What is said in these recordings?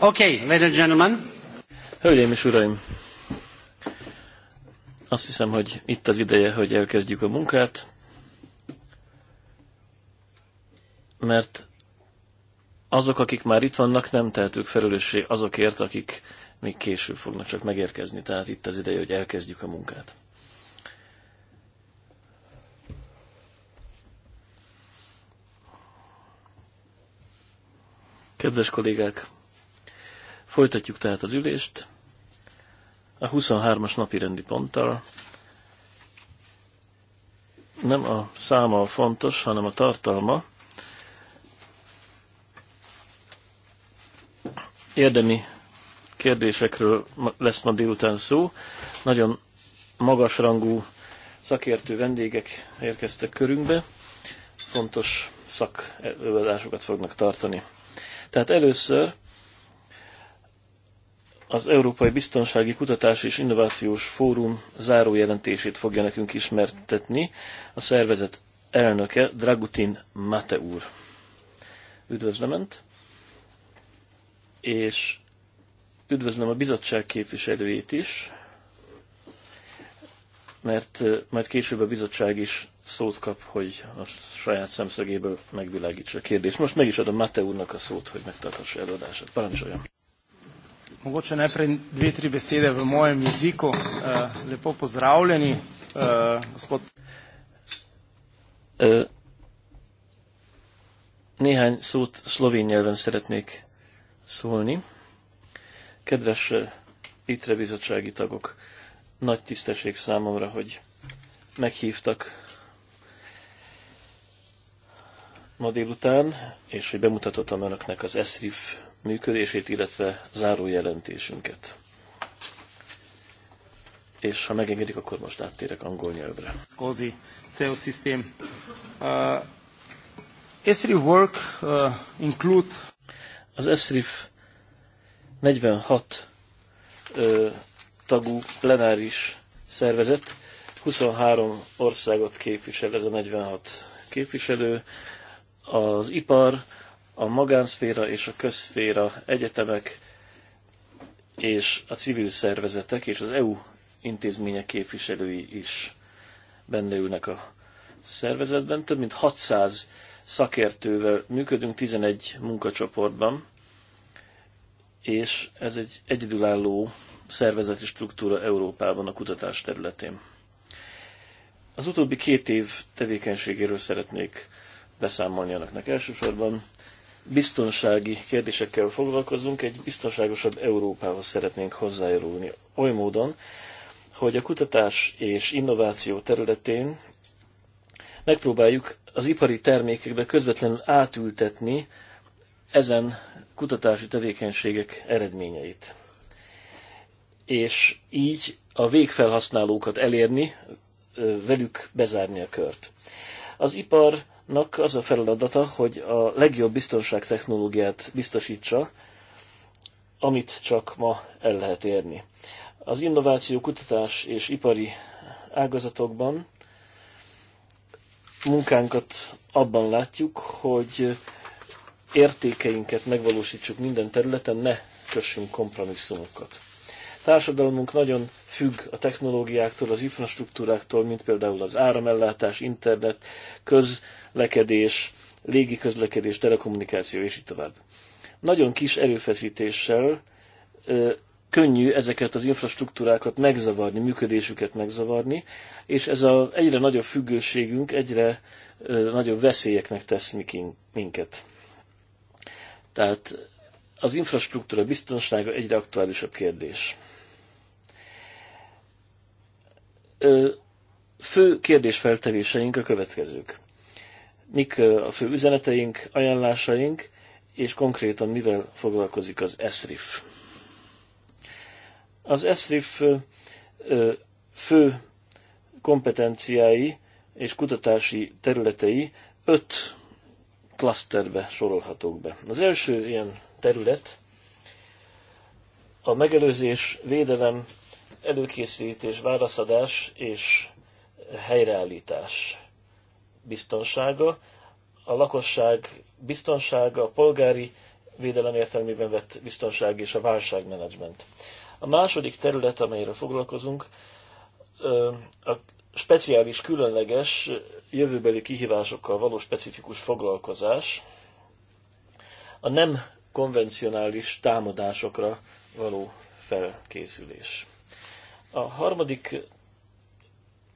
Okay, ladies and gentlemen. Hölgyeim és uraim, azt hiszem, hogy itt az ideje, hogy elkezdjük a munkát, mert azok, akik már itt vannak, nem tehetők felelőssé azokért, akik még később fognak csak megérkezni, tehát itt az ideje, hogy elkezdjük a munkát. Kedves kollégák, Folytatjuk tehát az ülést a 23-as napi rendi ponttal. Nem a száma a fontos, hanem a tartalma. Érdemi kérdésekről lesz ma délután szó. Nagyon magasrangú szakértő vendégek érkeztek körünkbe. Fontos szakövelásokat fognak tartani. Tehát először az Európai Biztonsági Kutatás és Innovációs Fórum zárójelentését fogja nekünk ismertetni a szervezet elnöke Dragutin Mate úr. Üdvözlöm önt, és üdvözlöm a bizottság képviselőjét is, mert majd később a bizottság is szót kap, hogy a saját szemszögéből megvilágítsa a kérdést. Most meg is adom Mate úrnak a szót, hogy megtartassa előadását. Parancsoljon! Mogoče najprej dve, tri besede v mojem jeziku. Eh, lepo pozdravljeni, eh, gospod. Eh, néhány szót szlovén nyelven szeretnék szólni. Kedves ITRE bizottsági tagok, nagy tisztesség számomra, hogy meghívtak ma délután, és hogy bemutatottam önöknek az ESRIF működését, illetve záró jelentésünket. És ha megengedik, akkor most áttérek angol nyelvre. Kozi, CEO System. Uh, ESRI work uh, include... Az s 46 uh, tagú plenáris szervezet, 23 országot képvisel ez a 46 képviselő, az ipar, a magánszféra és a közszféra, egyetemek és a civil szervezetek és az EU intézmények képviselői is benne ülnek a szervezetben. Több mint 600 szakértővel működünk 11 munkacsoportban, és ez egy egyedülálló szervezeti struktúra Európában a kutatás területén. Az utóbbi két év tevékenységéről szeretnék beszámolni önöknek elsősorban biztonsági kérdésekkel foglalkozunk, egy biztonságosabb Európához szeretnénk hozzájárulni. Oly módon, hogy a kutatás és innováció területén megpróbáljuk az ipari termékekbe közvetlenül átültetni ezen kutatási tevékenységek eredményeit. És így a végfelhasználókat elérni, velük bezárni a kört. Az ipar nak az a feladata, hogy a legjobb biztonság technológiát biztosítsa, amit csak ma el lehet érni. Az innováció, kutatás és ipari ágazatokban munkánkat abban látjuk, hogy értékeinket megvalósítsuk minden területen, ne kössünk kompromisszumokat. Társadalmunk nagyon függ a technológiáktól, az infrastruktúráktól, mint például az áramellátás, internet, közlekedés, légiközlekedés, telekommunikáció és így tovább. Nagyon kis erőfeszítéssel ö, könnyű ezeket az infrastruktúrákat megzavarni, működésüket megzavarni, és ez az egyre nagyobb függőségünk egyre ö, nagyobb veszélyeknek tesz minket. Tehát az infrastruktúra biztonsága egyre aktuálisabb kérdés. fő kérdésfeltevéseink a következők. Mik a fő üzeneteink, ajánlásaink, és konkrétan mivel foglalkozik az ESRIF. Az ESRIF fő kompetenciái és kutatási területei öt klaszterbe sorolhatók be. Az első ilyen terület a megelőzés, védelem, előkészítés, válaszadás és helyreállítás biztonsága, a lakosság biztonsága, a polgári védelem értelmében vett biztonság és a válságmenedzsment. A második terület, amelyre foglalkozunk, a speciális, különleges, jövőbeli kihívásokkal való specifikus foglalkozás, a nem konvencionális támadásokra való felkészülés. A harmadik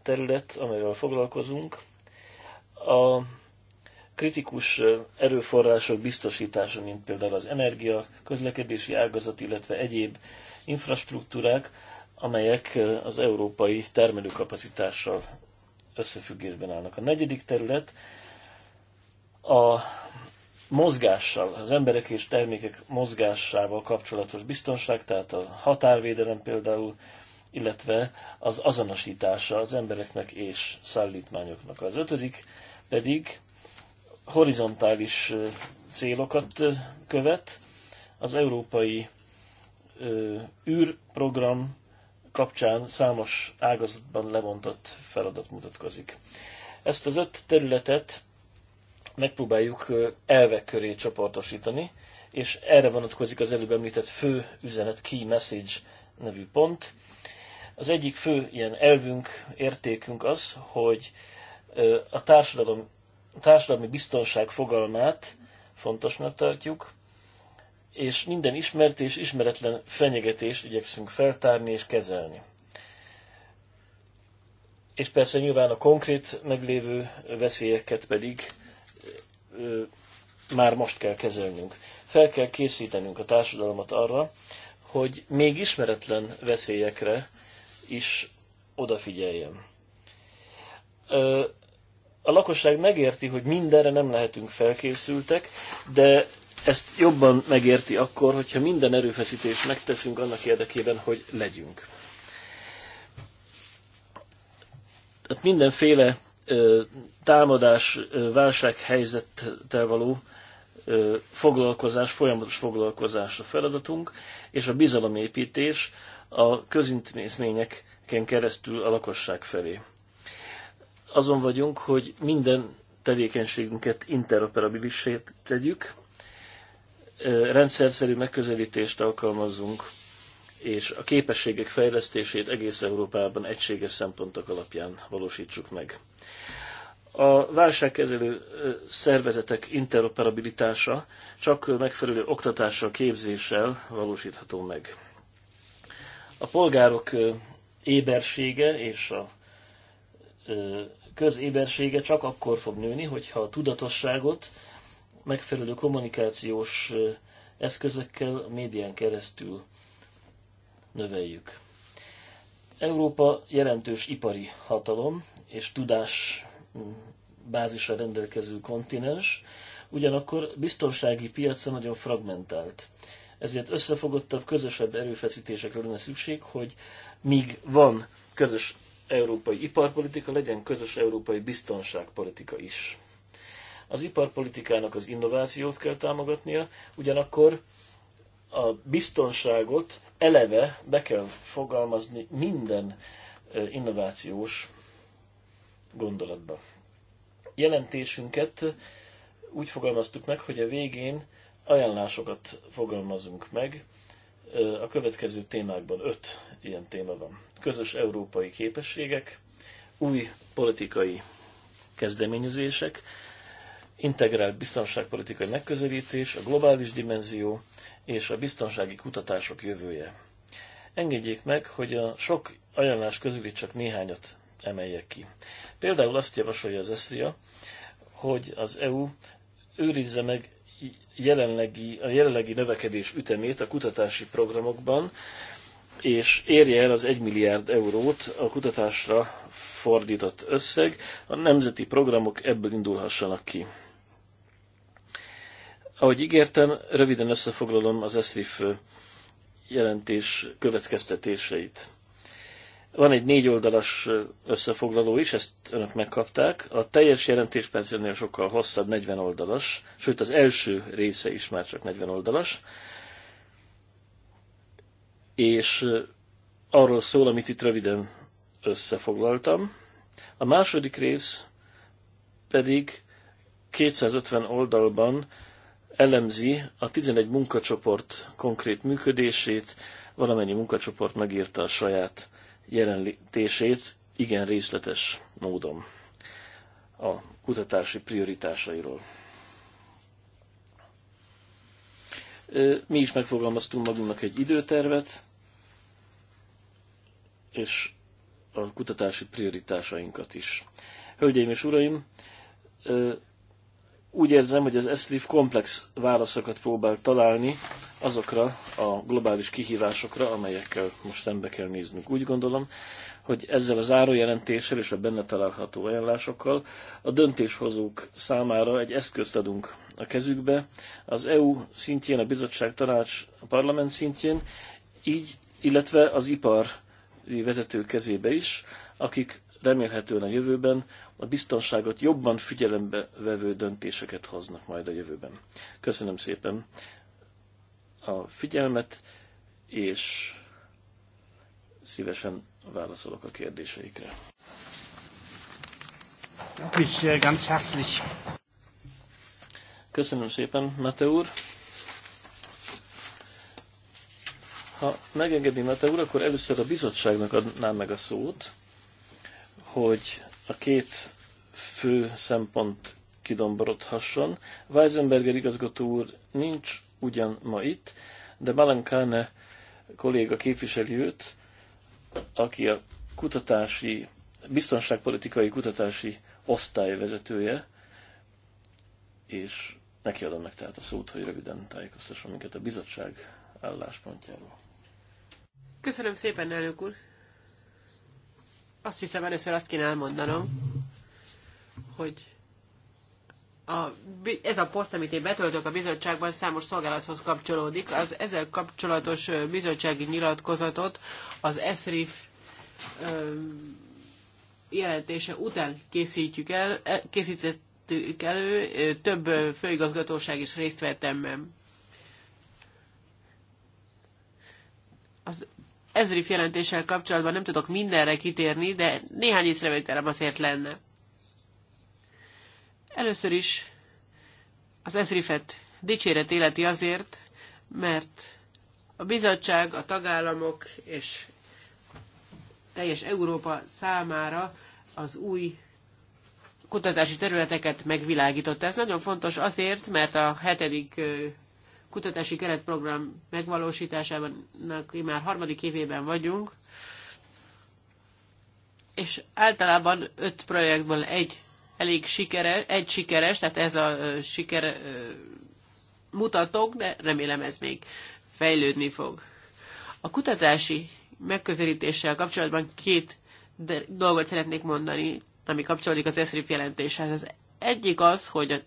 terület, amivel foglalkozunk, a kritikus erőforrások biztosítása, mint például az energia, közlekedési ágazat, illetve egyéb infrastruktúrák, amelyek az európai termelőkapacitással összefüggésben állnak. A negyedik terület a mozgással, az emberek és termékek mozgásával kapcsolatos biztonság, tehát a határvédelem például, illetve az azonosítása az embereknek és szállítmányoknak. Az ötödik pedig horizontális célokat követ. Az európai űrprogram kapcsán számos ágazatban levontott feladat mutatkozik. Ezt az öt területet megpróbáljuk elvek köré csoportosítani, és erre vonatkozik az előbb említett fő üzenet, key message nevű pont. Az egyik fő ilyen elvünk, értékünk az, hogy a társadalom, a társadalmi biztonság fogalmát fontosnak tartjuk, és minden ismert és ismeretlen fenyegetést igyekszünk feltárni és kezelni. És persze nyilván a konkrét meglévő veszélyeket pedig ö, már most kell kezelnünk. Fel kell készítenünk a társadalmat arra, hogy még ismeretlen veszélyekre is odafigyeljen. A lakosság megérti, hogy mindenre nem lehetünk felkészültek, de ezt jobban megérti akkor, hogyha minden erőfeszítést megteszünk annak érdekében, hogy legyünk. Tehát mindenféle támadás, válsághelyzettel való foglalkozás, folyamatos foglalkozás a feladatunk, és a bizalomépítés a közintézményeken keresztül a lakosság felé. Azon vagyunk, hogy minden tevékenységünket interoperabilissé tegyük, rendszerszerű megközelítést alkalmazzunk, és a képességek fejlesztését egész Európában egységes szempontok alapján valósítsuk meg. A válságkezelő szervezetek interoperabilitása csak megfelelő oktatással, képzéssel valósítható meg. A polgárok ébersége és a közébersége csak akkor fog nőni, hogyha a tudatosságot megfelelő kommunikációs eszközökkel, a médián keresztül növeljük. Európa jelentős ipari hatalom és tudás bázisra rendelkező kontinens, ugyanakkor biztonsági piaca nagyon fragmentált ezért összefogottabb, közösebb erőfeszítésekre lenne szükség, hogy míg van közös európai iparpolitika, legyen közös európai biztonságpolitika is. Az iparpolitikának az innovációt kell támogatnia, ugyanakkor a biztonságot eleve be kell fogalmazni minden innovációs gondolatba. Jelentésünket úgy fogalmaztuk meg, hogy a végén ajánlásokat fogalmazunk meg. A következő témákban öt ilyen téma van. Közös európai képességek, új politikai kezdeményezések, integrált biztonságpolitikai megközelítés, a globális dimenzió és a biztonsági kutatások jövője. Engedjék meg, hogy a sok ajánlás közül csak néhányat emeljek ki. Például azt javasolja az Esztria, hogy az EU őrizze meg jelenlegi, a jelenlegi növekedés ütemét a kutatási programokban, és érje el az 1 milliárd eurót a kutatásra fordított összeg, a nemzeti programok ebből indulhassanak ki. Ahogy ígértem, röviden összefoglalom az ESRIF jelentés következtetéseit. Van egy négy oldalas összefoglaló is, ezt önök megkapták. A teljes jelentés persze ennél sokkal hosszabb, 40 oldalas, sőt az első része is már csak 40 oldalas. És arról szól, amit itt röviden összefoglaltam. A második rész pedig 250 oldalban elemzi a 11 munkacsoport konkrét működését, valamennyi munkacsoport megírta a saját jelenlétését igen részletes módon a kutatási prioritásairól. Mi is megfogalmaztunk magunknak egy időtervet, és a kutatási prioritásainkat is. Hölgyeim és uraim, úgy érzem, hogy az ESLIF komplex válaszokat próbál találni azokra a globális kihívásokra, amelyekkel most szembe kell néznünk. Úgy gondolom, hogy ezzel a zárójelentéssel és a benne található ajánlásokkal a döntéshozók számára egy eszközt adunk a kezükbe, az EU szintjén, a bizottság tanács, a parlament szintjén, így, illetve az ipar vezető kezébe is, akik remélhetően a jövőben a biztonságot jobban figyelembe vevő döntéseket hoznak majd a jövőben. Köszönöm szépen a figyelmet, és szívesen válaszolok a kérdéseikre. Köszönöm szépen, Mate úr. Ha megengedi Mate úr, akkor először a bizottságnak adnám meg a szót hogy a két fő szempont kidomborodhasson. Weisenberger igazgató úr nincs ugyan ma itt, de Balankane kolléga képviseli őt, aki a kutatási, biztonságpolitikai kutatási osztály vezetője, és neki adom meg tehát a szót, hogy röviden tájékoztasson minket a bizottság álláspontjáról. Köszönöm szépen, elnök úr! Azt hiszem, először azt kéne elmondanom, hogy a, ez a poszt, amit én betöltök a bizottságban, számos szolgálathoz kapcsolódik. Az ezzel kapcsolatos bizottsági nyilatkozatot az ESRIF jelentése után készítjük el, e, készítettük elő, több főigazgatóság is részt vettem. Az ezrif jelentéssel kapcsolatban nem tudok mindenre kitérni, de néhány észrevételem azért lenne. Először is az ezrifet dicséret életi azért, mert a bizottság, a tagállamok és teljes Európa számára az új kutatási területeket megvilágította. Ez nagyon fontos azért, mert a hetedik kutatási keretprogram megvalósításában már harmadik évében vagyunk, és általában öt projektből egy elég sikeres, egy sikeres, tehát ez a siker mutatók, de remélem ez még fejlődni fog. A kutatási megközelítéssel kapcsolatban két dolgot szeretnék mondani, ami kapcsolódik az ESRIF jelentéshez. Az egyik az, hogy a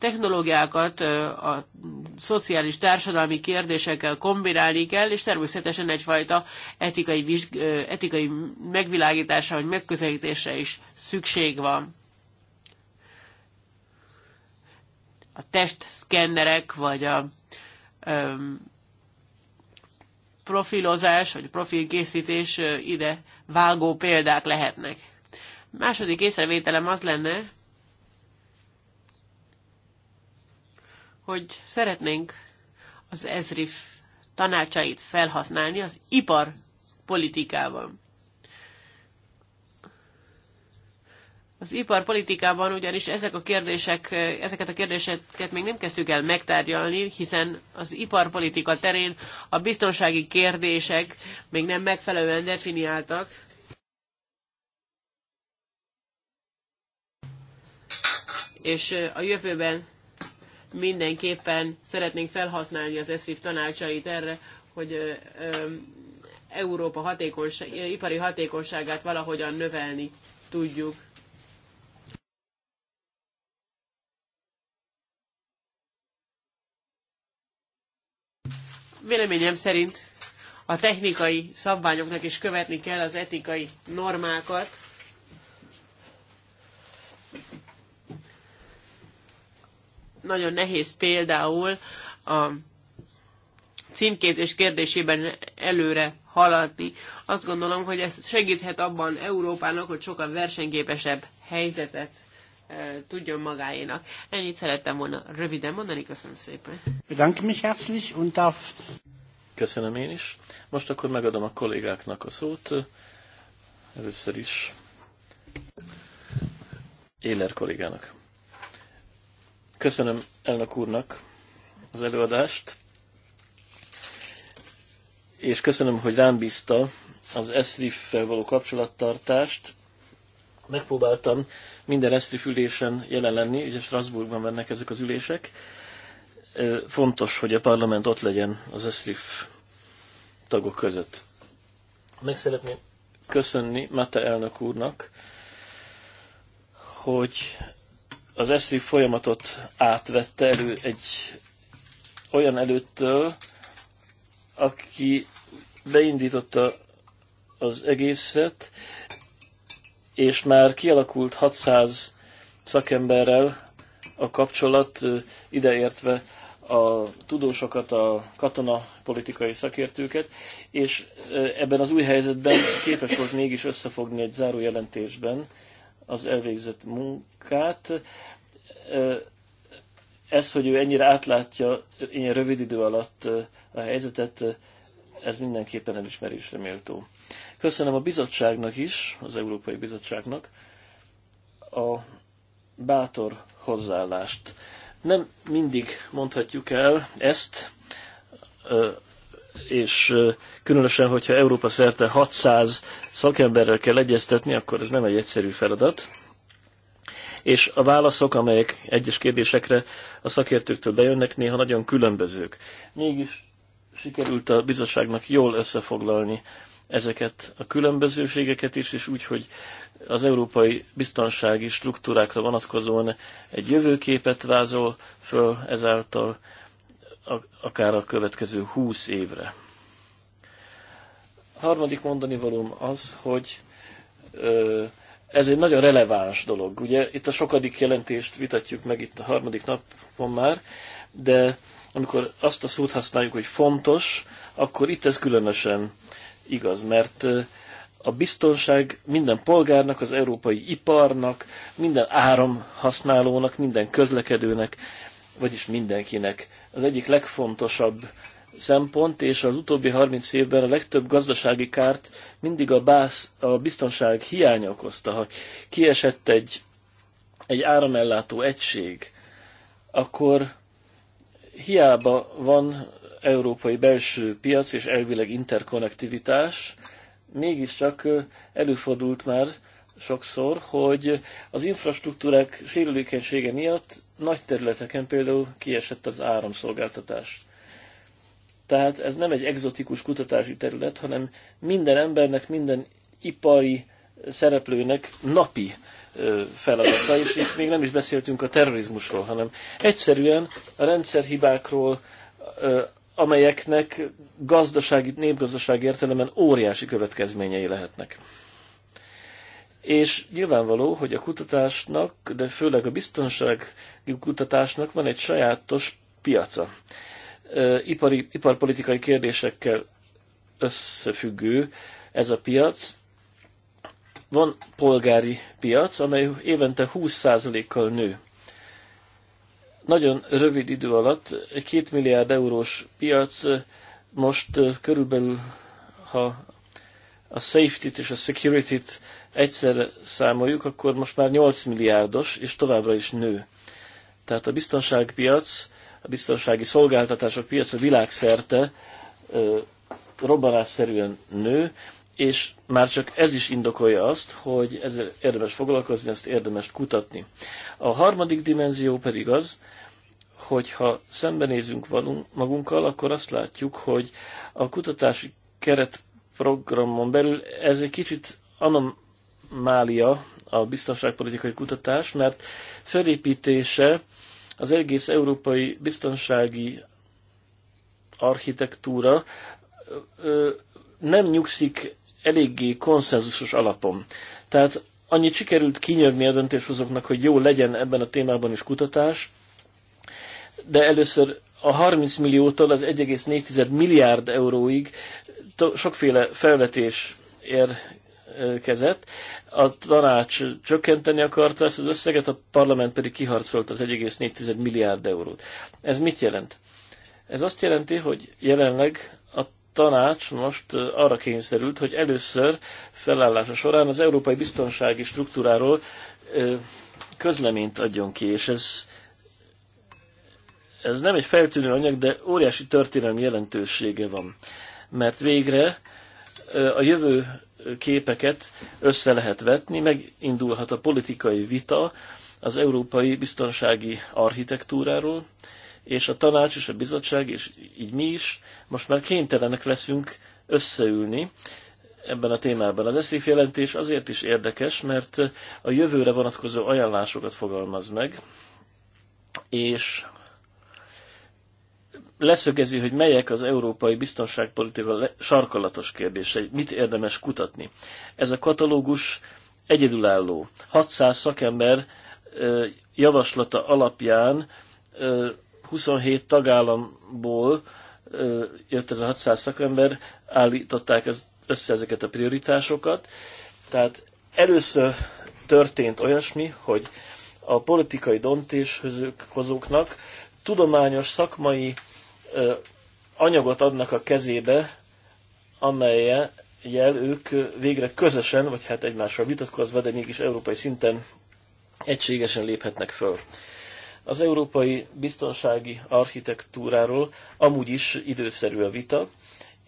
technológiákat a szociális társadalmi kérdésekkel kombinálni kell, és természetesen egyfajta etikai, vizsg, etikai megvilágításra vagy megközelítésre is szükség van. A testszkennerek vagy a öm, profilozás vagy profilkészítés ide vágó példák lehetnek. Második észrevételem az lenne, hogy szeretnénk az ezrif tanácsait felhasználni az ipar politikában. Az iparpolitikában ugyanis ezek a kérdések, ezeket a kérdéseket még nem kezdtük el megtárgyalni, hiszen az iparpolitika terén a biztonsági kérdések még nem megfelelően definiáltak. És a jövőben mindenképpen szeretnénk felhasználni az ESZRIF tanácsait erre, hogy Európa hatékonyság, ipari hatékonyságát valahogyan növelni tudjuk. Véleményem szerint a technikai szabványoknak is követni kell az etikai normákat, nagyon nehéz például a címkézés kérdésében előre haladni. Azt gondolom, hogy ez segíthet abban Európának, hogy sokkal versenyképesebb helyzetet e, tudjon magáénak. Ennyit szerettem volna röviden mondani, köszönöm szépen. Bedanke mich herzlich und Köszönöm én is. Most akkor megadom a kollégáknak a szót. Először is Éler kollégának. Köszönöm elnök úrnak az előadást, és köszönöm, hogy rám bízta az ESRIF-fel való kapcsolattartást. Megpróbáltam minden ESRIF ülésen jelen lenni, ugye Strasbourgban mennek ezek az ülések. Fontos, hogy a parlament ott legyen az ESRIF tagok között. Meg szeretném köszönni Mata elnök úrnak, hogy az eszi folyamatot átvette elő egy olyan előttől, aki beindította az egészet, és már kialakult 600 szakemberrel a kapcsolat, ideértve a tudósokat, a katona politikai szakértőket, és ebben az új helyzetben képes volt mégis összefogni egy zárójelentésben az elvégzett munkát. Ez, hogy ő ennyire átlátja ilyen rövid idő alatt a helyzetet, ez mindenképpen elismerésre méltó. Köszönöm a bizottságnak is, az Európai Bizottságnak a bátor hozzáállást. Nem mindig mondhatjuk el ezt és különösen, hogyha Európa szerte 600 szakemberrel kell egyeztetni, akkor ez nem egy egyszerű feladat. És a válaszok, amelyek egyes kérdésekre a szakértőktől bejönnek, néha nagyon különbözők. Mégis sikerült a bizottságnak jól összefoglalni ezeket a különbözőségeket is, és úgy, hogy az európai biztonsági struktúrákra vonatkozóan egy jövőképet vázol föl ezáltal, akár a következő húsz évre. A harmadik mondani valóm az, hogy ez egy nagyon releváns dolog. Ugye itt a sokadik jelentést vitatjuk meg itt a harmadik napon már, de amikor azt a szót használjuk, hogy fontos, akkor itt ez különösen igaz, mert a biztonság minden polgárnak, az európai iparnak, minden áramhasználónak, minden közlekedőnek, vagyis mindenkinek az egyik legfontosabb szempont, és az utóbbi 30 évben a legtöbb gazdasági kárt mindig a, bász, a biztonság hiánya okozta. Ha kiesett egy, egy áramellátó egység, akkor hiába van európai belső piac és elvileg interkonnektivitás, mégiscsak előfordult már sokszor, hogy az infrastruktúrák sérülékenysége miatt nagy területeken például kiesett az áramszolgáltatás. Tehát ez nem egy egzotikus kutatási terület, hanem minden embernek, minden ipari szereplőnek napi feladata, és itt még nem is beszéltünk a terrorizmusról, hanem egyszerűen a rendszerhibákról, amelyeknek gazdasági, népgazdasági értelemben óriási következményei lehetnek. És nyilvánvaló, hogy a kutatásnak, de főleg a biztonsági kutatásnak van egy sajátos piaca. Ipari, iparpolitikai kérdésekkel összefüggő ez a piac. Van polgári piac, amely évente 20%-kal nő. Nagyon rövid idő alatt egy 2 milliárd eurós piac most körülbelül, ha a safety-t és a security-t egyszerre számoljuk, akkor most már 8 milliárdos, és továbbra is nő. Tehát a biztonságpiac, a biztonsági szolgáltatások piaca világszerte robbanásszerűen nő, és már csak ez is indokolja azt, hogy ezzel érdemes foglalkozni, ezt érdemes kutatni. A harmadik dimenzió pedig az, hogyha szembenézünk magunkkal, akkor azt látjuk, hogy a kutatási keretprogramon belül ez egy kicsit anom, Mália a biztonságpolitikai kutatás, mert felépítése az egész európai biztonsági architektúra nem nyugszik eléggé konszenzusos alapon. Tehát annyit sikerült kinyögni a döntéshozóknak, hogy jó legyen ebben a témában is kutatás, de először a 30 milliótól az 1,4 milliárd euróig sokféle felvetés ér kezet A tanács csökkenteni akarta ezt az összeget, a parlament pedig kiharcolt az 1,4 milliárd eurót. Ez mit jelent? Ez azt jelenti, hogy jelenleg a tanács most arra kényszerült, hogy először felállása során az európai biztonsági struktúráról közleményt adjon ki, és ez, ez nem egy feltűnő anyag, de óriási történelmi jelentősége van. Mert végre a jövő képeket össze lehet vetni, megindulhat a politikai vita az európai biztonsági architektúráról, és a tanács és a bizottság, és így mi is, most már kénytelenek leszünk összeülni ebben a témában. Az eszéf jelentés azért is érdekes, mert a jövőre vonatkozó ajánlásokat fogalmaz meg, és leszögezi, hogy melyek az európai biztonságpolitika sarkalatos kérdései, mit érdemes kutatni. Ez a katalógus egyedülálló. 600 szakember javaslata alapján 27 tagállamból jött ez a 600 szakember, állították össze ezeket a prioritásokat. Tehát először történt olyasmi, hogy a politikai döntéshozóknak tudományos, szakmai anyagot adnak a kezébe, amelyel ők végre közösen, vagy hát egymással vitatkozva, de mégis európai szinten egységesen léphetnek föl. Az európai biztonsági architektúráról amúgy is időszerű a vita,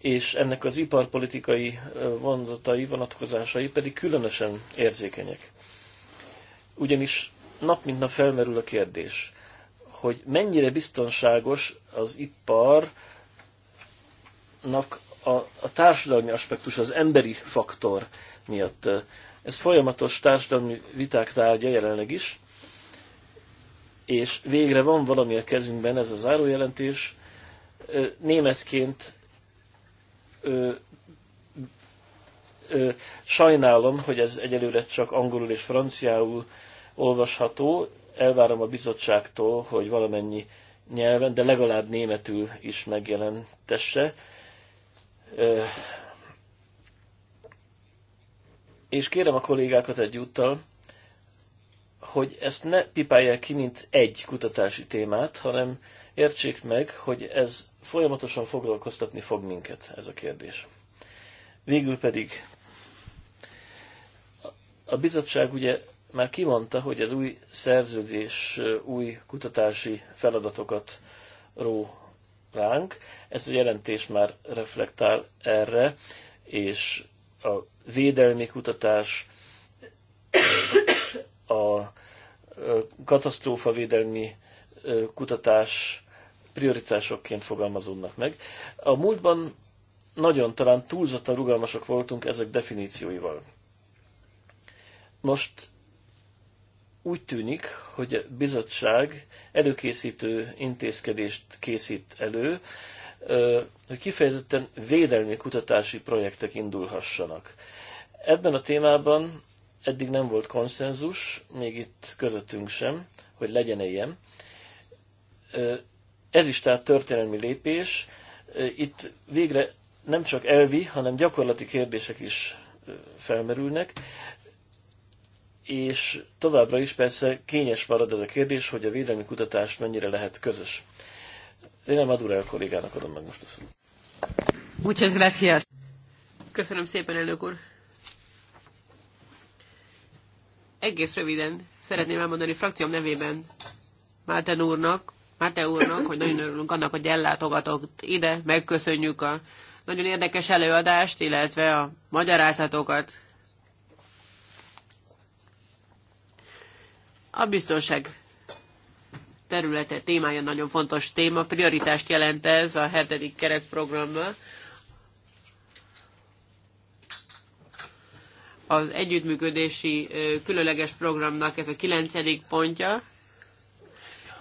és ennek az iparpolitikai vonzatai, vonatkozásai pedig különösen érzékenyek. Ugyanis nap mint nap felmerül a kérdés, hogy mennyire biztonságos az iparnak a, a társadalmi aspektus, az emberi faktor miatt. Ez folyamatos társadalmi viták tárgya jelenleg is, és végre van valami a kezünkben, ez a zárójelentés. Németként ö, ö, sajnálom, hogy ez egyelőre csak angolul és franciául olvasható, elvárom a bizottságtól, hogy valamennyi nyelven, de legalább németül is megjelentesse. És kérem a kollégákat egyúttal, hogy ezt ne pipálják ki, mint egy kutatási témát, hanem értsék meg, hogy ez folyamatosan foglalkoztatni fog minket, ez a kérdés. Végül pedig a bizottság ugye már kimondta, hogy az új szerződés új kutatási feladatokat ró ránk. Ez a jelentés már reflektál erre, és a védelmi kutatás, a védelmi kutatás prioritásokként fogalmazódnak meg. A múltban nagyon talán túlzottan rugalmasak voltunk ezek definícióival. Most úgy tűnik, hogy a bizottság előkészítő intézkedést készít elő, hogy kifejezetten védelmi kutatási projektek indulhassanak. Ebben a témában eddig nem volt konszenzus, még itt közöttünk sem, hogy legyen -e ilyen. Ez is tehát történelmi lépés. Itt végre nem csak elvi, hanem gyakorlati kérdések is felmerülnek és továbbra is persze kényes marad ez a kérdés, hogy a védelmi kutatás mennyire lehet közös. Én nem a kollégának adom meg most a szót. Muchas gracias. Köszönöm szépen, elnök úr. Egész röviden szeretném elmondani frakcióm nevében Márten úrnak, Márten úrnak, hogy nagyon örülünk annak, hogy ellátogatott ide, megköszönjük a nagyon érdekes előadást, illetve a magyarázatokat. A biztonság területe témája nagyon fontos téma, prioritást jelent ez a hetedik keretprogramban. Az együttműködési különleges programnak ez a kilencedik pontja.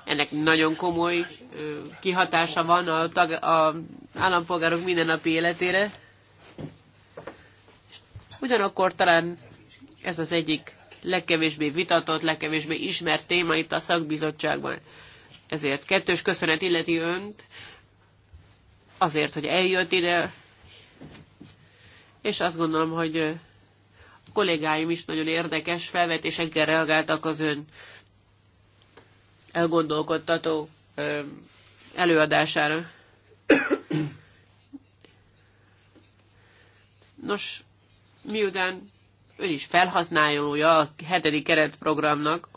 Ennek nagyon komoly kihatása van a, tag, a állampolgárok mindennapi életére. Ugyanakkor talán ez az egyik legkevésbé vitatott, legkevésbé ismert téma itt a szakbizottságban. Ezért kettős köszönet illeti önt, azért, hogy eljött ide, és azt gondolom, hogy a kollégáim is nagyon érdekes felvetésekkel reagáltak az ön elgondolkodtató előadására. Nos, miután ő is felhasználója a hetedik keretprogramnak.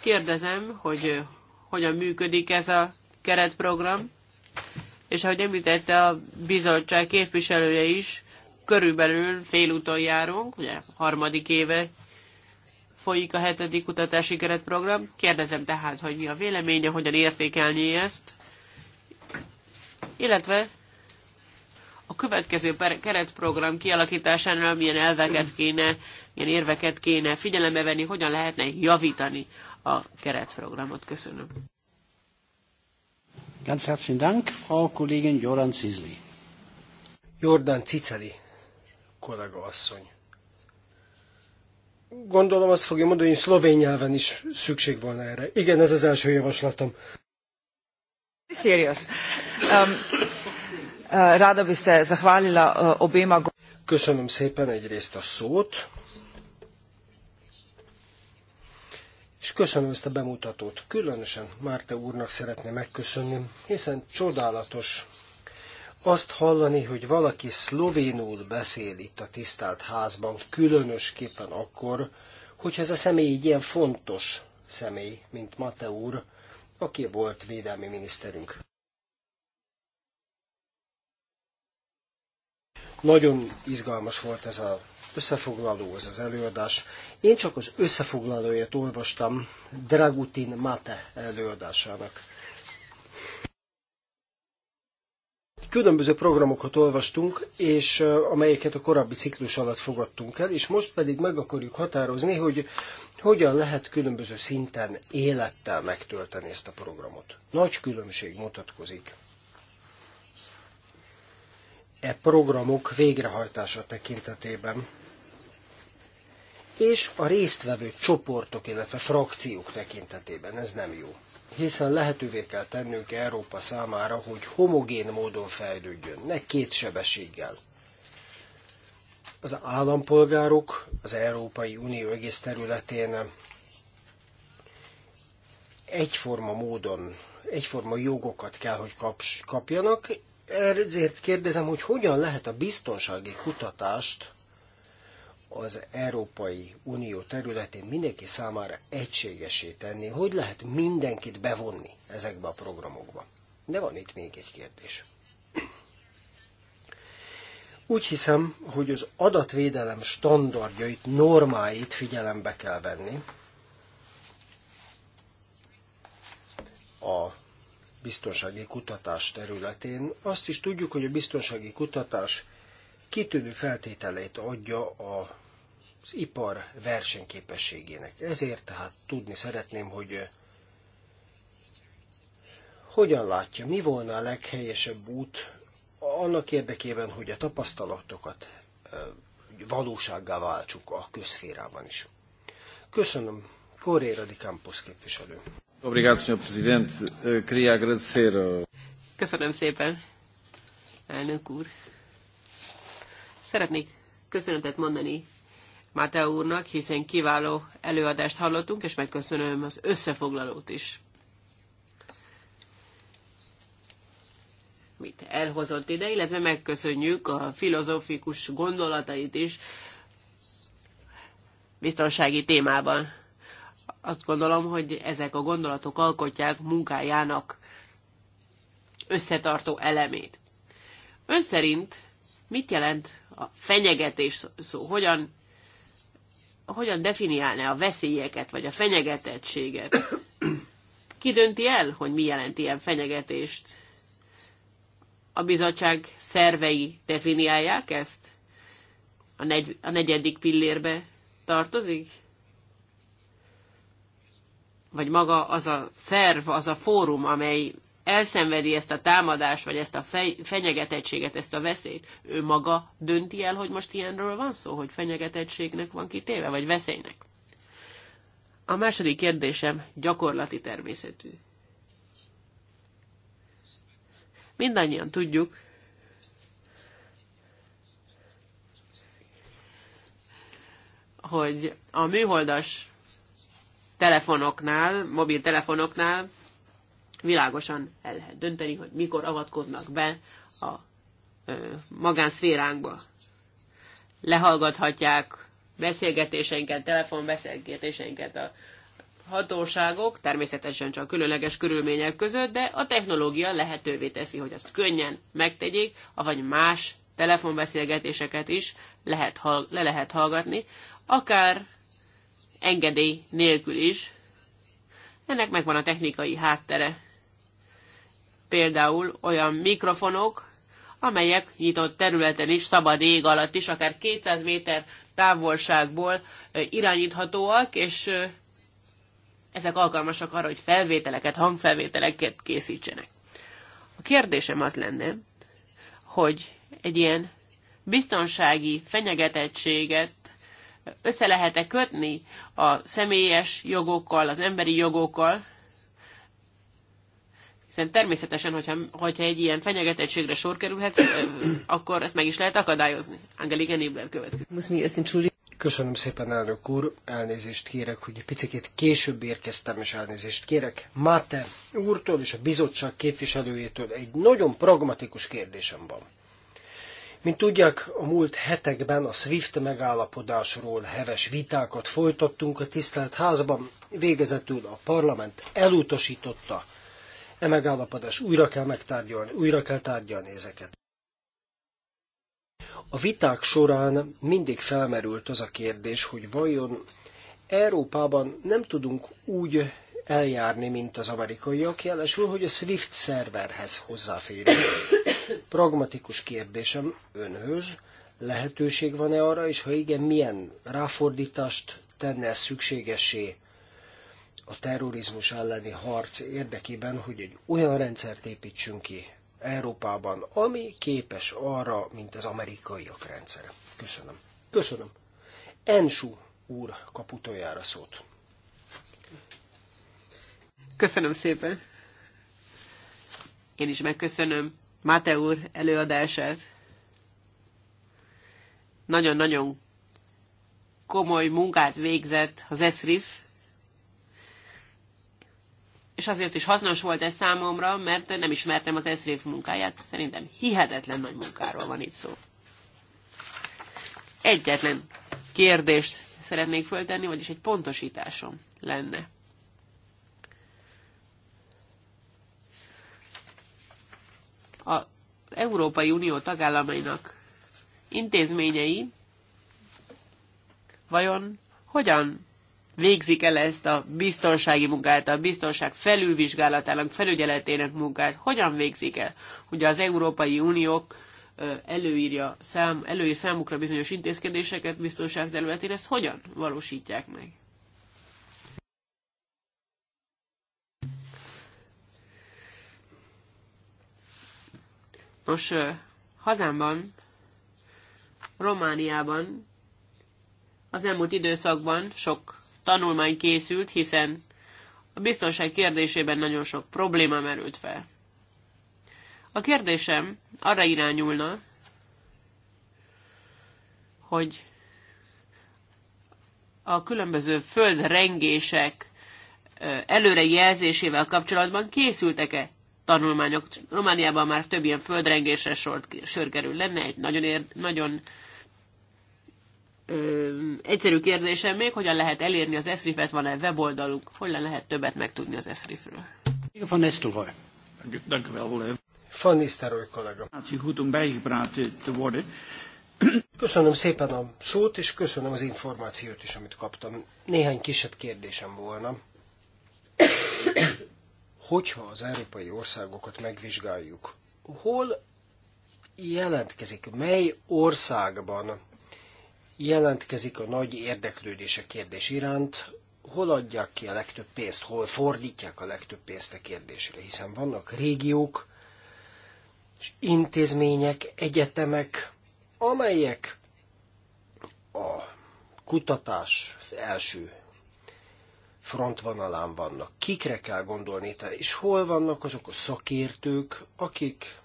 Kérdezem, hogy hogyan működik ez a keretprogram, és ahogy említette a bizottság képviselője is, körülbelül félúton járunk, ugye harmadik éve folyik a hetedik kutatási keretprogram. Kérdezem tehát, hogy mi a véleménye, hogyan értékelni ezt, illetve a következő keretprogram kialakításánál milyen elveket kéne, milyen érveket kéne figyelembe venni, hogyan lehetne javítani a keretprogramot. Köszönöm. Ganz herzlichen Dank, Frau Kollegin Jordan Cizli. Jordan Ciceli, kollega asszony. Gondolom azt fogja mondani, hogy szlovén nyelven is szükség van erre. Igen, ez az első javaslatom. Serious. Um, Eh, rada bi se zahvalila eh, Köszönöm szépen egyrészt a szót, és köszönöm ezt a bemutatót. Különösen Márte úrnak szeretném megköszönni, hiszen csodálatos azt hallani, hogy valaki szlovénul beszél itt a tisztelt házban, különösképpen akkor, hogyha ez a személy egy ilyen fontos személy, mint Mate úr, aki volt védelmi miniszterünk. Nagyon izgalmas volt ez az összefoglaló, ez az előadás. Én csak az összefoglalóját olvastam Dragutin Mate előadásának. Különböző programokat olvastunk, és amelyeket a korábbi ciklus alatt fogadtunk el, és most pedig meg akarjuk határozni, hogy hogyan lehet különböző szinten élettel megtölteni ezt a programot. Nagy különbség mutatkozik e programok végrehajtása tekintetében és a résztvevő csoportok, illetve frakciók tekintetében ez nem jó. Hiszen lehetővé kell tennünk Európa számára, hogy homogén módon fejlődjön, ne két sebességgel. Az állampolgárok az Európai Unió egész területén egyforma módon, egyforma jogokat kell, hogy kapjanak, ezért kérdezem, hogy hogyan lehet a biztonsági kutatást az Európai Unió területén mindenki számára egységesé tenni, hogy lehet mindenkit bevonni ezekbe a programokba. De van itt még egy kérdés. Úgy hiszem, hogy az adatvédelem standardjait, normáit figyelembe kell venni. A biztonsági kutatás területén. Azt is tudjuk, hogy a biztonsági kutatás kitűnő feltételeit adja a az ipar versenyképességének. Ezért tehát tudni szeretném, hogy eh, hogyan látja, mi volna a leghelyesebb út annak érdekében, hogy a tapasztalatokat eh, valósággá váltsuk a közférában is. Köszönöm, Correra di Campos képviselő. Obrigado, Sr. Presidente. Eh, queria agradecer ao... Köszönöm szépen, elnök úr. Szeretnék köszönetet mondani Máté úrnak, hiszen kiváló előadást hallottunk, és megköszönöm az összefoglalót is. Mit elhozott ide, illetve megköszönjük a filozófikus gondolatait is biztonsági témában. Azt gondolom, hogy ezek a gondolatok alkotják munkájának összetartó elemét. Ön szerint mit jelent a fenyegetés szó? Hogyan, hogyan definiálná a veszélyeket, vagy a fenyegetettséget? Ki dönti el, hogy mi jelent ilyen fenyegetést? A bizottság szervei definiálják ezt? A, negy, a negyedik pillérbe tartozik? vagy maga az a szerv, az a fórum, amely elszenvedi ezt a támadást, vagy ezt a fej, fenyegetettséget, ezt a veszélyt, ő maga dönti el, hogy most ilyenről van szó, hogy fenyegetettségnek van kitéve, vagy veszélynek. A második kérdésem gyakorlati természetű. Mindannyian tudjuk, hogy a műholdas telefonoknál, mobiltelefonoknál világosan el lehet dönteni, hogy mikor avatkoznak be a magánszféránkba. Lehallgathatják beszélgetéseinket, telefonbeszélgetéseinket a hatóságok, természetesen csak különleges körülmények között, de a technológia lehetővé teszi, hogy azt könnyen megtegyék, avagy más telefonbeszélgetéseket is lehet, le lehet hallgatni, akár engedély nélkül is. Ennek megvan a technikai háttere. Például olyan mikrofonok, amelyek nyitott területen is, szabad ég alatt is, akár 200 méter távolságból irányíthatóak, és ezek alkalmasak arra, hogy felvételeket, hangfelvételeket készítsenek. A kérdésem az lenne, hogy egy ilyen biztonsági fenyegetettséget össze lehet-e kötni a személyes jogokkal, az emberi jogokkal, hiszen természetesen, hogyha, hogyha egy ilyen fenyegetettségre sor kerülhet, akkor ezt meg is lehet akadályozni. Angelika Nibler következik. Köszönöm szépen, elnök úr. Elnézést kérek, hogy egy picit később érkeztem, és elnézést kérek Máte úrtól és a bizottság képviselőjétől egy nagyon pragmatikus kérdésem van. Mint tudják, a múlt hetekben a SWIFT megállapodásról heves vitákat folytattunk a tisztelt házban, végezetül a parlament elutasította e megállapodás újra kell megtárgyalni, újra kell tárgyalni ezeket. A viták során mindig felmerült az a kérdés, hogy vajon Európában nem tudunk úgy eljárni, mint az amerikaiak, jelesül, hogy a SWIFT szerverhez hozzáférünk. Pragmatikus kérdésem önhöz, lehetőség van-e arra, és ha igen, milyen ráfordítást tenne ez szükségesé a terrorizmus elleni harc érdekében, hogy egy olyan rendszert építsünk ki Európában, ami képes arra, mint az amerikaiak rendszere. Köszönöm. Köszönöm. Ensu úr kap utoljára szót. Köszönöm szépen. Én is megköszönöm Máté úr előadását. Nagyon-nagyon komoly munkát végzett az ESRIF, és azért is hasznos volt ez számomra, mert nem ismertem az ESRIF munkáját. Szerintem hihetetlen nagy munkáról van itt szó. Egyetlen kérdést szeretnék föltenni, vagyis egy pontosításom lenne. A Európai Unió tagállamainak intézményei vajon hogyan végzik el ezt a biztonsági munkát, a biztonság felülvizsgálatának, felügyeletének munkát, hogyan végzik el? Ugye az Európai Uniók előírja szám, előír számukra bizonyos intézkedéseket biztonság területén, ezt hogyan valósítják meg? Nos, hazámban, Romániában az elmúlt időszakban sok tanulmány készült, hiszen a biztonság kérdésében nagyon sok probléma merült fel. A kérdésem arra irányulna, hogy a különböző földrengések előrejelzésével kapcsolatban készültek-e tanulmányok. Romániában már több ilyen földrengésre sor, sör kerül lenne. Egy nagyon, ér, nagyon ö, egyszerű kérdésem még, hogyan lehet elérni az eszrifet, van-e weboldalunk, hogyan lehet többet megtudni az eszrifről. Van Nistelrooy. Dank u wel, Van Nistelrooy kollega. Goed om bijgepraat eh, te worden. Köszönöm szépen a szót, és köszönöm az információt is, amit kaptam. Néhány kisebb kérdésem volna hogyha az európai országokat megvizsgáljuk, hol jelentkezik, mely országban jelentkezik a nagy érdeklődés a kérdés iránt, hol adják ki a legtöbb pénzt, hol fordítják a legtöbb pénzt a kérdésre, hiszen vannak régiók, és intézmények, egyetemek, amelyek a kutatás első frontvonalán vannak. Kikre kell gondolni, te, és hol vannak azok a szakértők, akik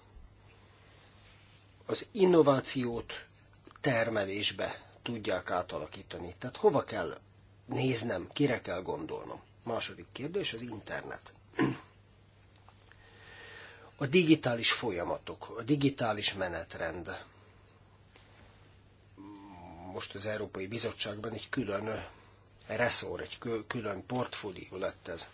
az innovációt termelésbe tudják átalakítani. Tehát hova kell néznem, kire kell gondolnom. Második kérdés az internet. A digitális folyamatok, a digitális menetrend. Most az Európai Bizottságban egy külön reszor, egy külön portfólió lett ez.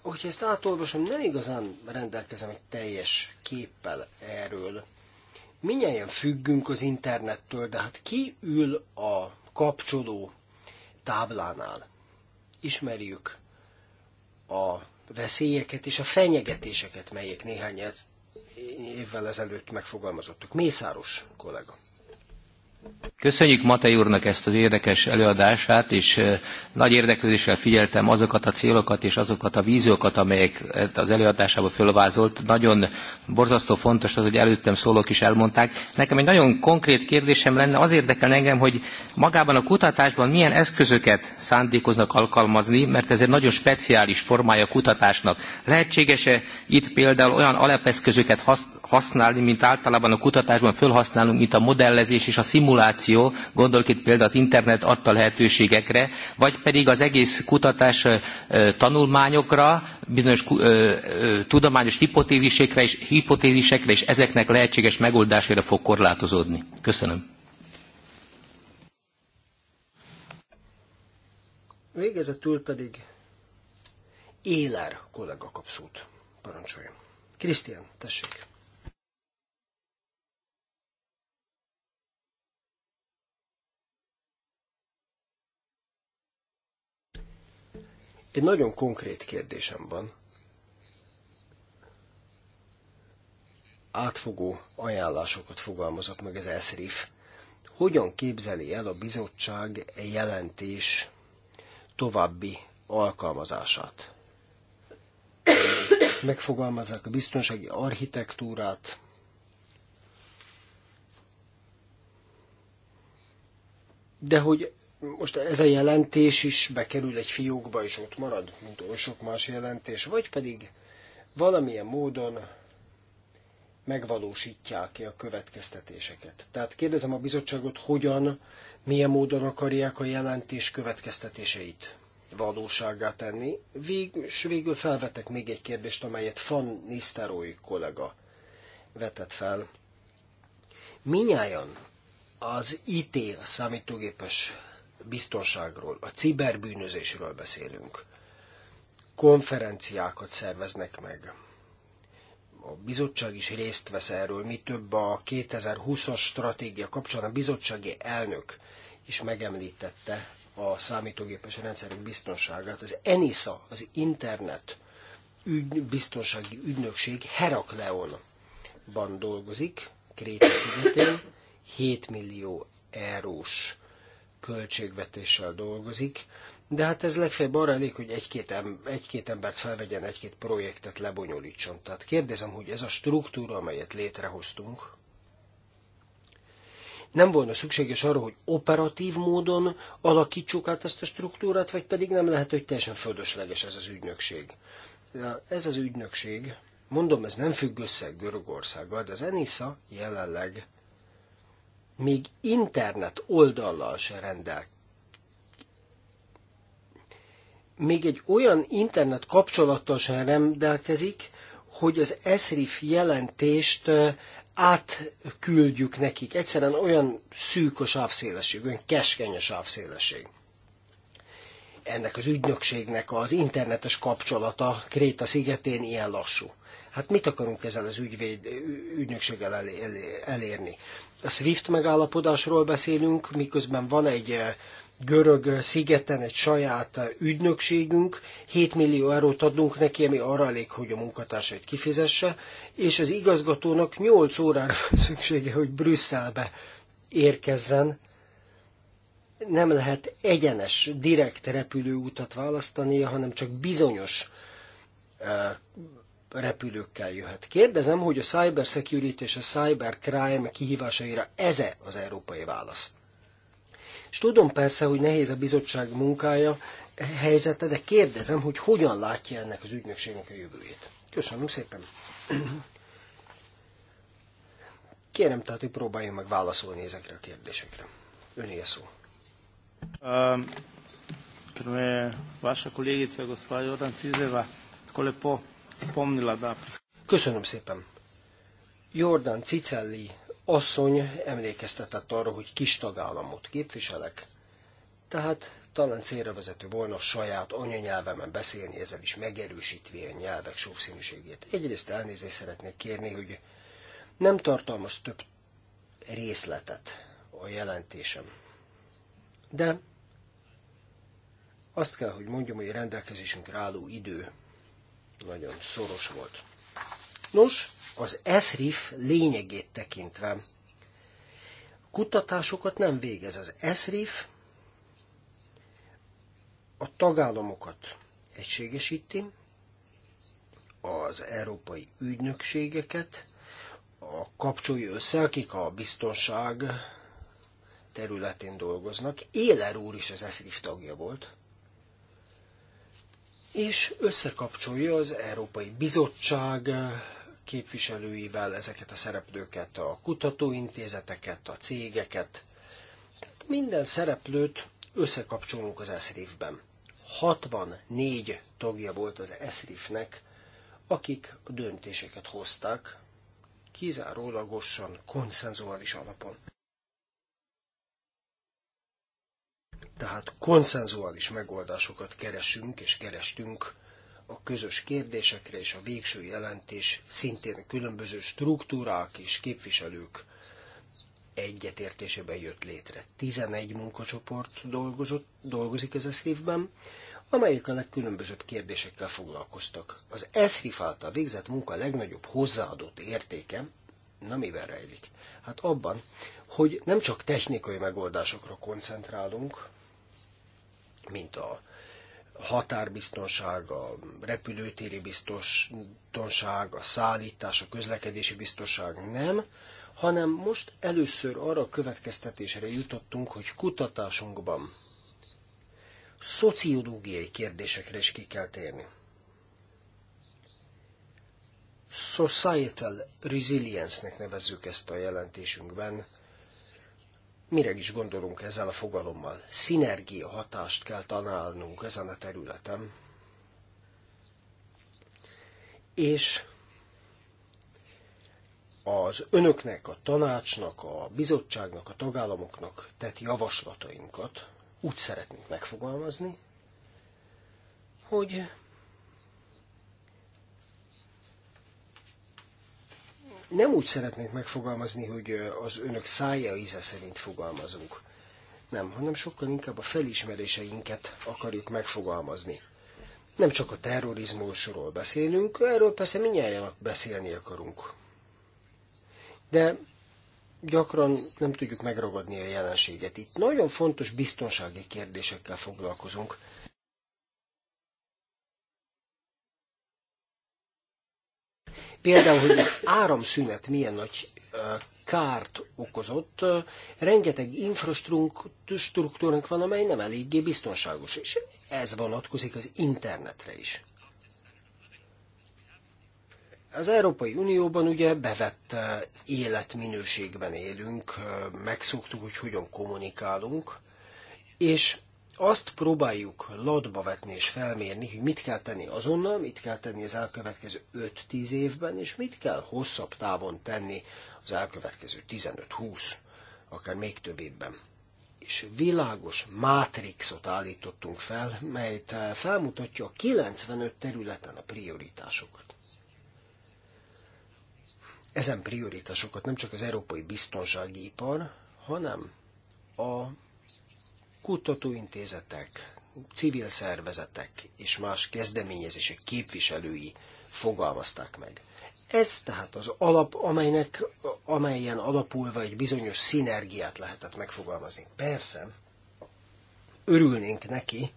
Hogyha ezt átolvasom, nem igazán rendelkezem egy teljes képpel erről. Minnyáján függünk az internettől, de hát ki ül a kapcsoló táblánál? Ismerjük a veszélyeket és a fenyegetéseket, melyek néhány évvel ezelőtt megfogalmazottak. Mészáros kollega. Köszönjük Matei úrnak ezt az érdekes előadását, és nagy érdeklődéssel figyeltem azokat a célokat és azokat a víziókat, amelyek az előadásában fölvázolt. Nagyon borzasztó fontos az, hogy előttem szólók is elmondták. Nekem egy nagyon konkrét kérdésem lenne, az érdekel engem, hogy magában a kutatásban milyen eszközöket szándékoznak alkalmazni, mert ez egy nagyon speciális formája a kutatásnak. Lehetséges-e itt például olyan alapeszközöket használni, használni, mint általában a kutatásban felhasználunk, mint a modellezés és a szimuláció, gondolok itt például az internet adta lehetőségekre, vagy pedig az egész kutatás tanulmányokra, bizonyos tudományos hipotézisekre és, hipotézisekre és ezeknek lehetséges megoldására fog korlátozódni. Köszönöm. Végezetül pedig Éler kollega kap szót. Parancsoljon. Krisztián, tessék. Egy nagyon konkrét kérdésem van. Átfogó ajánlásokat fogalmazott meg az ESRIF. Hogyan képzeli el a bizottság jelentés további alkalmazását? Megfogalmazzák a biztonsági architektúrát, de hogy most ez a jelentés is bekerül egy fiókba, és ott marad, mint oly sok más jelentés, vagy pedig valamilyen módon megvalósítják e a következtetéseket. Tehát kérdezem a bizottságot, hogyan, milyen módon akarják a jelentés következtetéseit valóságá tenni. Vég, és végül felvetek még egy kérdést, amelyet Fan Nisztárói kollega vetett fel. Minnyáján az IT, a számítógépes biztonságról, a ciberbűnözésről beszélünk. Konferenciákat szerveznek meg. A bizottság is részt vesz erről, mi több a 2020-as stratégia kapcsán a bizottsági elnök is megemlítette a számítógépes rendszerek biztonságát. Az ENISA, az Internet ügy, Biztonsági Ügynökség Herakleonban dolgozik, Kréta szigetén, 7 millió eurós költségvetéssel dolgozik, de hát ez legfeljebb arra elég, hogy egy-két, em- egy-két embert felvegyen, egy-két projektet lebonyolítson. Tehát kérdezem, hogy ez a struktúra, amelyet létrehoztunk, nem volna szükséges arra, hogy operatív módon alakítsuk át ezt a struktúrát, vagy pedig nem lehet, hogy teljesen földösleges ez az ügynökség. De ez az ügynökség, mondom, ez nem függ össze Görögországgal, de az ENISA jelenleg még internet oldallal se rendelk. Még egy olyan internet kapcsolattal sem rendelkezik, hogy az ESRIF jelentést átküldjük nekik. Egyszerűen olyan szűk a sávszélesség, olyan keskeny a sávszélesség. Ennek az ügynökségnek az internetes kapcsolata Kréta szigetén ilyen lassú. Hát mit akarunk ezzel az ügyvéd, ügynökséggel elérni? a SWIFT megállapodásról beszélünk, miközben van egy eh, görög szigeten egy saját eh, ügynökségünk, 7 millió eurót adunk neki, ami arra elég, hogy a munkatársait kifizesse, és az igazgatónak 8 órára van szüksége, hogy Brüsszelbe érkezzen. Nem lehet egyenes, direkt repülőutat választania, hanem csak bizonyos eh, repülőkkel jöhet. Kérdezem, hogy a cyber security és a cyber crime kihívásaira ez eze az európai válasz. És tudom persze, hogy nehéz a bizottság munkája, helyzete, de kérdezem, hogy hogyan látja ennek az ügynökségnek a jövőjét. Köszönöm szépen. Kérem tehát, hogy próbáljon meg válaszolni ezekre a kérdésekre. Öné a szó. Um, vaša kolegica, gospa Jordan Cizleva, tako lepo Köszönöm szépen. Jordan Cicelli asszony emlékeztetett arra, hogy kis tagállamot képviselek, tehát talán célra vezető volna saját anyanyelvemen beszélni, ezzel is a nyelvek sokszínűségét. Egyrészt elnézést szeretnék kérni, hogy nem tartalmaz több részletet a jelentésem. De azt kell, hogy mondjam, hogy a rendelkezésünkre álló idő nagyon szoros volt. Nos, az ESRIF lényegét tekintve, kutatásokat nem végez az ESRIF, a tagállamokat egységesíti, az európai ügynökségeket, a kapcsolja össze, akik a biztonság területén dolgoznak. Éler úr is az ESRIF tagja volt és összekapcsolja az Európai Bizottság képviselőivel ezeket a szereplőket, a kutatóintézeteket, a cégeket. Tehát minden szereplőt összekapcsolunk az ESRIF-ben. 64 tagja volt az ESRIF-nek, akik a döntéseket hozták, kizárólagosan konszenzuális alapon. Tehát konszenzuális megoldásokat keresünk és kerestünk a közös kérdésekre, és a végső jelentés szintén különböző struktúrák és képviselők egyetértésében jött létre. 11 munkacsoport dolgozott, dolgozik az eszrívben, amelyek a legkülönbözőbb kérdésekkel foglalkoztak. Az eszrif által végzett munka legnagyobb hozzáadott értéke, na mivel rejlik? Hát abban, hogy nem csak technikai megoldásokra koncentrálunk, mint a határbiztonság, a repülőtéri biztonság, a szállítás, a közlekedési biztonság nem, hanem most először arra a következtetésre jutottunk, hogy kutatásunkban szociológiai kérdésekre is ki kell térni. Societal resilience-nek nevezzük ezt a jelentésünkben, Mire is gondolunk ezzel a fogalommal? Szinergia hatást kell tanálnunk ezen a területen. És az önöknek, a tanácsnak, a bizottságnak, a tagállamoknak tett javaslatainkat úgy szeretnénk megfogalmazni, hogy nem úgy szeretnénk megfogalmazni, hogy az önök szája íze szerint fogalmazunk. Nem, hanem sokkal inkább a felismeréseinket akarjuk megfogalmazni. Nem csak a terrorizmusról beszélünk, erről persze minnyáján beszélni akarunk. De gyakran nem tudjuk megragadni a jelenséget. Itt nagyon fontos biztonsági kérdésekkel foglalkozunk. Például, hogy az áramszünet milyen nagy kárt okozott, rengeteg infrastruktúránk van, amely nem eléggé biztonságos, és ez vonatkozik az internetre is. Az Európai Unióban ugye bevett életminőségben élünk, megszoktuk, hogy hogyan kommunikálunk, és azt próbáljuk ladba vetni és felmérni, hogy mit kell tenni azonnal, mit kell tenni az elkövetkező 5-10 évben, és mit kell hosszabb távon tenni az elkövetkező 15-20, akár még több évben. És világos mátrixot állítottunk fel, melyet eh, felmutatja a 95 területen a prioritásokat. Ezen prioritásokat nem csak az európai biztonsági ipar, hanem a kutatóintézetek, civil szervezetek és más kezdeményezések képviselői fogalmazták meg. Ez tehát az alap, amelynek, amelyen alapulva egy bizonyos szinergiát lehetett megfogalmazni. Persze, örülnénk neki,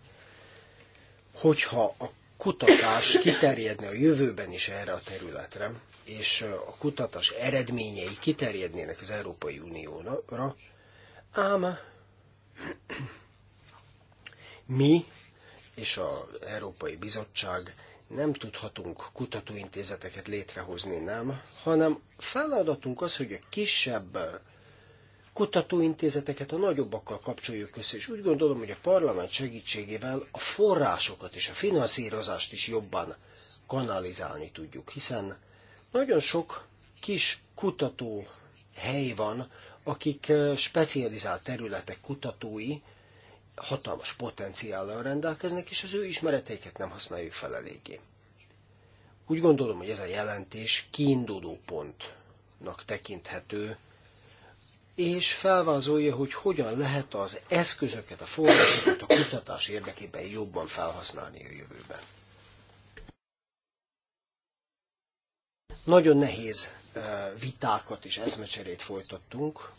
hogyha a kutatás kiterjedne a jövőben is erre a területre, és a kutatás eredményei kiterjednének az Európai Unióra, ám mi és az Európai Bizottság nem tudhatunk kutatóintézeteket létrehozni, nem, hanem feladatunk az, hogy a kisebb kutatóintézeteket a nagyobbakkal kapcsoljuk össze, és úgy gondolom, hogy a parlament segítségével a forrásokat és a finanszírozást is jobban kanalizálni tudjuk, hiszen nagyon sok kis kutató hely van, akik specializált területek kutatói hatalmas potenciállal rendelkeznek, és az ő ismereteiket nem használjuk fel eléggé. Úgy gondolom, hogy ez a jelentés kiinduló pontnak tekinthető, és felvázolja, hogy hogyan lehet az eszközöket, a forrásokat a kutatás érdekében jobban felhasználni a jövőben. Nagyon nehéz vitákat és eszmecserét folytattunk,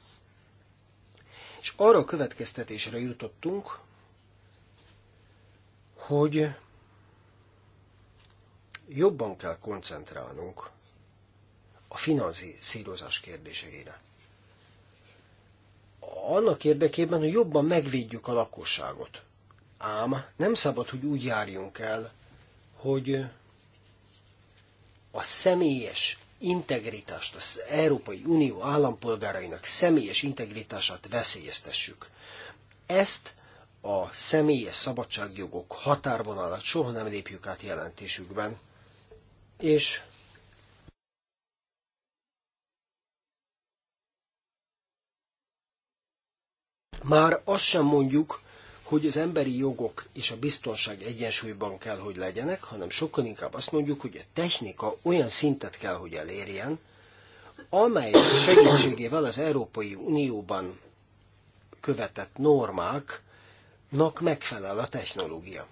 és arra a következtetésre jutottunk, hogy jobban kell koncentrálnunk a finanszírozás kérdéseire. Annak érdekében, hogy jobban megvédjük a lakosságot. Ám nem szabad, hogy úgy járjunk el, hogy a személyes integritást, az Európai Unió állampolgárainak személyes integritását veszélyeztessük. Ezt a személyes szabadságjogok határvonalat soha nem lépjük át jelentésükben, és már azt sem mondjuk, hogy az emberi jogok és a biztonság egyensúlyban kell, hogy legyenek, hanem sokkal inkább azt mondjuk, hogy a technika olyan szintet kell, hogy elérjen, amely segítségével az Európai Unióban követett normáknak megfelel a technológia.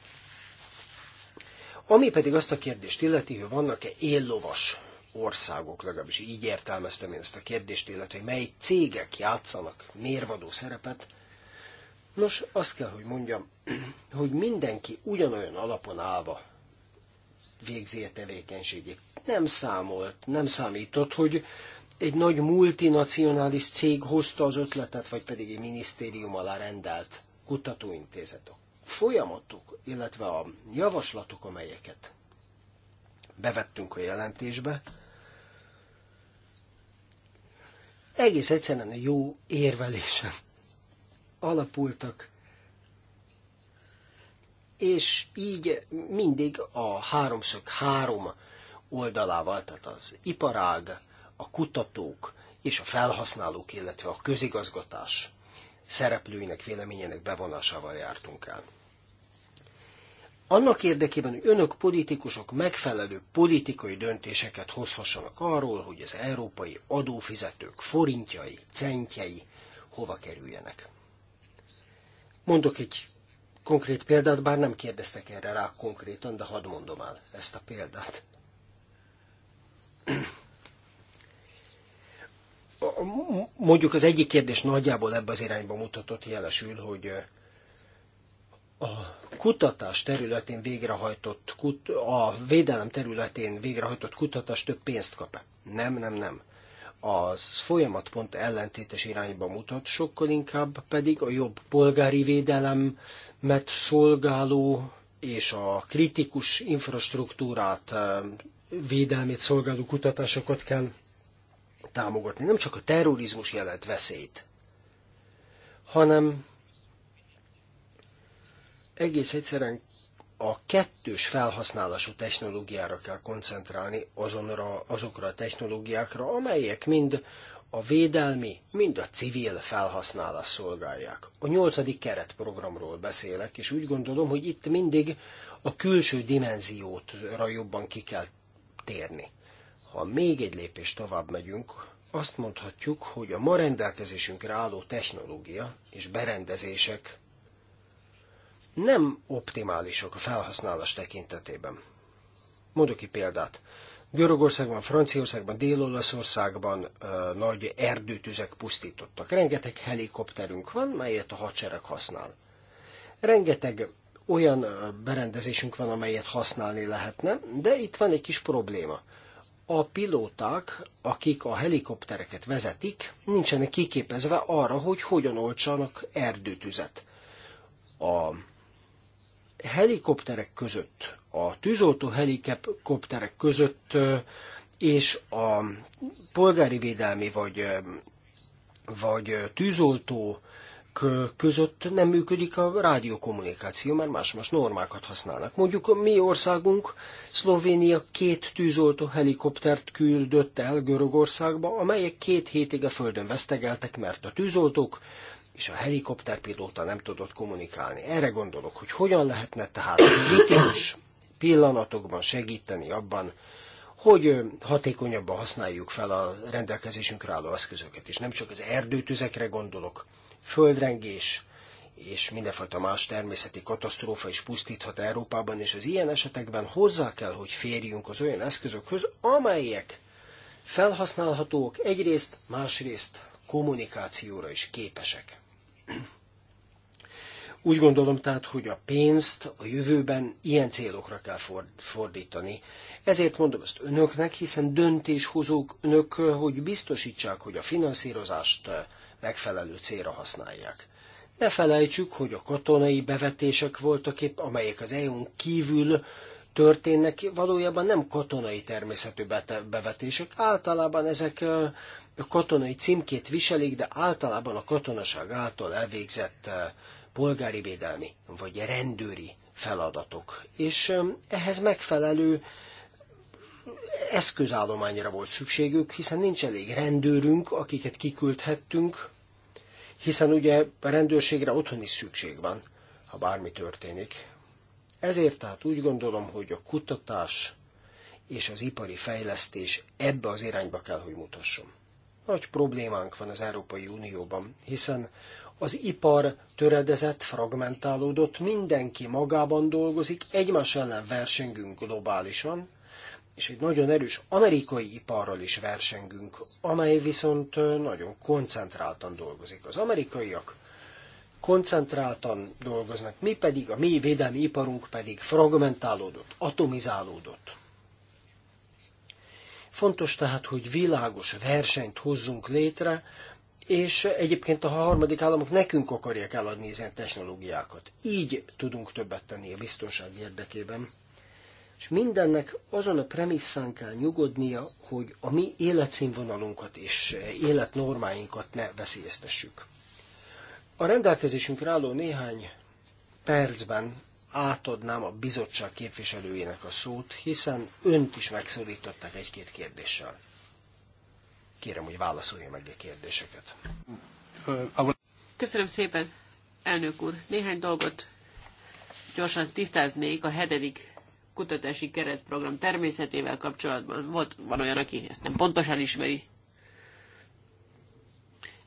Ami pedig azt a kérdést illeti, hogy vannak-e éllovas országok, legalábbis így értelmeztem én ezt a kérdést, illetve mely cégek játszanak mérvadó szerepet Nos, azt kell, hogy mondjam, hogy mindenki ugyanolyan alapon állva végzi a tevékenységét. Nem számolt, nem számított, hogy egy nagy multinacionális cég hozta az ötletet, vagy pedig egy minisztérium alá rendelt kutatóintézetok A folyamatok, illetve a javaslatok, amelyeket bevettünk a jelentésbe, egész egyszerűen jó érvelésen alapultak, és így mindig a háromszög három oldalával, tehát az iparág, a kutatók és a felhasználók, illetve a közigazgatás szereplőinek véleményének bevonásával jártunk el. Annak érdekében, hogy önök politikusok megfelelő politikai döntéseket hozhassanak arról, hogy az európai adófizetők forintjai, centjei hova kerüljenek. Mondok egy konkrét példát, bár nem kérdeztek erre rá konkrétan, de hadd mondom el ezt a példát. Mondjuk az egyik kérdés nagyjából ebbe az irányba mutatott jelesül, hogy a kutatás területén végrehajtott, a védelem területén végrehajtott kutatás több pénzt kap -e? Nem, nem, nem az folyamat pont ellentétes irányba mutat, sokkal inkább pedig a jobb polgári védelemet szolgáló és a kritikus infrastruktúrát eh, védelmét szolgáló kutatásokat kell támogatni. Nem csak a terrorizmus jelent veszélyt, hanem egész egyszerűen a kettős felhasználású technológiára kell koncentrálni, azonra, azokra a technológiákra, amelyek mind a védelmi, mind a civil felhasználás szolgálják. A nyolcadik keretprogramról beszélek, és úgy gondolom, hogy itt mindig a külső dimenziótra jobban ki kell térni. Ha még egy lépés tovább megyünk, azt mondhatjuk, hogy a ma rendelkezésünkre álló technológia és berendezések nem optimálisak a felhasználás tekintetében. Mondok ki példát. Görögországban, Franciaországban, Dél-Olaszországban nagy erdőtüzek pusztítottak. Rengeteg helikopterünk van, melyet a hadsereg használ. Rengeteg olyan berendezésünk van, amelyet használni lehetne, de itt van egy kis probléma. A pilóták, akik a helikoptereket vezetik, nincsenek kiképezve arra, hogy hogyan oltsanak erdőtüzet. A helikopterek között, a tűzoltó helikopterek között és a polgári védelmi vagy, vagy tűzoltó között nem működik a rádiókommunikáció, mert más-más normákat használnak. Mondjuk a mi országunk, Szlovénia két tűzoltó helikoptert küldött el Görögországba, amelyek két hétig a földön vesztegeltek, mert a tűzoltók és a helikopterpilóta nem tudott kommunikálni. Erre gondolok, hogy hogyan lehetne tehát kritikus pillanatokban segíteni abban, hogy hatékonyabban használjuk fel a rendelkezésünkre álló eszközöket, és nem csak az erdőtüzekre gondolok, földrengés és mindenfajta más természeti katasztrófa is pusztíthat Európában, és az ilyen esetekben hozzá kell, hogy férjünk az olyan eszközökhöz, amelyek felhasználhatók egyrészt, másrészt kommunikációra is képesek. Úgy gondolom tehát, hogy a pénzt a jövőben ilyen célokra kell fordítani. Ezért mondom ezt önöknek, hiszen döntéshozók önök, hogy biztosítsák, hogy a finanszírozást megfelelő célra használják. Ne felejtsük, hogy a katonai bevetések voltak épp, amelyek az EU-n kívül történnek, valójában nem katonai természetű bevetések, általában ezek katonai címkét viselik, de általában a katonaság által elvégzett eh, polgári védelmi vagy rendőri feladatok. És eh, ehhez megfelelő eh, eszközállományra volt szükségük, hiszen nincs elég rendőrünk, akiket kiküldhettünk, hiszen ugye a rendőrségre otthon is szükség van, ha bármi történik. Ezért tehát úgy gondolom, hogy a kutatás és az ipari fejlesztés ebbe az irányba kell, hogy mutasson. Nagy problémánk van az Európai Unióban, hiszen az ipar töredezett, fragmentálódott, mindenki magában dolgozik, egymás ellen versengünk globálisan, és egy nagyon erős amerikai iparral is versengünk, amely viszont nagyon koncentráltan dolgozik. Az amerikaiak koncentráltan dolgoznak, mi pedig, a mi védelmi iparunk pedig fragmentálódott, atomizálódott. Fontos tehát, hogy világos versenyt hozzunk létre, és egyébként a harmadik államok nekünk akarják eladni ezen technológiákat. Így tudunk többet tenni a biztonság érdekében. És mindennek azon a premisszán kell nyugodnia, hogy a mi életszínvonalunkat és életnormáinkat ne veszélyeztessük. A rendelkezésünkre álló néhány percben átadnám a bizottság képviselőjének a szót, hiszen önt is megszólítottak egy-két kérdéssel. Kérem, hogy válaszolja meg a kérdéseket. Köszönöm szépen, elnök úr. Néhány dolgot gyorsan tisztáznék a hetedik kutatási keretprogram természetével kapcsolatban. Volt, van olyan, aki ezt nem pontosan ismeri.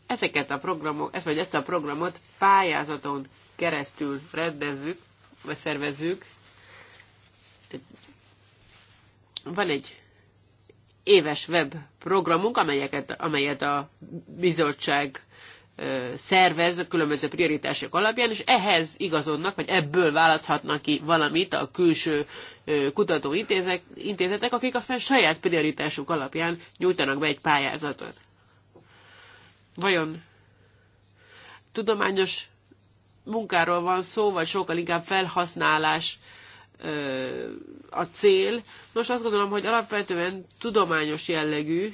Ezeket a programok, ezt vagy ezt a programot pályázaton keresztül rendezzük, szervezzük. Van egy éves web programunk, amelyeket, amelyet a bizottság szervez a különböző prioritások alapján, és ehhez igazodnak, vagy ebből választhatnak ki valamit a külső kutatóintézetek, akik aztán saját prioritásuk alapján nyújtanak be egy pályázatot. Vajon tudományos munkáról van szó, vagy sokkal inkább felhasználás a cél. Nos, azt gondolom, hogy alapvetően tudományos jellegű,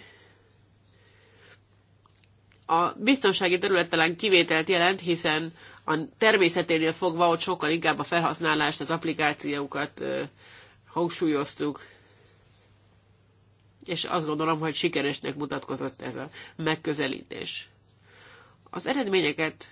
a biztonsági terület talán kivételt jelent, hiszen a természeténél fogva ott sokkal inkább a felhasználást, az applikációkat ö, hangsúlyoztuk. És azt gondolom, hogy sikeresnek mutatkozott ez a megközelítés. Az eredményeket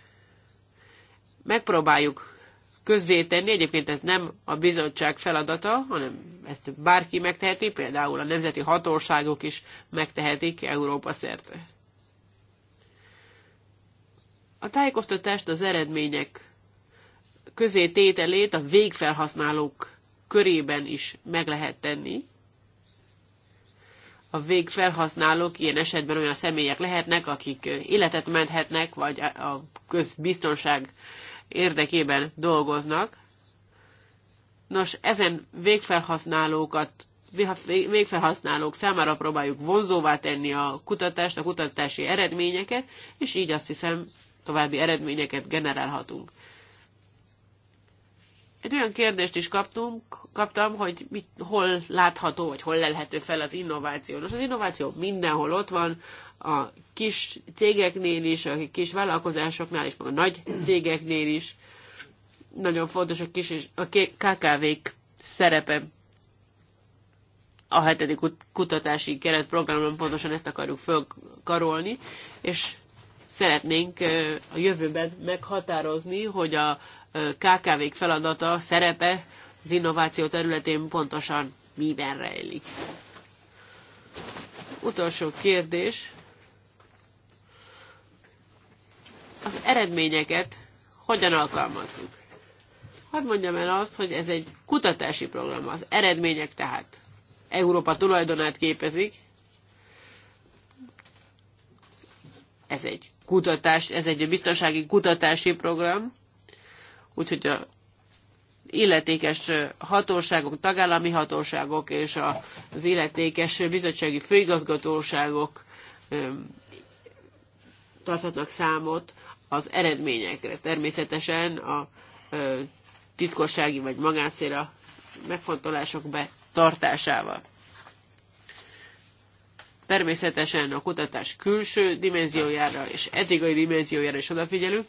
megpróbáljuk közzétenni, egyébként ez nem a bizottság feladata, hanem ezt bárki megteheti, például a nemzeti hatóságok is megtehetik Európa szerte. A tájékoztatást, az eredmények közé tételét a végfelhasználók körében is meg lehet tenni. A végfelhasználók ilyen esetben olyan személyek lehetnek, akik életet menthetnek, vagy a közbiztonság érdekében dolgoznak. Nos, ezen végfelhasználókat végfelhasználók számára próbáljuk vonzóvá tenni a kutatást, a kutatási eredményeket, és így azt hiszem további eredményeket generálhatunk. Egy olyan kérdést is kaptunk, kaptam, hogy mit, hol látható, vagy hol lelhető fel az innováció. Nos, az innováció mindenhol ott van, a kis cégeknél is, a kis vállalkozásoknál is, meg a nagy cégeknél is nagyon fontos a kis és a KKV-k szerepe. A hetedik kutatási keretprogramon pontosan ezt akarjuk fölkarolni, és szeretnénk a jövőben meghatározni, hogy a KKV-k feladata, szerepe az innováció területén pontosan miben rejlik. Utolsó kérdés. az eredményeket hogyan alkalmazzuk. Hadd mondjam el azt, hogy ez egy kutatási program, az eredmények tehát Európa tulajdonát képezik. Ez egy kutatás, ez egy biztonsági kutatási program, úgyhogy a illetékes hatóságok, tagállami hatóságok és az illetékes bizottsági főigazgatóságok tarthatnak számot az eredményekre. Természetesen a titkossági vagy magánszéra megfontolások betartásával. Természetesen a kutatás külső dimenziójára és etikai dimenziójára is odafigyelünk,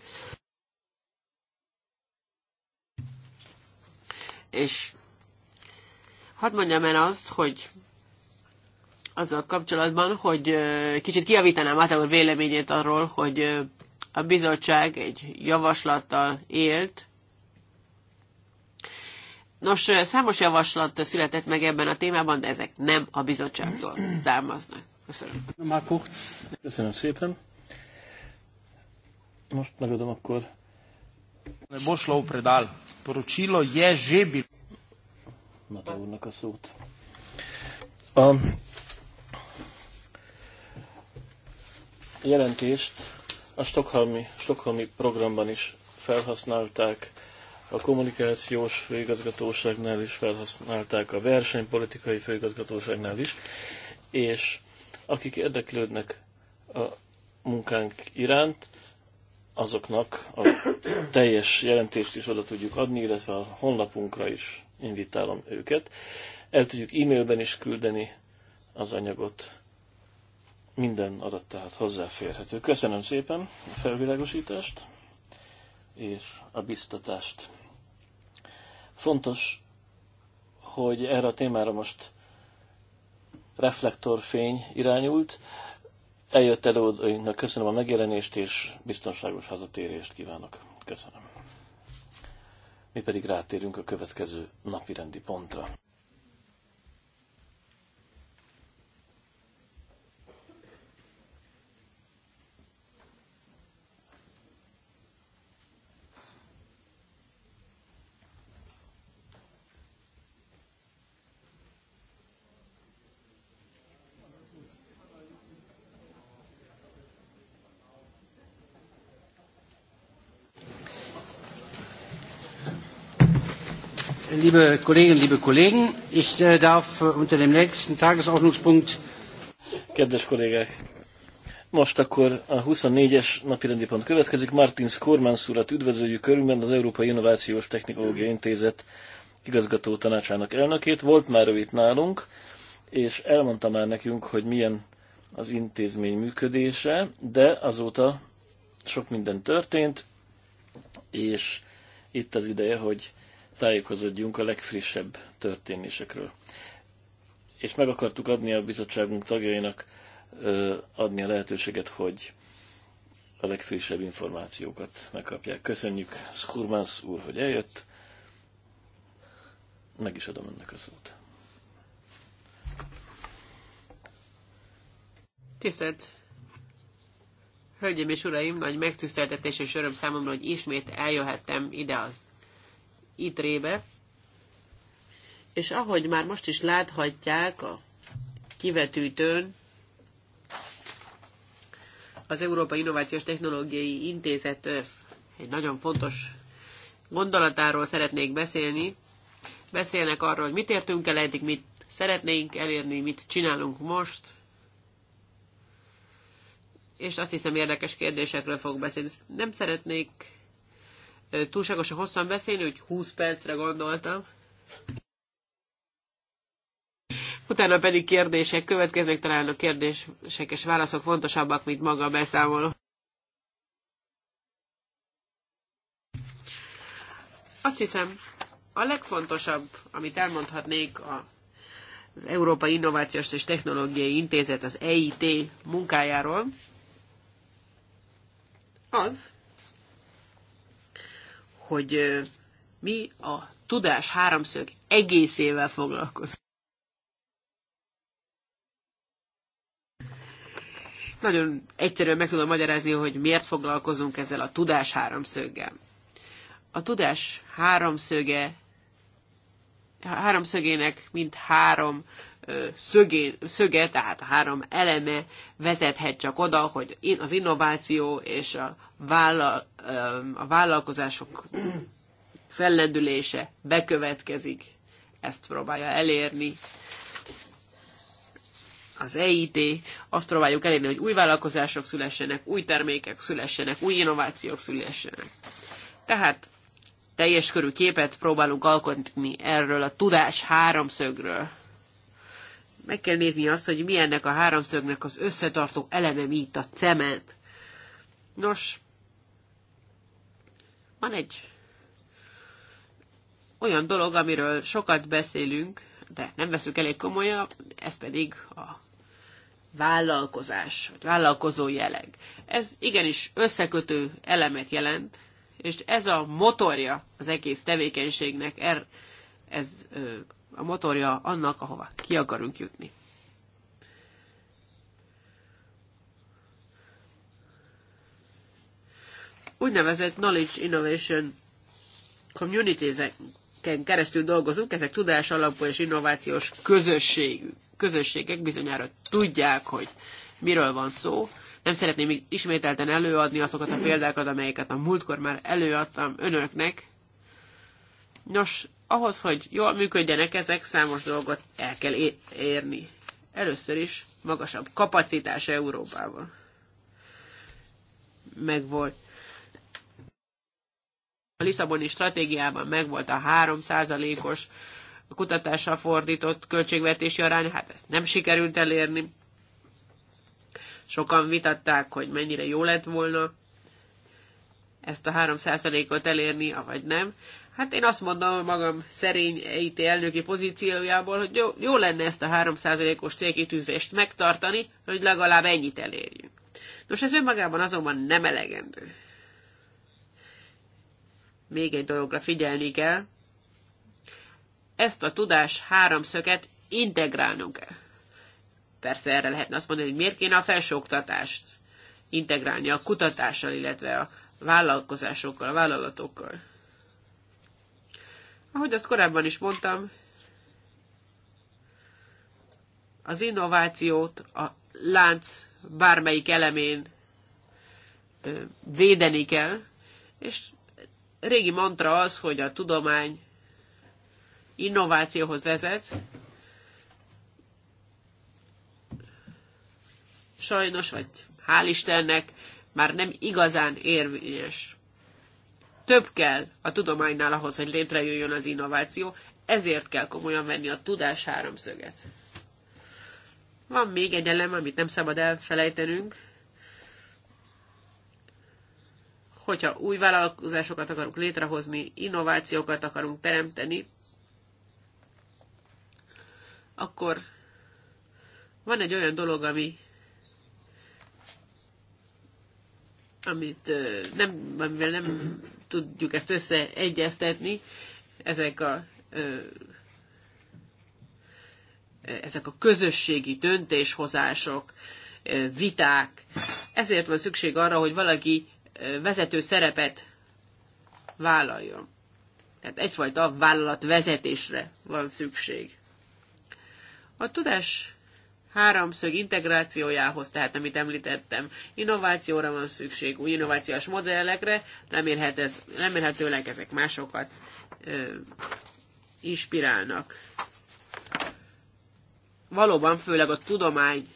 és hadd mondjam el azt, hogy azzal kapcsolatban, hogy kicsit kiavítanám a véleményét arról, hogy a bizottság egy javaslattal élt. Nos, számos javaslat született meg ebben a témában, de ezek nem a bizottságtól származnak. Köszönöm. Köszönöm szépen. Most megadom akkor. Ne predál. šlo predal. je že bilo. Mata úrnak a szót. A jelentést a Stockholmi, Stockholmi programban is felhasználták, a kommunikációs főigazgatóságnál is felhasználták, a versenypolitikai főigazgatóságnál is, és akik érdeklődnek a munkánk iránt, azoknak a teljes jelentést is oda tudjuk adni, illetve a honlapunkra is invitálom őket. El tudjuk e-mailben is küldeni az anyagot minden adat tehát hozzáférhető. Köszönöm szépen a felvilágosítást és a biztatást. Fontos, hogy erre a témára most reflektorfény irányult. Eljött előadóinknak köszönöm a megjelenést, és biztonságos hazatérést kívánok. Köszönöm. Mi pedig rátérünk a következő napi rendi pontra. liebe Kolleginnen, liebe Kollegen, ich äh, darf äh, unter dem nächsten Tagesordnungspunkt. Kedves kollégák, most akkor a 24-es napirendi pont következik. Martin Skormans urat üdvözöljük körülben az Európai Innovációs Technológiai Intézet igazgató tanácsának elnökét. Volt már ő itt nálunk, és elmondta már nekünk, hogy milyen az intézmény működése, de azóta sok minden történt, és itt az ideje, hogy tájékozódjunk a legfrissebb történésekről. És meg akartuk adni a bizottságunk tagjainak adni a lehetőséget, hogy a legfrissebb információkat megkapják. Köszönjük Skurmans úr, hogy eljött. Meg is adom önnek a szót. Tisztelt Hölgyeim és Uraim, nagy megtiszteltetés és öröm számomra, hogy ismét eljöhettem ide az idrébe, és ahogy már most is láthatják a kivetűtőn, az Európai Innovációs Technológiai Intézet egy nagyon fontos gondolatáról szeretnék beszélni. Beszélnek arról, hogy mit értünk el eddig, mit szeretnénk elérni, mit csinálunk most, és azt hiszem érdekes kérdésekről fog beszélni. Nem szeretnék túlságosan hosszan beszélni, úgy 20 percre gondoltam. Utána pedig kérdések következnek, talán a kérdések és válaszok fontosabbak, mint maga a beszámoló. Azt hiszem, a legfontosabb, amit elmondhatnék a az Európai Innovációs és Technológiai Intézet, az EIT munkájáról, az, hogy mi a tudás háromszög egészével foglalkozunk. Nagyon egyszerűen meg tudom magyarázni, hogy miért foglalkozunk ezzel a tudás háromszöggel. A tudás háromszöge, háromszögének mind három szögé, szöge, tehát a három eleme vezethet csak oda, hogy az innováció és a, vállal, a vállalkozások fellendülése bekövetkezik. Ezt próbálja elérni az EIT, azt próbáljuk elérni, hogy új vállalkozások szülessenek, új termékek szülessenek, új innovációk szülessenek. Tehát teljes körű képet próbálunk alkotni erről a tudás háromszögről meg kell nézni azt, hogy milyennek a háromszögnek az összetartó eleme, mint a cement. Nos, van egy olyan dolog, amiről sokat beszélünk, de nem veszük elég komolyan, ez pedig a vállalkozás, vagy vállalkozó jelleg. Ez igenis összekötő elemet jelent, és ez a motorja az egész tevékenységnek, er, ez a motorja annak, ahova ki akarunk jutni. Úgynevezett Knowledge Innovation Communities-eken keresztül dolgozunk, ezek tudás alapú és innovációs közösségű, közösségek bizonyára tudják, hogy miről van szó. Nem szeretném ismételten előadni azokat a példákat, amelyeket a múltkor már előadtam önöknek. Nos, ahhoz, hogy jól működjenek ezek, számos dolgot el kell érni. Először is magasabb kapacitás Európában. Megvolt. A Lisszaboni stratégiában megvolt a 3%-os kutatásra fordított költségvetési arány, hát ezt nem sikerült elérni. Sokan vitatták, hogy mennyire jó lett volna ezt a 3%-ot elérni, vagy nem. Hát én azt mondom magam szerény e IT elnöki pozíciójából, hogy jó, jó lenne ezt a 3%-os célkitűzést megtartani, hogy legalább ennyit elérjünk. Nos, ez önmagában azonban nem elegendő. Még egy dologra figyelni kell. Ezt a tudás háromszöget integrálnunk kell. Persze erre lehetne azt mondani, hogy miért kéne a felsőoktatást integrálni a kutatással, illetve a vállalkozásokkal, a vállalatokkal. Ahogy azt korábban is mondtam, az innovációt a lánc bármelyik elemén védeni kell, és régi mantra az, hogy a tudomány innovációhoz vezet. Sajnos, vagy hál' Istennek, már nem igazán érvényes. Több kell a tudománynál ahhoz, hogy létrejöjjön az innováció, ezért kell komolyan venni a tudás háromszöget. Van még egy elem, amit nem szabad elfelejtenünk. Hogyha új vállalkozásokat akarunk létrehozni, innovációkat akarunk teremteni, akkor van egy olyan dolog, ami amit nem, amivel nem tudjuk ezt összeegyeztetni, ezek a ezek a közösségi döntéshozások, viták. Ezért van szükség arra, hogy valaki vezető szerepet vállaljon. Tehát egyfajta vállalatvezetésre van szükség. A tudás háromszög integrációjához, tehát amit említettem. Innovációra van szükség, új innovációs modellekre, remélhet ez, remélhetőleg ezek másokat ö, inspirálnak. Valóban főleg a tudomány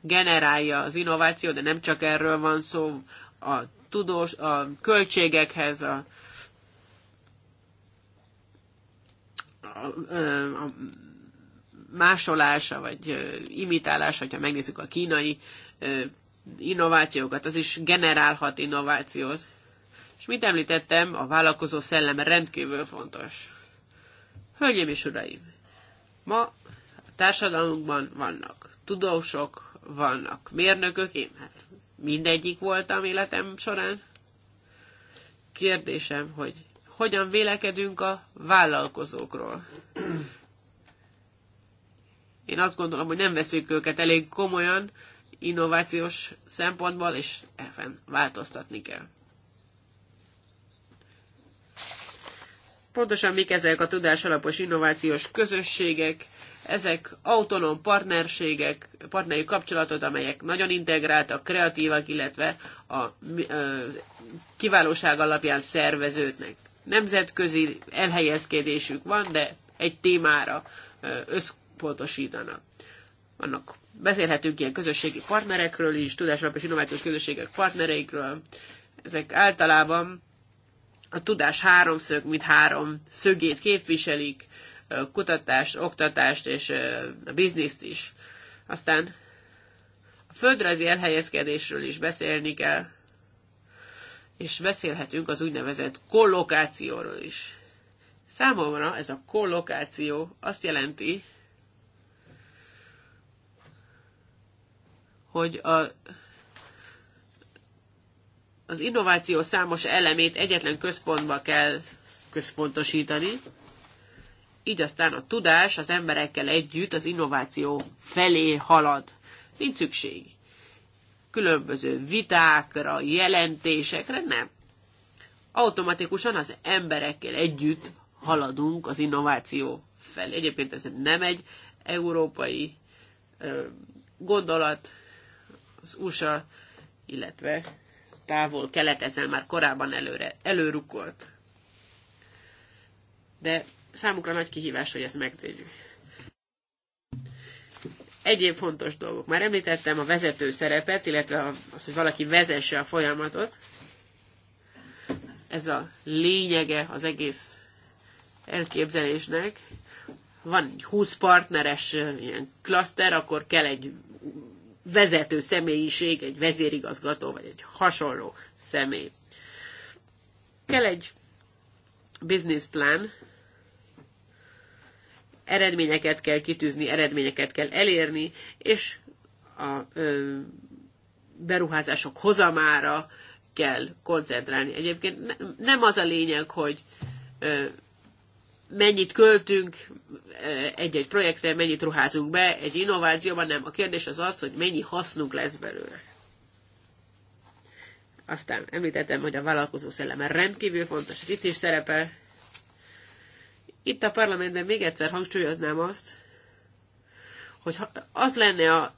generálja az innováció, de nem csak erről van szó, a tudós, a költségekhez, a, a, a, a másolása, vagy imitálása, hogyha megnézzük a kínai innovációkat, az is generálhat innovációt. És mit említettem, a vállalkozó szellem rendkívül fontos. Hölgyeim és uraim, ma a társadalmunkban vannak tudósok, vannak mérnökök, én már hát mindegyik voltam életem során. Kérdésem, hogy hogyan vélekedünk a vállalkozókról. Én azt gondolom, hogy nem veszük őket elég komolyan innovációs szempontból, és ezen változtatni kell. Pontosan mik ezek a tudásalapos innovációs közösségek, ezek autonóm partnerségek, partneri kapcsolatot, amelyek nagyon integráltak, kreatívak, illetve a kiválóság alapján szerveződnek. Nemzetközi elhelyezkedésük van, de egy témára össz, pontosítanak. Vannak, beszélhetünk ilyen közösségi partnerekről is, tudásalap és innovációs közösségek partnereikről. Ezek általában a tudás háromszög, mint három szögét képviselik, kutatást, oktatást és a bizniszt is. Aztán a földrajzi elhelyezkedésről is beszélni kell, és beszélhetünk az úgynevezett kollokációról is. Számomra ez a kollokáció azt jelenti, hogy a, az innováció számos elemét egyetlen központba kell központosítani, így aztán a tudás az emberekkel együtt az innováció felé halad. Nincs szükség különböző vitákra, jelentésekre, nem. Automatikusan az emberekkel együtt haladunk az innováció felé. Egyébként ez nem egy európai ö, gondolat, az USA, illetve távol kelet ezzel már korábban előre, előrukolt. De számukra nagy kihívás, hogy ezt megtegyük. Egyéb fontos dolgok. Már említettem a vezető szerepet, illetve az, hogy valaki vezesse a folyamatot. Ez a lényege az egész elképzelésnek. Van egy 20 partneres ilyen klaszter, akkor kell egy vezető személyiség, egy vezérigazgató, vagy egy hasonló személy. Kell egy business plan, eredményeket kell kitűzni, eredményeket kell elérni, és a ö, beruházások hozamára kell koncentrálni. Egyébként nem az a lényeg, hogy ö, mennyit költünk e, egy-egy projektre, mennyit ruházunk be egy innovációban, nem. A kérdés az az, hogy mennyi hasznunk lesz belőle. Aztán említettem, hogy a vállalkozó szelleme rendkívül fontos, ez itt is szerepel. Itt a parlamentben még egyszer hangsúlyoznám azt, hogy az lenne a,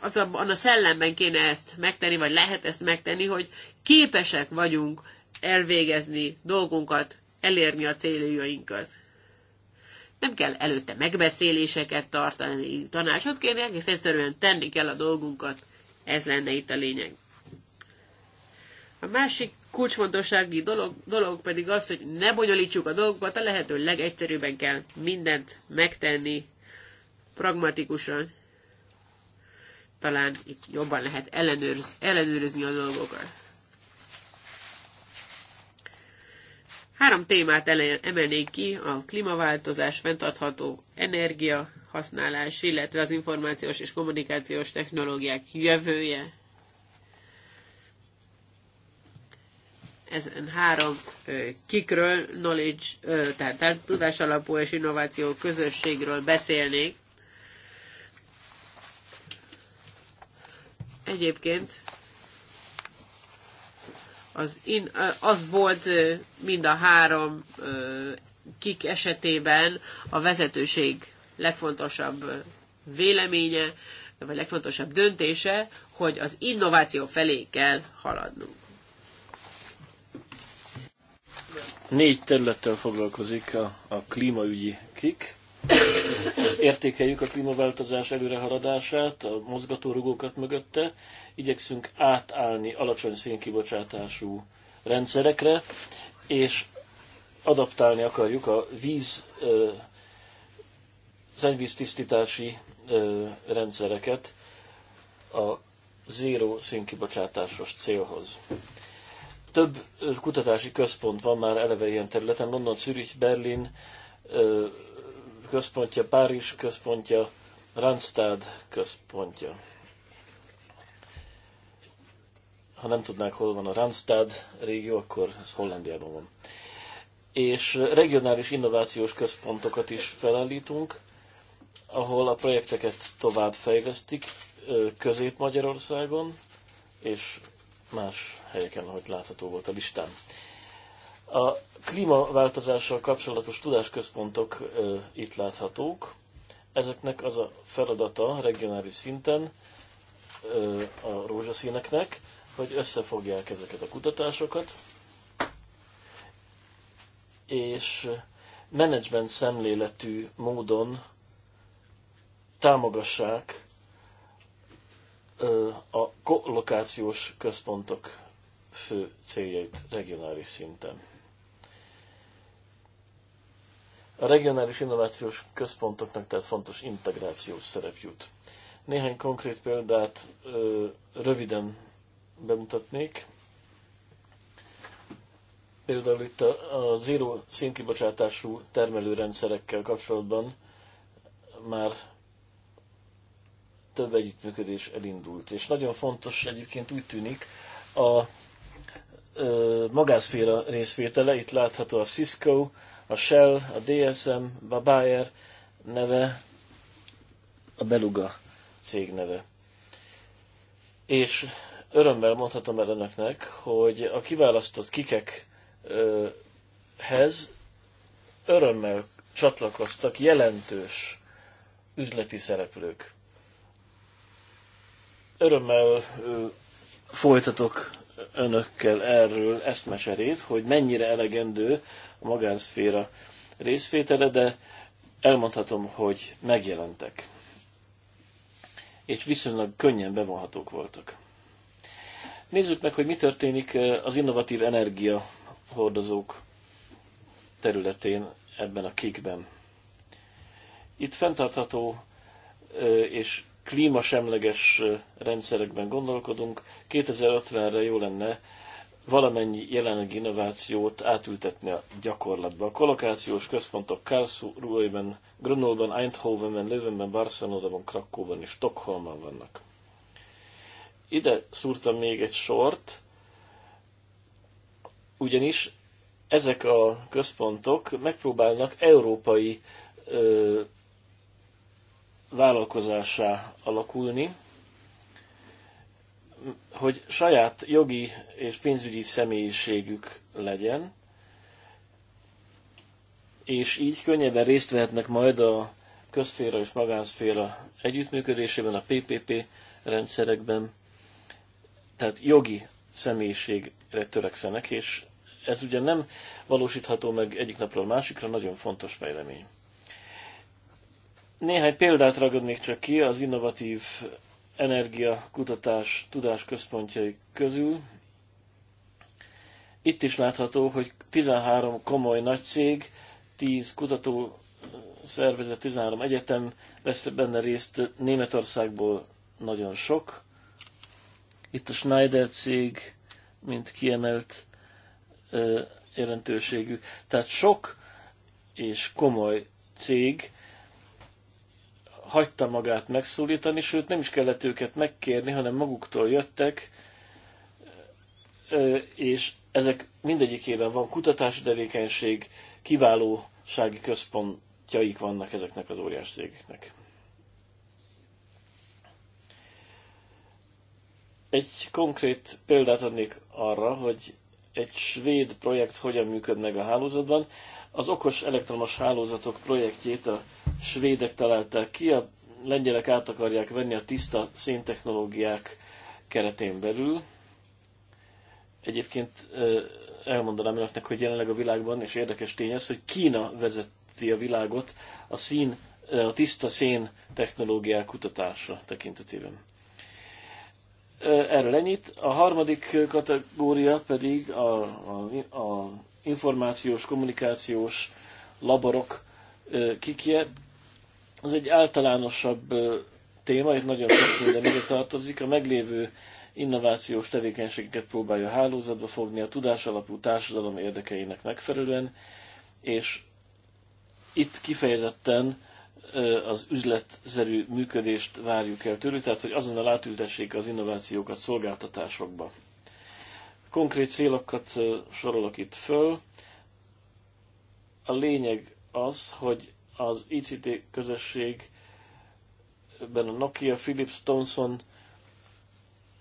az abban a szellemben kéne ezt megtenni, vagy lehet ezt megtenni, hogy képesek vagyunk elvégezni dolgunkat elérni a céljainkat. Nem kell előtte megbeszéléseket tartani, tanácsot kérni, egész egyszerűen tenni kell a dolgunkat. Ez lenne itt a lényeg. A másik kulcsfontossági dolog, dolog pedig az, hogy ne bonyolítsuk a dolgokat, a lehető legegyszerűbben kell mindent megtenni pragmatikusan. Talán itt jobban lehet ellenőrizni a dolgokat. Három témát emelnék ki, a klímaváltozás, fenntartható energiahasználás, illetve az információs és kommunikációs technológiák jövője. Ezen három kikről, knowledge, tehát tudás alapú és innováció közösségről beszélnék. Egyébként az, in, az volt mind a három kik esetében a vezetőség legfontosabb véleménye, vagy legfontosabb döntése, hogy az innováció felé kell haladnunk. Négy területtel foglalkozik a, a klímaügyi kik értékeljük a klímaváltozás előrehaladását, a mozgatórugókat mögötte, igyekszünk átállni alacsony szénkibocsátású rendszerekre, és adaptálni akarjuk a víz, szennyvíztisztítási rendszereket a zéró szénkibocsátásos célhoz. Több kutatási központ van már eleve ilyen területen, London, Zürich, Berlin, központja, Párizs központja, Randstad központja. Ha nem tudnák, hol van a Randstad régió, akkor ez Hollandiában van. És regionális innovációs központokat is felállítunk, ahol a projekteket tovább fejlesztik Közép-Magyarországon és más helyeken, ahogy látható volt a listán. A klímaváltozással kapcsolatos tudásközpontok itt láthatók. Ezeknek az a feladata regionális szinten a rózsaszíneknek, hogy összefogják ezeket a kutatásokat, és menedzsment szemléletű módon támogassák a lokációs központok fő céljait regionális szinten. A regionális innovációs központoknak tehát fontos integrációs szerep jut. Néhány konkrét példát ö, röviden bemutatnék. Például itt a, a zéró színkibocsátású termelőrendszerekkel kapcsolatban már több együttműködés elindult. És nagyon fontos egyébként úgy tűnik a ö, magászféra részvétele, itt látható a Cisco, a Shell, a DSM, a Bayer neve, a Beluga cég neve. És örömmel mondhatom el önöknek, hogy a kiválasztott kikekhez örömmel csatlakoztak jelentős üzleti szereplők. Örömmel folytatok önökkel erről ezt meserét, hogy mennyire elegendő a magánszféra részvétele, de elmondhatom, hogy megjelentek. És viszonylag könnyen bevonhatók voltak. Nézzük meg, hogy mi történik eh, az innovatív energia hordozók területén ebben a kikben. Itt fenntartható eh, és klímasemleges eh, rendszerekben gondolkodunk. 2050-re jó lenne valamennyi jelenlegi innovációt átültetni a gyakorlatba. A kolokációs központok Karlsruhe-ben, grenoble Eindhovenben, Löwenben, Barcelonában, Krakóban és Stockholmban vannak. Ide szúrtam még egy sort, ugyanis ezek a központok megpróbálnak európai ö, vállalkozásá alakulni, hogy saját jogi és pénzügyi személyiségük legyen, és így könnyebben részt vehetnek majd a közféra és magánszféra együttműködésében, a PPP rendszerekben, tehát jogi személyiségre törekszenek, és ez ugye nem valósítható meg egyik napról másikra, nagyon fontos fejlemény. Néhány példát ragadnék csak ki az innovatív energiakutatás tudásközpontjai közül. Itt is látható, hogy 13 komoly nagy cég, 10 kutató szervezet, 13 egyetem vesz benne részt, Németországból nagyon sok. Itt a Schneider cég, mint kiemelt jelentőségű. Tehát sok és komoly cég hagyta magát megszólítani, sőt nem is kellett őket megkérni, hanem maguktól jöttek, és ezek mindegyikében van kutatási tevékenység, kiválósági központjaik vannak ezeknek az óriás cégeknek. Egy konkrét példát adnék arra, hogy egy svéd projekt hogyan működ meg a hálózatban. Az okos elektromos hálózatok projektjét a svédek találták ki, a lengyelek át akarják venni a tiszta széntechnológiák keretén belül. Egyébként elmondanám önöknek, hogy jelenleg a világban, és érdekes tény ez, hogy Kína vezeti a világot a, szín, a tiszta szén technológiák kutatása tekintetében. Erről ennyit. A harmadik kategória pedig a, a, a információs, kommunikációs laborok kikje. Ez egy általánosabb téma, itt nagyon sok minden ide tartozik. A meglévő innovációs tevékenységeket próbálja hálózatba fogni a tudásalapú társadalom érdekeinek megfelelően, és itt kifejezetten az üzletszerű működést várjuk el tőlük, tehát hogy azonnal átültessék az innovációkat szolgáltatásokba. Konkrét célokat sorolok itt föl. A lényeg az, hogy az ICT közösségben a Nokia, Philips, Thomson,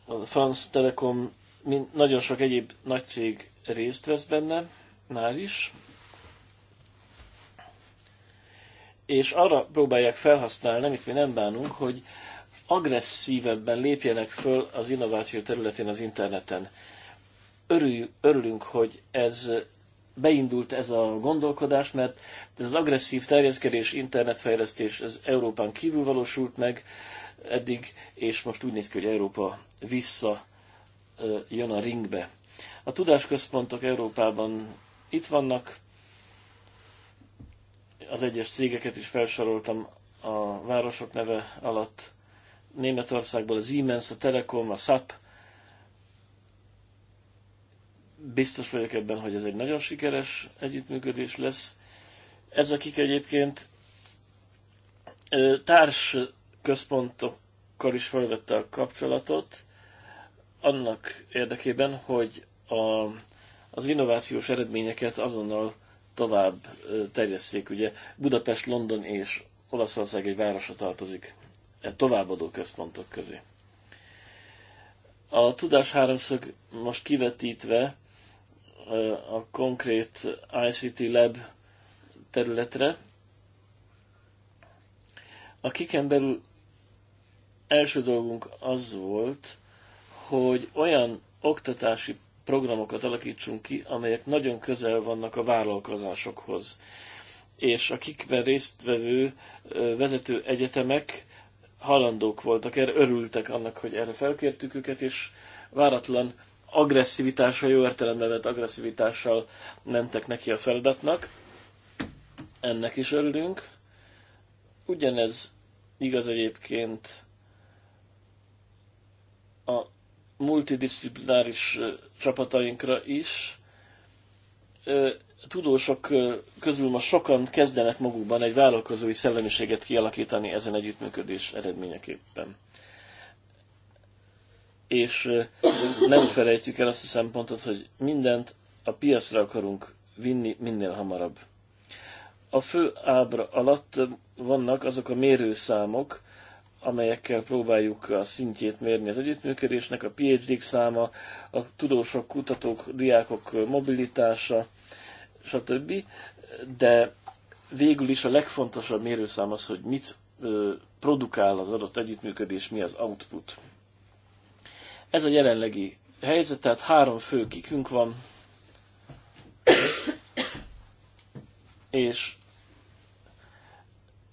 a France Telekom, mint nagyon sok egyéb nagy cég részt vesz benne, már is, és arra próbálják felhasználni, amit mi nem bánunk, hogy agresszívebben lépjenek föl az innováció területén az interneten. Örül, örülünk, hogy ez beindult ez a gondolkodás, mert ez az agresszív terjeszkedés, internetfejlesztés ez Európán kívül valósult meg eddig, és most úgy néz ki, hogy Európa vissza jön a ringbe. A tudásközpontok Európában itt vannak, az egyes cégeket is felsoroltam a városok neve alatt, Németországból a Siemens, a Telekom, a SAP, Biztos vagyok ebben, hogy ez egy nagyon sikeres együttműködés lesz. Ez akik egyébként társ központokkal is felvette a kapcsolatot, annak érdekében, hogy a, az innovációs eredményeket azonnal tovább terjesszék. Ugye Budapest, London és Olaszország egy városa tartozik e továbbadó központok közé. A tudás háromszög most kivetítve a konkrét ICT Lab területre. A kiken belül első dolgunk az volt, hogy olyan oktatási programokat alakítsunk ki, amelyek nagyon közel vannak a vállalkozásokhoz. És akikben résztvevő vezető egyetemek halandók voltak erre, örültek annak, hogy erre felkértük őket, és váratlan agresszivitással, jó értelemben vett agresszivitással mentek neki a feladatnak. Ennek is örülünk. Ugyanez igaz egyébként a multidisziplináris csapatainkra is. Tudósok közül ma sokan kezdenek magukban egy vállalkozói szellemiséget kialakítani ezen együttműködés eredményeképpen és nem felejtjük el azt a szempontot, hogy mindent a piacra akarunk vinni minél hamarabb. A fő ábra alatt vannak azok a mérőszámok, amelyekkel próbáljuk a szintjét mérni az együttműködésnek, a phd száma, a tudósok, kutatók, diákok mobilitása, stb. De végül is a legfontosabb mérőszám az, hogy mit produkál az adott együttműködés, mi az output. Ez a jelenlegi helyzet, tehát három fő kikünk van, és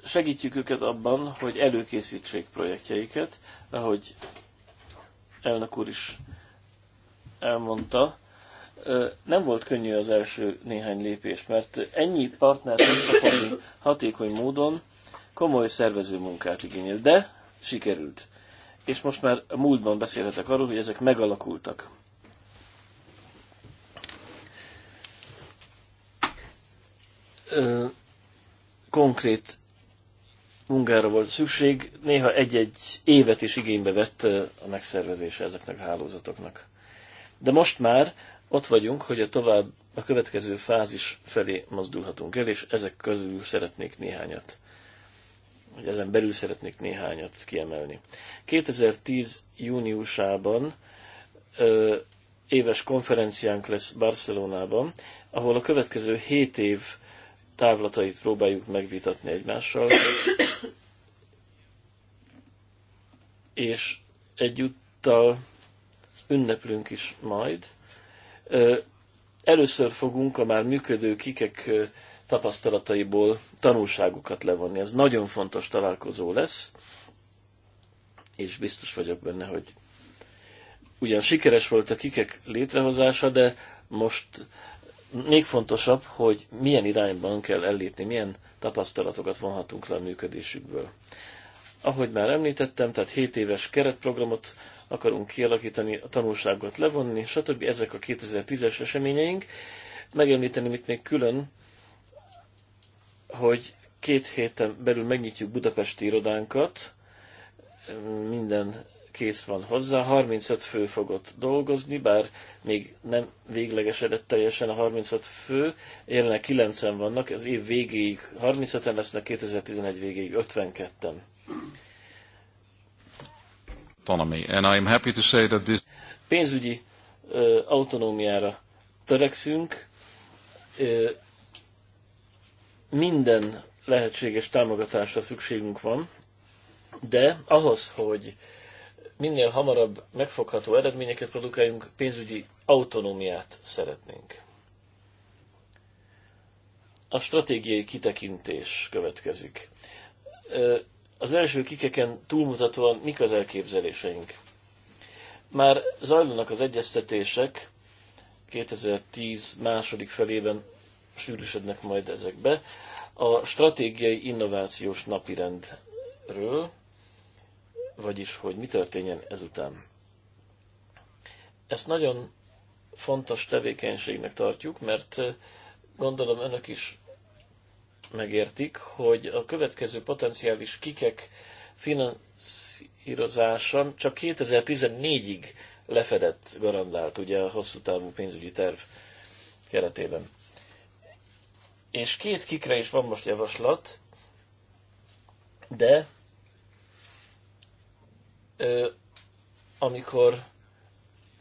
segítjük őket abban, hogy előkészítsék projektjeiket, ahogy elnök úr is elmondta. Nem volt könnyű az első néhány lépés, mert ennyi partnert összefogni hatékony módon komoly szervező munkát igényel, de sikerült és most már a múltban beszélhetek arról, hogy ezek megalakultak. konkrét munkára volt szükség, néha egy-egy évet is igénybe vett a megszervezése ezeknek a hálózatoknak. De most már ott vagyunk, hogy a tovább a következő fázis felé mozdulhatunk el, és ezek közül szeretnék néhányat ezen belül szeretnék néhányat kiemelni. 2010. júniusában ö, éves konferenciánk lesz Barcelonában, ahol a következő 7 év távlatait próbáljuk megvitatni egymással, és egyúttal ünneplünk is majd. Először fogunk a már működő kikek tapasztalataiból tanulságokat levonni. Ez nagyon fontos találkozó lesz, és biztos vagyok benne, hogy ugyan sikeres volt a kikek létrehozása, de most még fontosabb, hogy milyen irányban kell ellépni, milyen tapasztalatokat vonhatunk le a működésükből. Ahogy már említettem, tehát 7 éves keretprogramot akarunk kialakítani, a tanulságot levonni, stb. Ezek a 2010-es eseményeink. megemlíteni, itt még külön, hogy két héten belül megnyitjuk budapesti irodánkat, minden kész van hozzá, 35 fő fogott dolgozni, bár még nem véglegesedett teljesen a 35 fő, jelenleg 9 vannak, az év végéig 35-en lesznek, 2011 végéig 52-en. Autonomy. And I happy to say that this... Pénzügyi uh, autonómiára törekszünk, ö, minden lehetséges támogatásra szükségünk van, de ahhoz, hogy minél hamarabb megfogható eredményeket produkáljunk, pénzügyi autonómiát szeretnénk. A stratégiai kitekintés következik. Az első kikeken túlmutatóan mik az elképzeléseink? Már zajlanak az egyeztetések 2010 második felében sűrűsödnek majd ezekbe. A stratégiai innovációs napirendről, vagyis hogy mi történjen ezután. Ezt nagyon fontos tevékenységnek tartjuk, mert eh, gondolom önök is megértik, hogy a következő potenciális kikek finanszírozása csak 2014-ig lefedett, garandált ugye a hosszú távú pénzügyi terv keretében és két kikre is van most javaslat, de ö, amikor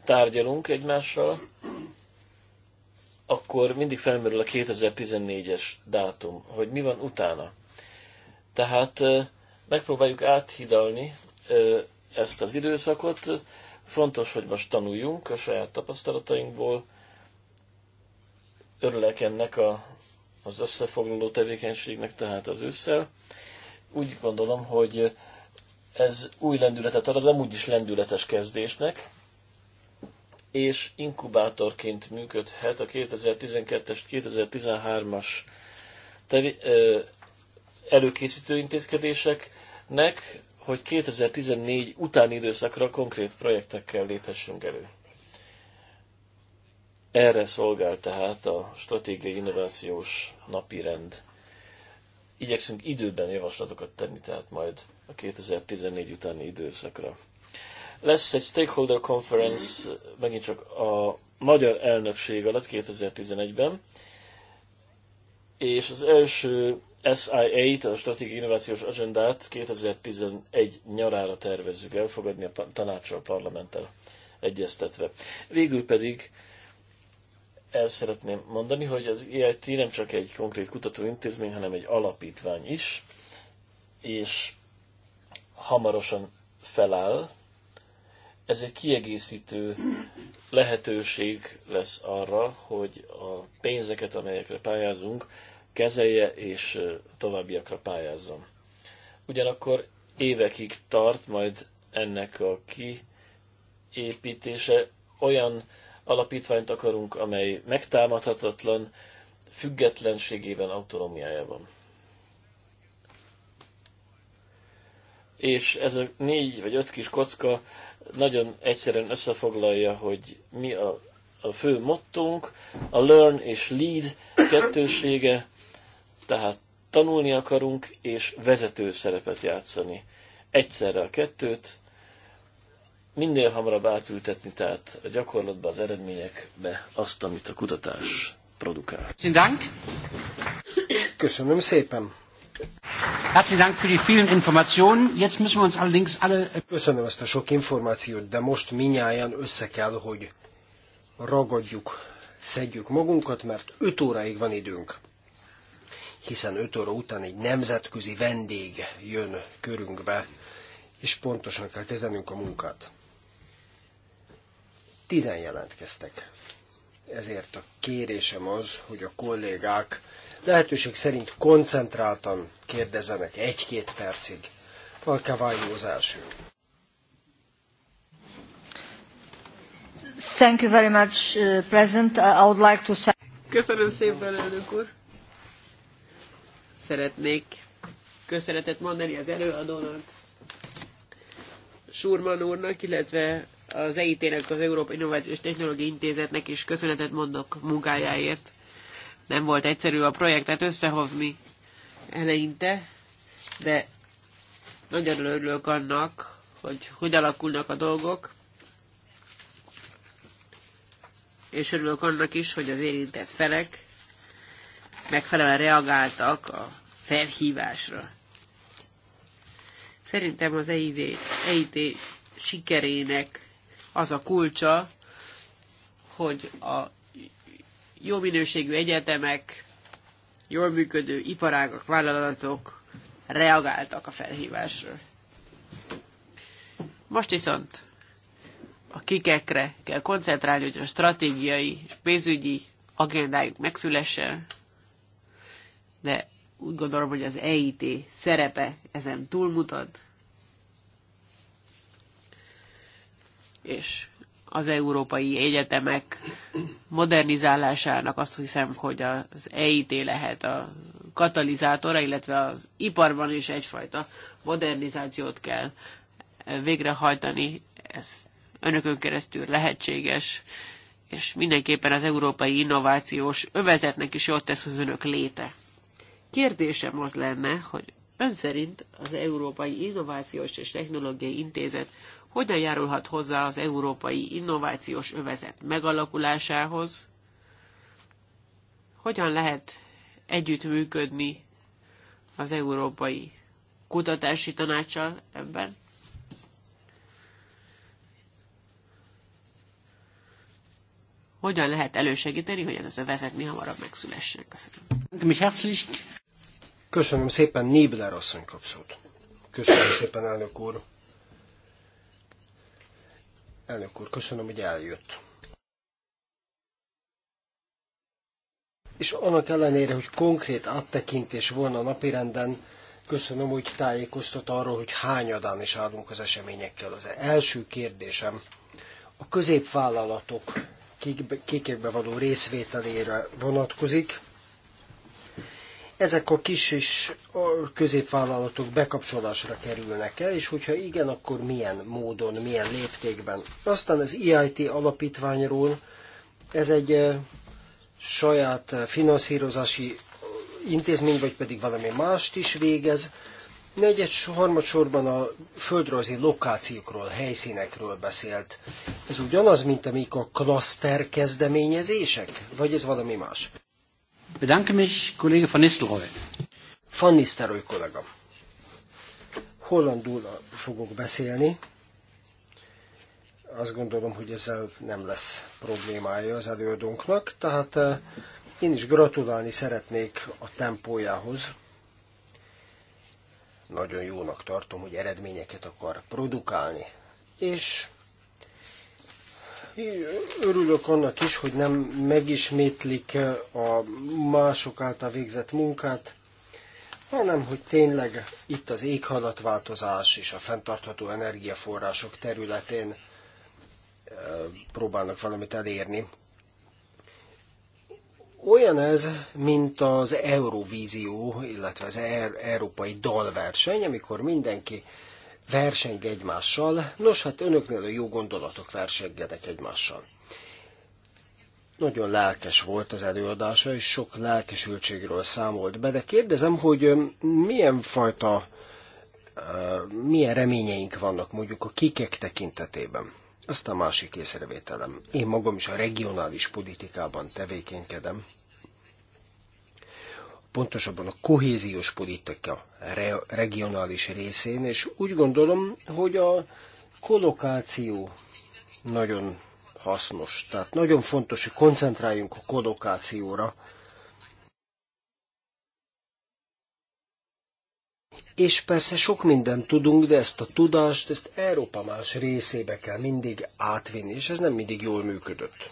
tárgyalunk egymással, akkor mindig felmerül a 2014-es dátum, hogy mi van utána. Tehát ö, megpróbáljuk áthidalni ö, ezt az időszakot. Fontos, hogy most tanuljunk a saját tapasztalatainkból. Örülök ennek a az összefoglaló tevékenységnek, tehát az ősszel. Úgy gondolom, hogy ez új lendületet ad az amúgy is lendületes kezdésnek, és inkubátorként működhet a 2012-es, 2013-as tevi, ö, előkészítő intézkedéseknek, hogy 2014 utáni időszakra konkrét projektekkel léthessünk elő. Erre szolgál tehát a stratégiai innovációs napirend. Igyekszünk időben javaslatokat tenni, tehát majd a 2014 utáni időszakra. Lesz egy stakeholder conference, megint csak a magyar elnökség alatt 2011-ben, és az első SIA-t, a Stratégiai Innovációs Agendát 2011 nyarára tervezzük elfogadni a a parlamenttel egyeztetve. Végül pedig el szeretném mondani, hogy az EIT nem csak egy konkrét kutatóintézmény, hanem egy alapítvány is, és hamarosan feláll. Ez egy kiegészítő lehetőség lesz arra, hogy a pénzeket, amelyekre pályázunk, kezelje és továbbiakra pályázzon. Ugyanakkor évekig tart majd ennek a kiépítése olyan alapítványt akarunk, amely megtámadhatatlan, függetlenségében, autonómiájában. És ez a négy vagy öt kis kocka nagyon egyszerűen összefoglalja, hogy mi a, a fő mottunk, a learn és lead kettősége, tehát tanulni akarunk és vezető szerepet játszani. Egyszerre a kettőt, minél hamarabb átültetni, tehát a gyakorlatban az eredményekbe azt, amit a kutatás produkál. Köszönöm szépen. Herzlichen Dank für die vielen Informationen. Jetzt müssen wir uns allerdings alle... Köszönöm ezt a sok információt, de most minnyáján össze kell, hogy ragadjuk, szedjük magunkat, mert 5 óráig van időnk hiszen 5 óra után egy nemzetközi vendég jön körünkbe, és pontosan kell kezdenünk a munkát. Tizen jelentkeztek. Ezért a kérésem az, hogy a kollégák lehetőség szerint koncentráltan kérdezenek egy-két percig. Alkavályó az első. Thank you very much, uh, President. I would like to say... Köszönöm szépen, elnök úr. Szeretnék köszönetet mondani az előadónak, Surman úrnak, illetve az EIT-nek, az Európai Innovációs Technológiai Intézetnek is köszönetet mondok munkájáért. Nem volt egyszerű a projektet összehozni eleinte, de nagyon örülök annak, hogy hogy alakulnak a dolgok, és örülök annak is, hogy az érintett felek megfelelően reagáltak a felhívásra. Szerintem az EIT e sikerének az a kulcsa, hogy a jó minőségű egyetemek, jól működő iparágak, vállalatok reagáltak a felhívásra. Most viszont a kikekre kell koncentrálni, hogy a stratégiai és pénzügyi agendájuk megszülessen, de úgy gondolom, hogy az EIT szerepe ezen túlmutat, és az európai egyetemek modernizálásának azt hiszem, hogy az EIT lehet a katalizátora, illetve az iparban is egyfajta modernizációt kell végrehajtani. Ez önökön keresztül lehetséges, és mindenképpen az európai innovációs övezetnek is jót tesz az önök léte. Kérdésem az lenne, hogy ön szerint az Európai Innovációs és Technológiai Intézet hogyan járulhat hozzá az európai innovációs övezet megalakulásához, hogyan lehet együttműködni az európai kutatási tanácssal ebben. Hogyan lehet elősegíteni, hogy ez az övezet mi hamarabb megszülessen? Köszönöm. Köszönöm szépen, Nébler asszony kapszót. Köszönöm szépen, elnök úr. Elnök úr, köszönöm, hogy eljött. És annak ellenére, hogy konkrét áttekintés volna a napirenden, köszönöm, hogy tájékoztat arról, hogy hányadán is állunk az eseményekkel. Az első kérdésem a középvállalatok kékekbe való részvételére vonatkozik ezek a kis és a középvállalatok bekapcsolásra kerülnek el, és hogyha igen, akkor milyen módon, milyen léptékben. Aztán az EIT alapítványról, ez egy eh, saját eh, finanszírozási eh, intézmény, vagy pedig valami mást is végez. Negyed, harmadsorban a földrajzi lokációkról, helyszínekről beszélt. Ez ugyanaz, mint amik a klaszter kezdeményezések? Vagy ez valami más? Bedanke mich, kollége van Nistelrooy. Van Nistelrooy kollega. Hollandul fogok beszélni. Azt gondolom, hogy ezzel nem lesz problémája az előadónknak, tehát eh, én is gratulálni szeretnék a tempójához. Nagyon jónak tartom, hogy eredményeket akar produkálni, és Örülök annak is, hogy nem megismétlik eh, a mások által végzett munkát, hanem hogy tényleg itt az éghajlatváltozás és a fenntartható energiaforrások területén eh, próbálnak valamit elérni. Olyan ez, mint az Eurovízió, illetve az e- Európai Dalverseny, amikor mindenki verseng egymással. Nos, hát önöknél a jó gondolatok versengedek egymással. Nagyon lelkes volt az előadása, és sok lelkesültségről számolt be, de kérdezem, hogy milyen fajta, milyen reményeink vannak mondjuk a kikek tekintetében. Aztán másik észrevételem. Én magam is a regionális politikában tevékenykedem pontosabban a kohéziós politika re- regionális részén, és úgy gondolom, hogy a kolokáció nagyon hasznos. Tehát nagyon fontos, hogy koncentráljunk a kolokációra, És persze sok mindent tudunk, de ezt a tudást, ezt Európa más részébe kell mindig átvinni, és ez nem mindig jól működött.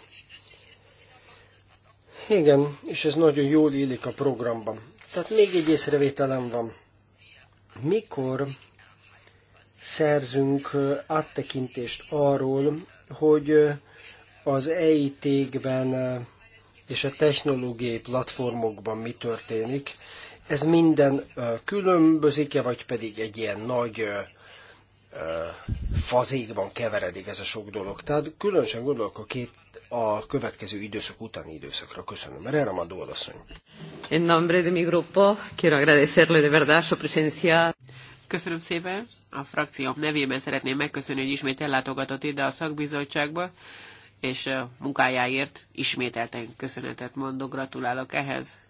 Igen, és ez nagyon jól illik a programban. Tehát még egy észrevételem van. Mikor szerzünk áttekintést arról, hogy az EIT-ben és a technológiai platformokban mi történik, ez minden különbözik-e, vagy pedig egy ilyen nagy fazékban keveredik ez a sok dolog. Tehát különösen gondolok a két a következő időszak utáni időszakra. Köszönöm. Erre a Dól asszony. En nombre de mi grupo, quiero agradecerle de verdad su presencia. Köszönöm szépen. A frakció nevében szeretném megköszönni, hogy ismét ellátogatott ide a szakbizottságba, és a munkájáért ismételten köszönetet mondok, gratulálok ehhez.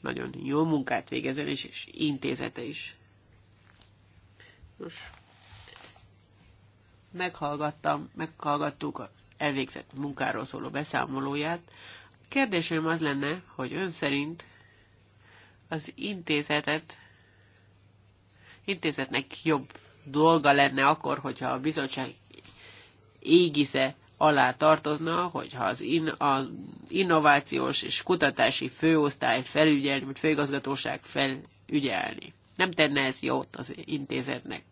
Nagyon jó munkát végezen, és, és intézete is. Nos, meghallgattam, meghallgattuk a elvégzett munkáról szóló beszámolóját. kérdésem az lenne, hogy ön szerint az intézetet, intézetnek jobb dolga lenne akkor, hogyha a bizottság égisze alá tartozna, hogyha az, in, az innovációs és kutatási főosztály felügyelni, vagy főigazgatóság felügyelni. Nem tenne ez jót az intézetnek.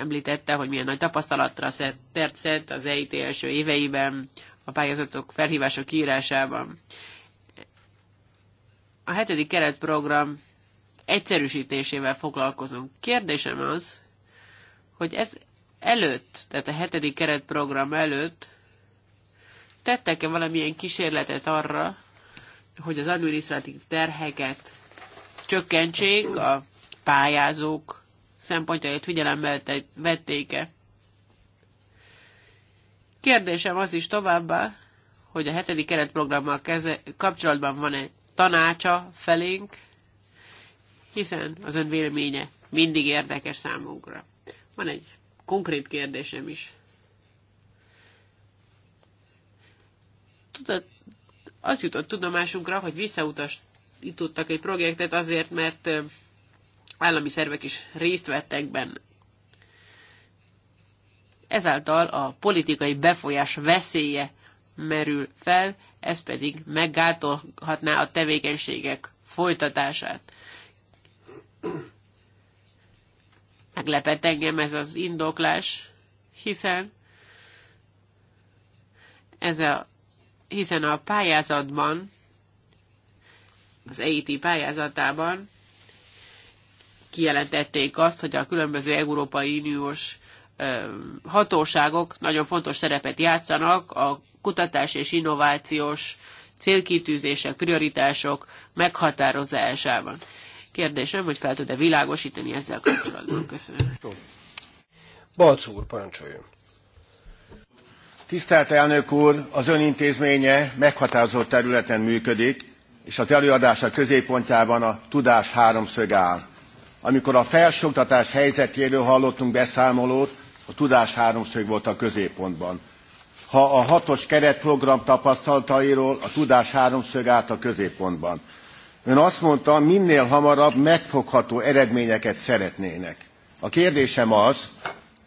említette, hogy milyen nagy tapasztalatra szert szent az EIT első éveiben, a pályázatok felhívások kiírásában. A hetedik keretprogram egyszerűsítésével foglalkozunk. Kérdésem az, hogy ez előtt, tehát a hetedik keretprogram előtt tettek-e valamilyen kísérletet arra, hogy az adminisztratív terheket csökkentsék a pályázók szempontjait figyelembe vették-e. Kérdésem az is továbbá, hogy a hetedik keretprogrammal keze- kapcsolatban van-e tanácsa felénk, hiszen az ön véleménye mindig érdekes számunkra. Van egy konkrét kérdésem is. Tudod, az jutott tudomásunkra, hogy visszautasítottak egy projektet azért, mert állami szervek is részt vettek benne. Ezáltal a politikai befolyás veszélye merül fel, ez pedig meggátolhatná a tevékenységek folytatását. Meglepett engem ez az indoklás, hiszen ez a, hiszen a pályázatban, az EIT pályázatában kijelentették azt, hogy a különböző Európai Uniós hatóságok nagyon fontos szerepet játszanak a kutatás és innovációs célkitűzések, prioritások meghatározásában. Kérdésem, hogy fel tud-e világosítani ezzel kapcsolatban. Köszönöm. Balc úr, parancsoljon. Tisztelt elnök úr, az ön intézménye meghatározott területen működik, és az előadása középpontjában a tudás háromszög áll. Amikor a felsőoktatás helyzetéről hallottunk beszámolót, a tudás háromszög volt a középpontban. Ha a hatos keretprogram tapasztalatairól a tudás háromszög állt a középpontban. Ön azt mondta, minél hamarabb megfogható eredményeket szeretnének. A kérdésem az,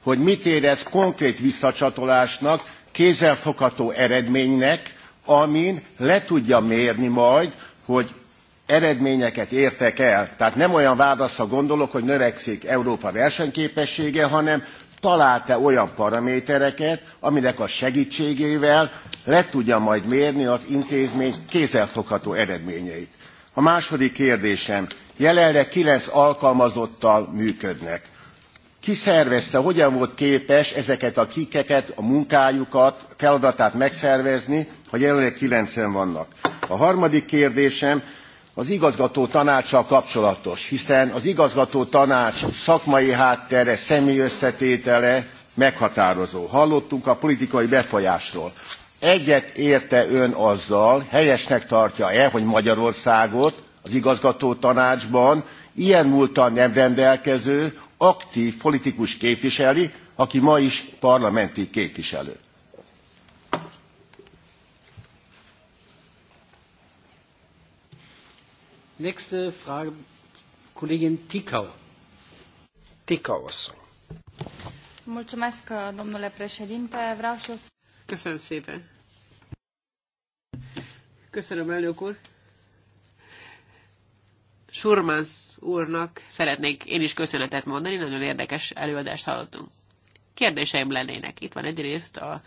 hogy mit érez konkrét visszacsatolásnak, kézzelfogható eredménynek, amin le tudja mérni majd, hogy eredményeket értek el. Tehát nem olyan válaszra gondolok, hogy növekszik Európa versenyképessége, hanem talált-e olyan paramétereket, aminek a segítségével le tudja majd mérni az intézmény kézzelfogható eredményeit. A második kérdésem, jelenleg kilenc alkalmazottal működnek. Ki szervezte, hogyan volt képes ezeket a kikeket, a munkájukat, feladatát megszervezni, ha jelenleg kilencen vannak? A harmadik kérdésem, az igazgató tanácssal kapcsolatos, hiszen az igazgató tanács szakmai háttere, személy összetétele meghatározó. Hallottunk a politikai befolyásról. Egyet érte ön azzal, helyesnek tartja-e, hogy Magyarországot az igazgató tanácsban ilyen múltan nem rendelkező, aktív politikus képviseli, aki ma is parlamenti képviselő. Nächste Frage, Kollegin Tikau. Tikau asszony. Mulțumesc, domnule președinte. Vreau și eu să... Köszönöm szépen. Köszönöm, elnök úr. Surmans úrnak szeretnék én is köszönetet mondani, nagyon érdekes előadást hallottunk. Kérdéseim lennének. Itt van egyrészt a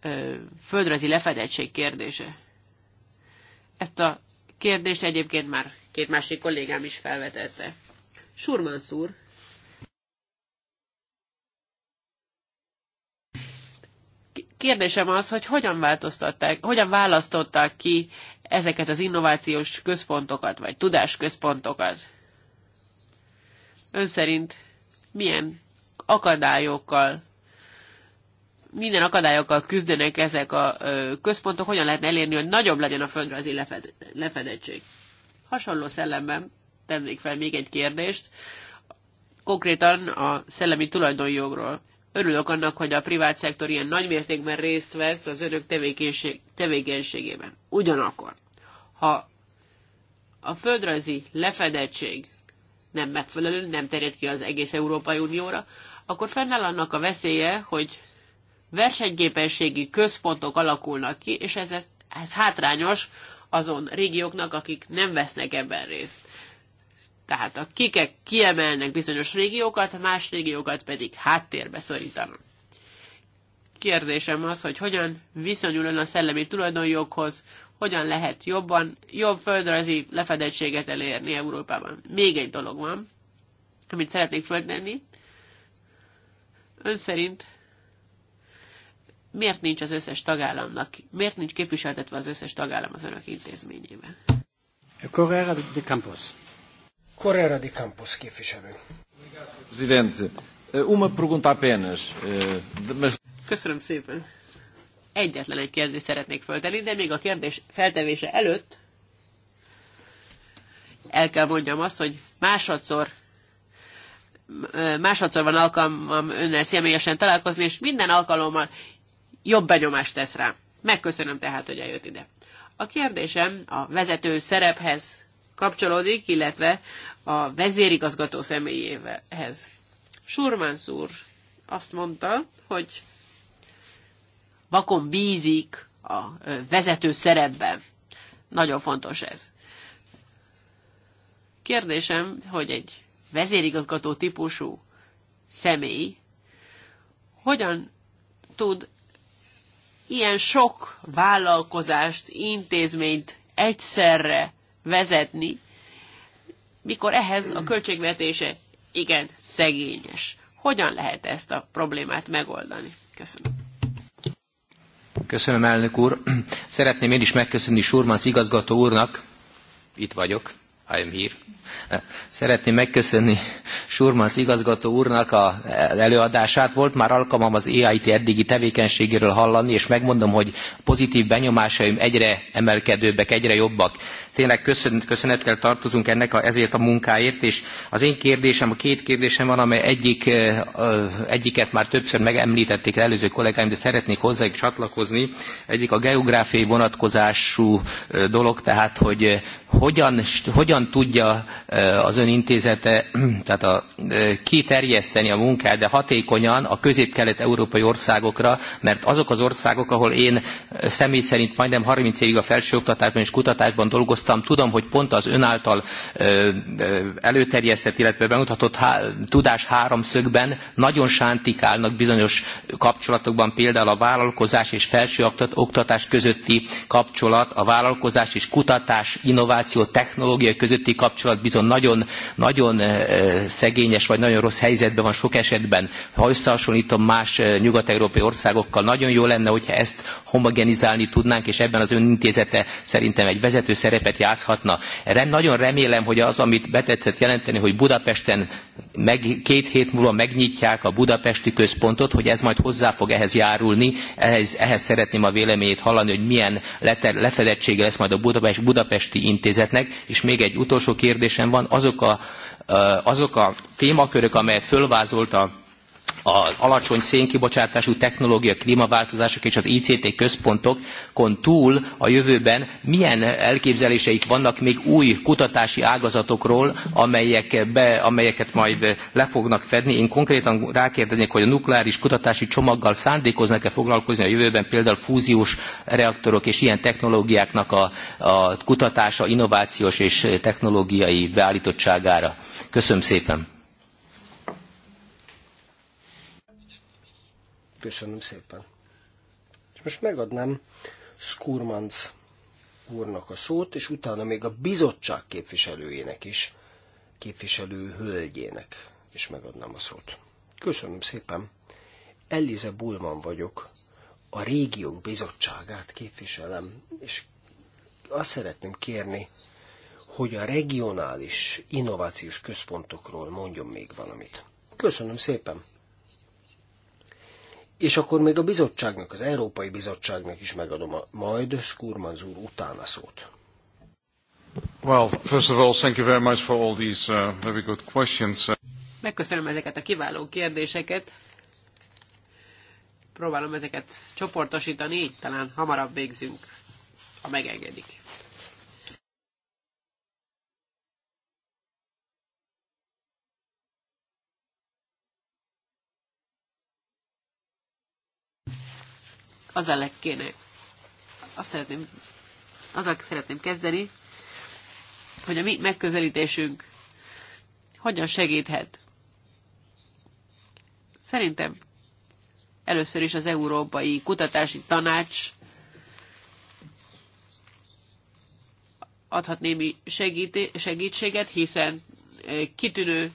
ö, földrajzi lefedettség kérdése. Ezt a kérdést egyébként már két másik kollégám is felvetette. Surman szúr. Kérdésem az, hogy hogyan változtatták, hogyan választották ki ezeket az innovációs központokat, vagy tudásközpontokat? Ön szerint milyen akadályokkal minden akadályokkal küzdenek ezek a központok, hogyan lehetne elérni, hogy nagyobb legyen a földrajzi lefedettség. Hasonló szellemben tennék fel még egy kérdést, konkrétan a szellemi tulajdonjogról. Örülök annak, hogy a privát szektor ilyen nagy mértékben részt vesz az önök tevékenységében. Ugyanakkor, ha a földrajzi lefedettség nem megfelelő, nem terjed ki az egész Európai Unióra, akkor fennáll annak a veszélye, hogy versenyképességi központok alakulnak ki, és ez, ez, ez hátrányos azon régióknak, akik nem vesznek ebben részt. Tehát a kikek kiemelnek bizonyos régiókat, más régiókat pedig háttérbe szorítanak. Kérdésem az, hogy hogyan viszonyul ön a szellemi tulajdonjoghoz, hogyan lehet jobban, jobb földrajzi lefedettséget elérni Európában. Még egy dolog van, amit szeretnék föltenni. Ön szerint miért nincs az összes tagállamnak, miért nincs képviseltetve az összes tagállam az önök intézményében? Correra de Campos. Correra de Campos képviselő. Presidente, eh, uma pergunta apenas. Eh, Köszönöm szépen. Egyetlen egy kérdést szeretnék föltenni, de még a kérdés feltevése előtt el kell mondjam azt, hogy másodszor eh, másodszor van alkalmam önnel személyesen találkozni, és minden alkalommal jobb benyomást tesz rá. Megköszönöm tehát, hogy eljött ide. A kérdésem a vezető szerephez kapcsolódik, illetve a vezérigazgató személyéhez. Surmans úr azt mondta, hogy vakon bízik a vezető szerepben. Nagyon fontos ez. Kérdésem, hogy egy vezérigazgató típusú személy hogyan tud ilyen sok vállalkozást, intézményt egyszerre vezetni, mikor ehhez a költségvetése igen szegényes. Hogyan lehet ezt a problémát megoldani? Köszönöm. Köszönöm, elnök úr. Szeretném én is megköszönni Surmans igazgató úrnak, itt vagyok, I'm here. Szeretném megköszönni Surmans igazgató úrnak az előadását. Volt már alkalmam az EIT eddigi tevékenységéről hallani, és megmondom, hogy pozitív benyomásaim egyre emelkedőbbek, egyre jobbak. Tényleg köszön, köszönettel tartozunk ennek a, ezért a munkáért, és az én kérdésem, a két kérdésem van, amely egyik, egyiket már többször megemlítették előző kollégáim, de szeretnék hozzájuk csatlakozni. Egyik a geográfiai vonatkozású dolog, tehát hogy hogyan, hogyan hogyan tudja az ön intézete tehát a, kiterjeszteni a munkát, de hatékonyan a közép-kelet-európai országokra, mert azok az országok, ahol én személy szerint majdnem 30 évig a felsőoktatásban és kutatásban dolgoztam, tudom, hogy pont az ön által előterjesztett, illetve bemutatott há, tudás háromszögben nagyon sántikálnak bizonyos kapcsolatokban, például a vállalkozás és felsőoktatás közötti kapcsolat, a vállalkozás és kutatás, innováció, technológia közötti kapcsolat bizony nagyon, nagyon e, e, szegényes, vagy nagyon rossz helyzetben van sok esetben. Ha összehasonlítom más e, nyugat-európai országokkal, nagyon jó lenne, hogyha ezt homogenizálni tudnánk, és ebben az önintézete szerintem egy vezető szerepet játszhatna. Rem, nagyon remélem, hogy az, amit betetszett jelenteni, hogy Budapesten meg, két hét múlva megnyitják a budapesti központot, hogy ez majd hozzá fog ehhez járulni, ehhez, ehhez szeretném a véleményét hallani, hogy milyen leter, lefedettsége lesz majd a Budapest, budapesti intézetnek, és még egy utolsó kérdésem van, azok a, azok a témakörök, amelyet fölvázolt a az alacsony szénkibocsátású technológia, klímaváltozások és az ICT központokon túl a jövőben milyen elképzeléseik vannak még új kutatási ágazatokról, amelyek be, amelyeket majd le fognak fedni. Én konkrétan rákérdeznék, hogy a nukleáris kutatási csomaggal szándékoznak-e foglalkozni a jövőben például fúziós reaktorok és ilyen technológiáknak a, a kutatása, innovációs és technológiai beállítottságára. Köszönöm szépen! Köszönöm szépen. És most megadnám Skurmans úrnak a szót, és utána még a bizottság képviselőjének is, képviselő hölgyének is megadnám a szót. Köszönöm szépen. Elize Bulman vagyok, a régiók bizottságát képviselem, és azt szeretném kérni, hogy a regionális innovációs központokról mondjon még valamit. Köszönöm szépen! és akkor még a bizottságnak, az Európai Bizottságnak is megadom a majd Skurmanz úr utána szót. Well, first of all, thank you very much for all these uh, very good questions. Megköszönöm ezeket a kiváló kérdéseket. Próbálom ezeket csoportosítani, így talán hamarabb végzünk, ha megengedik. a legkéne. azt szeretném, azzal szeretném kezdeni, hogy a mi megközelítésünk hogyan segíthet. Szerintem először is az Európai Kutatási Tanács adhat némi segíti, segítséget, hiszen eh, kitűnő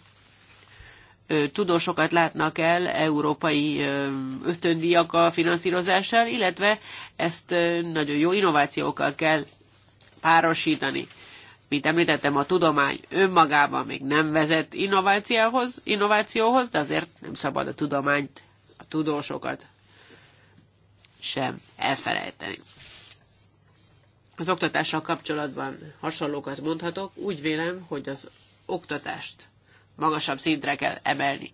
tudósokat látnak el európai ötöndiak a finanszírozással, illetve ezt nagyon jó innovációkkal kell párosítani. Mint említettem, a tudomány önmagában még nem vezet innovációhoz, innovációhoz, de azért nem szabad a tudományt, a tudósokat sem elfelejteni. Az oktatással kapcsolatban hasonlókat mondhatok. Úgy vélem, hogy az oktatást magasabb szintre kell emelni.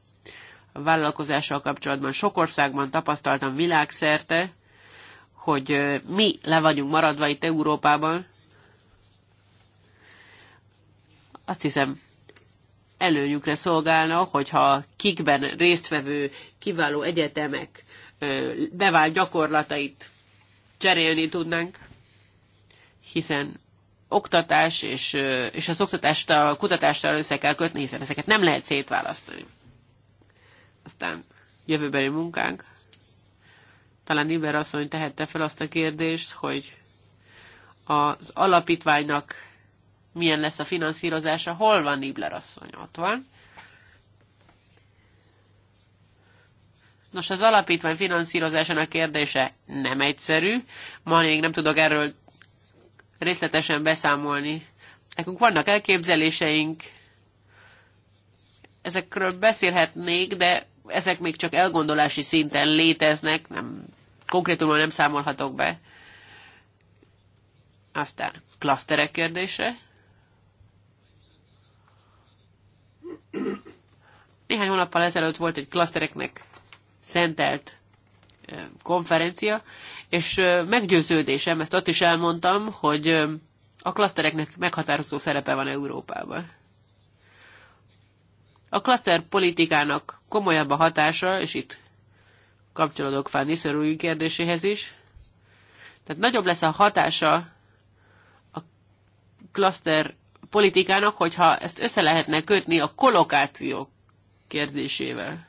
A vállalkozással kapcsolatban sok országban tapasztaltam világszerte, hogy mi le vagyunk maradva itt Európában. Azt hiszem, előnyükre szolgálna, hogyha kikben résztvevő kiváló egyetemek bevált gyakorlatait cserélni tudnánk, hiszen oktatás és, és az oktatást a kutatással össze kell kötni, hiszen ezeket nem lehet szétválasztani. Aztán jövőbeli munkánk. Talán Iber asszony tehette fel azt a kérdést, hogy az alapítványnak milyen lesz a finanszírozása, hol van Nibler asszony, ott van. Nos, az alapítvány finanszírozásának kérdése nem egyszerű. Ma még nem tudok erről részletesen beszámolni. Nekünk vannak elképzeléseink, ezekről beszélhetnék, de ezek még csak elgondolási szinten léteznek, nem, konkrétumban nem számolhatok be. Aztán klaszterek kérdése. Néhány hónappal ezelőtt volt egy klasztereknek szentelt eh, konferencia, és meggyőződésem, ezt ott is elmondtam, hogy a klasztereknek meghatározó szerepe van Európában. A klaszter politikának komolyabb a hatása, és itt kapcsolódok fel Niszorúi kérdéséhez is, tehát nagyobb lesz a hatása a klaszter politikának, hogyha ezt össze lehetne kötni a kolokáció kérdésével.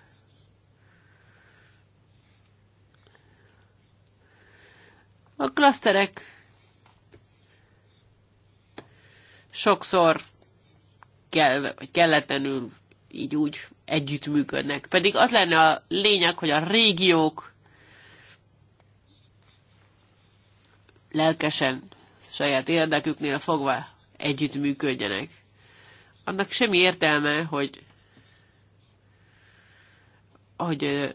A klaszterek sokszor kell, vagy kelletlenül így úgy együttműködnek. Pedig az lenne a lényeg, hogy a régiók lelkesen, saját érdeküknél fogva együttműködjenek. Annak semmi értelme, hogy, hogy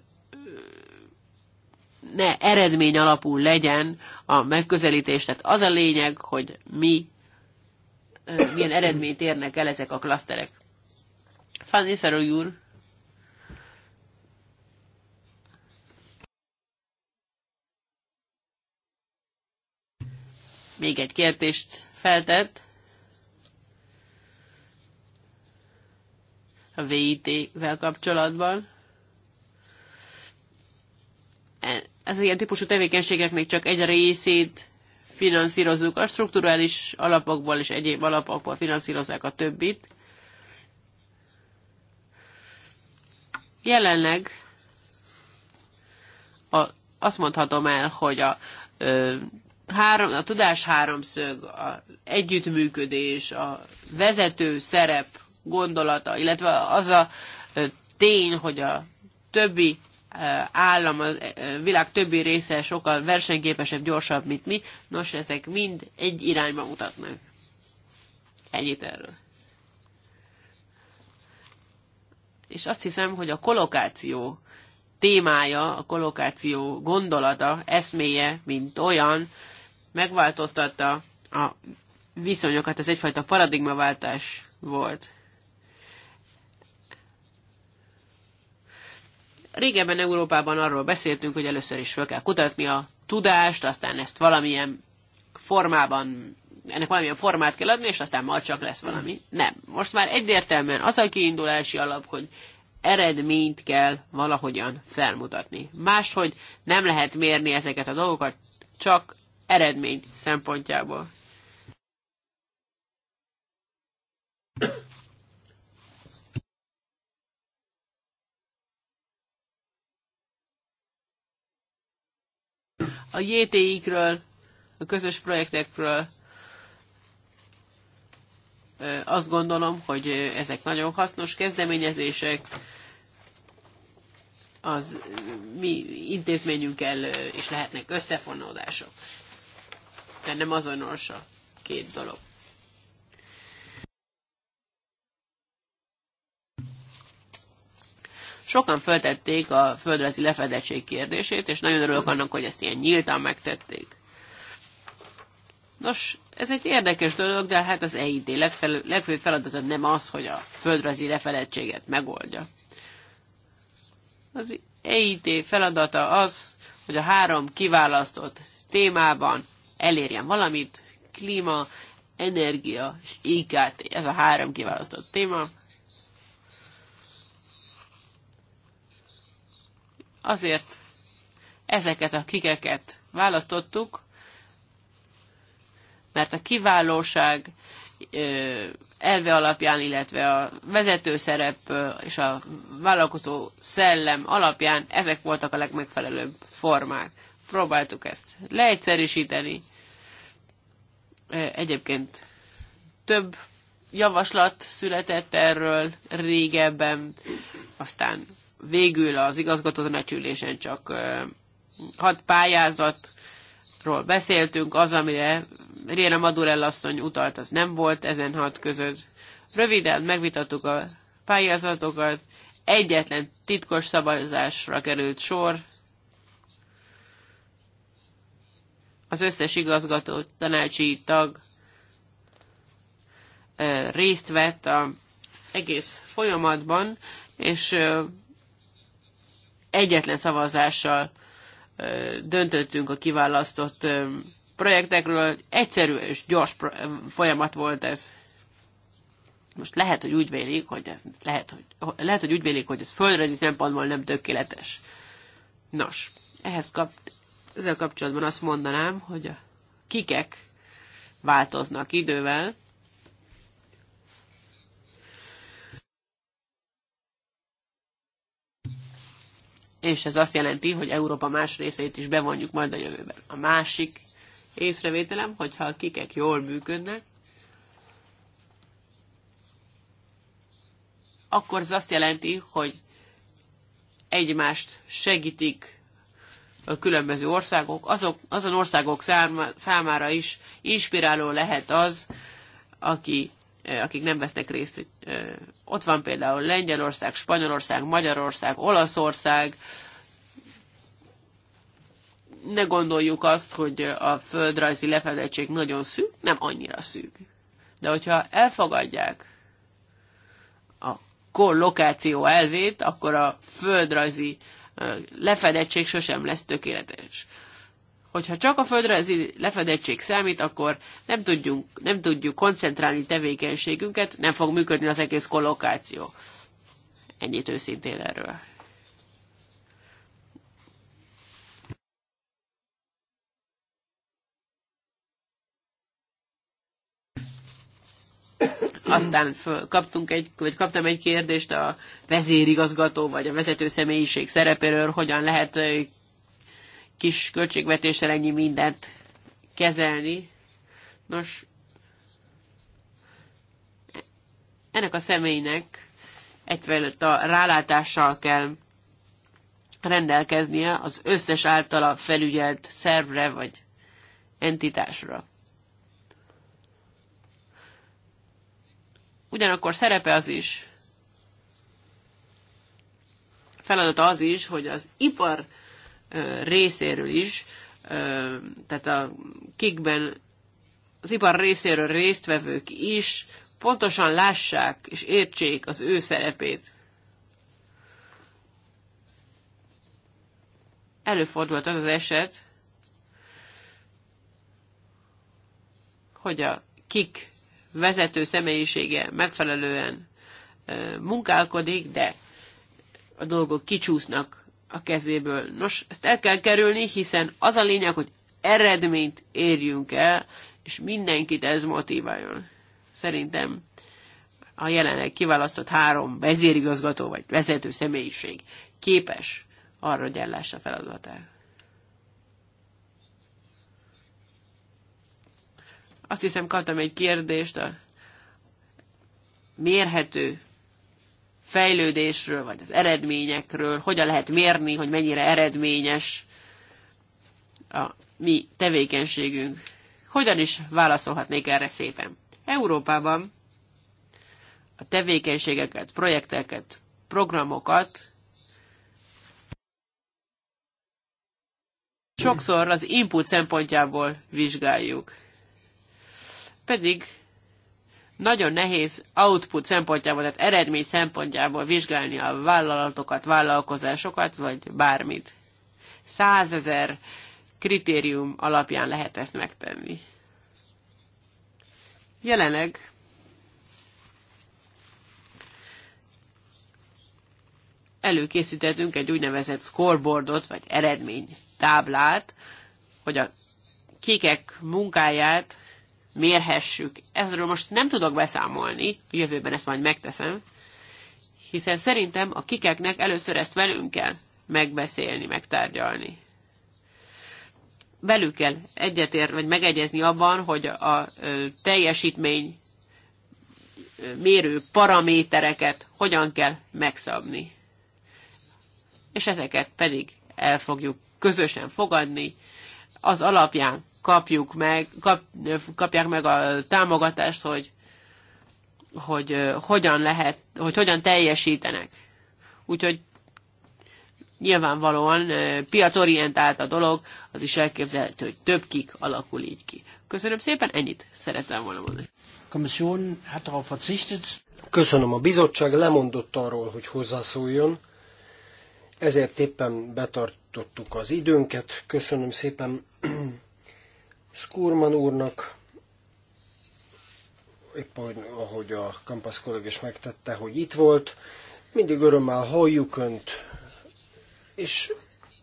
ne eredmény alapú legyen a megközelítés. Tehát az a lényeg, hogy mi, milyen eredményt érnek el ezek a klaszterek. Fanny Iszeroly úr. Még egy kérdést feltett. A VIT-vel kapcsolatban e, ez ilyen típusú tevékenységeknek, csak egy részét finanszírozzuk, a strukturális alapokból és egyéb alapokból finanszírozzák a többit. Jelenleg a, azt mondhatom el, hogy a, ö, három, a tudás háromszög, a együttműködés, a vezető szerep gondolata, illetve az a ö, tény, hogy a többi állam a e, világ többi része sokkal versenyképesebb, gyorsabb, mint mi. Nos, ezek mind egy irányba mutatnak. Ennyit erről. És azt hiszem, hogy a kolokáció témája, a kolokáció gondolata, eszméje, mint olyan, megváltoztatta a viszonyokat. Ez egyfajta paradigmaváltás volt. Régebben Európában arról beszéltünk, hogy először is fel kell kutatni a tudást, aztán ezt valamilyen formában, ennek valamilyen formát kell adni, és aztán majd csak lesz valami. Nem. Most már egyértelműen az a kiindulási alap, hogy eredményt kell valahogyan felmutatni. Máshogy nem lehet mérni ezeket a dolgokat, csak eredmény szempontjából. a JTI-kről, a közös projektekről. Azt gondolom, hogy ezek nagyon hasznos kezdeményezések. Az mi intézményünkkel is lehetnek összefonódások. De nem azonos a két dolog. Sokan föltették a földrajzi lefedettség kérdését, és nagyon örülök annak, hogy ezt ilyen nyíltan megtették. Nos, ez egy érdekes dolog, de hát az EID legfőbb feladata nem az, hogy a földrajzi lefedettséget megoldja. Az EIT feladata az, hogy a három kiválasztott témában elérjen valamit, klíma, energia és IKT. Ez a három kiválasztott téma. Azért ezeket a kikeket választottuk, mert a kiválóság elve alapján, illetve a vezető szerep és a vállalkozó szellem alapján ezek voltak a legmegfelelőbb formák. Próbáltuk ezt leegyszerűsíteni. Egyébként több javaslat született erről régebben, aztán végül az igazgató tanácsülésen csak hat pályázatról beszéltünk, az, amire Réna Madurell asszony utalt, az nem volt ezen hat között. Röviden megvitattuk a pályázatokat, egyetlen titkos szavazásra került sor, az összes igazgató tanácsi tag részt vett a egész folyamatban, és egyetlen szavazással döntöttünk a kiválasztott projektekről. Egyszerű és gyors folyamat volt ez. Most lehet, hogy úgy vélik, hogy ez, lehet, hogy, lehet, hogy úgy vélik, hogy ez földrajzi szempontból nem tökéletes. Nos, ehhez kap, ezzel kapcsolatban azt mondanám, hogy a kikek változnak idővel, és ez azt jelenti, hogy Európa más részét is bevonjuk majd a jövőben. A másik észrevételem, hogyha a kikek jól működnek, akkor ez azt jelenti, hogy egymást segítik a különböző országok, azok, azon országok számára is inspiráló lehet az, aki akik nem vesznek részt. Ott van például Lengyelország, Spanyolország, Magyarország, Olaszország. Ne gondoljuk azt, hogy a földrajzi lefedettség nagyon szűk, nem annyira szűk. De hogyha elfogadják a kollokáció elvét, akkor a földrajzi lefedettség sosem lesz tökéletes hogyha csak a földrajzi lefedettség számít, akkor nem, tudjunk, nem tudjuk koncentrálni tevékenységünket, nem fog működni az egész kollokáció. Ennyit őszintén erről. Aztán föl, kaptunk egy, vagy kaptam egy kérdést a vezérigazgató, vagy a vezető személyiség szerepéről, hogyan lehet kis költségvetéssel ennyi mindent kezelni. Nos, ennek a személynek egyfajta rálátással kell rendelkeznie az összes általa felügyelt szervre vagy entitásra. Ugyanakkor szerepe az is, feladata az is, hogy az ipar részéről is, tehát a kikben az ipar részéről résztvevők is pontosan lássák és értsék az ő szerepét. Előfordult az az eset, hogy a kik vezető személyisége megfelelően munkálkodik, de a dolgok kicsúsznak a kezéből. Nos, ezt el kell kerülni, hiszen az a lényeg, hogy eredményt érjünk el, és mindenkit ez motiváljon. Szerintem a jelenleg kiválasztott három vezérigazgató vagy vezető személyiség képes arra, hogy ellássa feladatát. Azt hiszem, kaptam egy kérdést a mérhető fejlődésről, vagy az eredményekről, hogyan lehet mérni, hogy mennyire eredményes a mi tevékenységünk. Hogyan is válaszolhatnék erre szépen? Európában a tevékenységeket, projekteket, programokat sokszor az input szempontjából vizsgáljuk. Pedig nagyon nehéz output szempontjából, tehát eredmény szempontjából vizsgálni a vállalatokat, vállalkozásokat, vagy bármit. Százezer kritérium alapján lehet ezt megtenni. Jelenleg előkészítettünk egy úgynevezett scoreboardot, vagy eredménytáblát, hogy a kikek munkáját mérhessük. Ezről most nem tudok beszámolni, jövőben ezt majd megteszem, hiszen szerintem a kikeknek először ezt velünk kell megbeszélni, megtárgyalni. Velük kell egyetér, vagy megegyezni abban, hogy a teljesítmény mérő paramétereket hogyan kell megszabni. És ezeket pedig el fogjuk közösen fogadni, az alapján kapjuk meg, kap, kapják meg a támogatást, hogy, hogy hogyan lehet, hogy hogyan teljesítenek. Úgyhogy nyilvánvalóan piacorientált a dolog, az is elképzelhető, hogy több kik alakul így ki. Köszönöm szépen, ennyit szeretem volna mondani. Köszönöm, a bizottság lemondott arról, hogy hozzászóljon, ezért éppen betartottuk az időnket. Köszönöm szépen Skurman úrnak, épp ahogy a Kampasz kollég is megtette, hogy itt volt, mindig örömmel halljuk Önt, és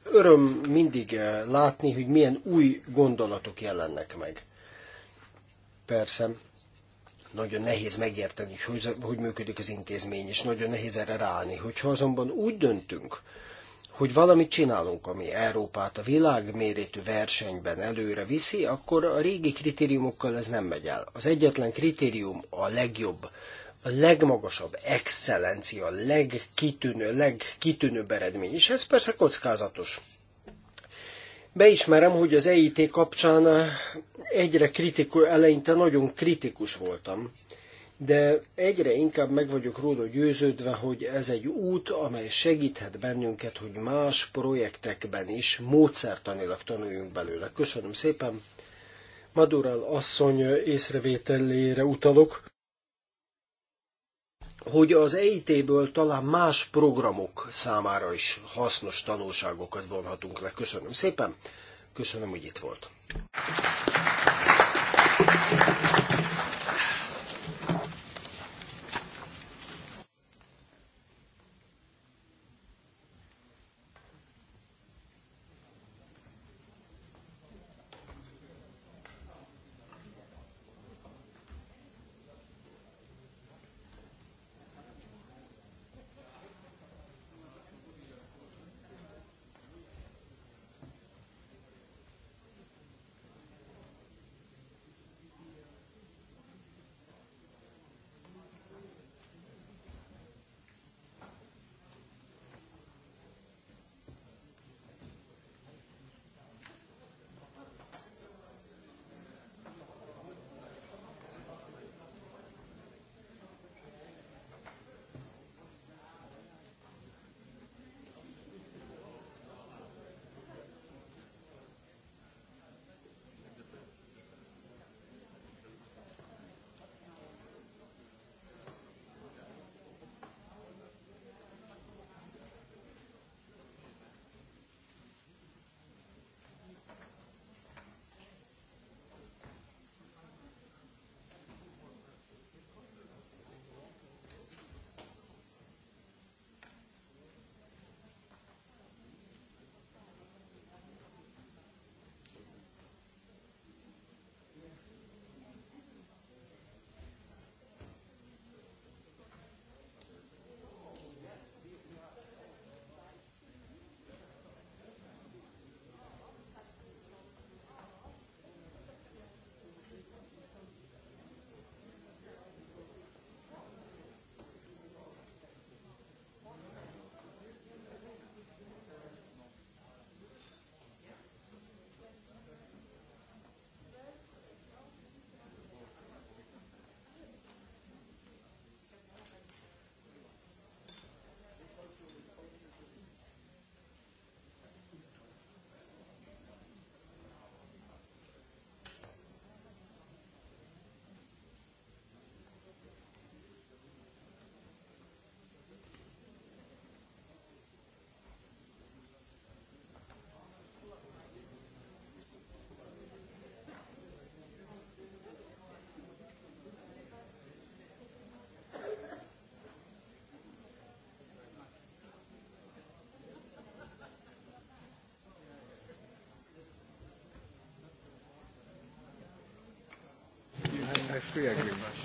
öröm mindig eh, látni, hogy milyen új gondolatok jelennek meg. Persze, nagyon nehéz megérteni, hogy hogy működik az intézmény, és nagyon nehéz erre ráállni. Hogyha azonban úgy döntünk, hogy valamit csinálunk, ami Európát a világméretű versenyben előre viszi, akkor a régi kritériumokkal ez nem megy el. Az egyetlen kritérium a legjobb, a legmagasabb excellencia, a legkitűnő, legkitűnőbb eredmény, és ez persze kockázatos. Beismerem, hogy az EIT kapcsán egyre kritikus, eleinte nagyon kritikus voltam, de egyre inkább meg vagyok róla győződve, hogy ez egy út, amely segíthet bennünket, hogy más projektekben is módszertanilag tanuljunk belőle. Köszönöm szépen! Madurel asszony észrevételére utalok, hogy az EIT-ből talán más programok számára is hasznos tanulságokat vonhatunk le. Köszönöm szépen, köszönöm, hogy itt volt.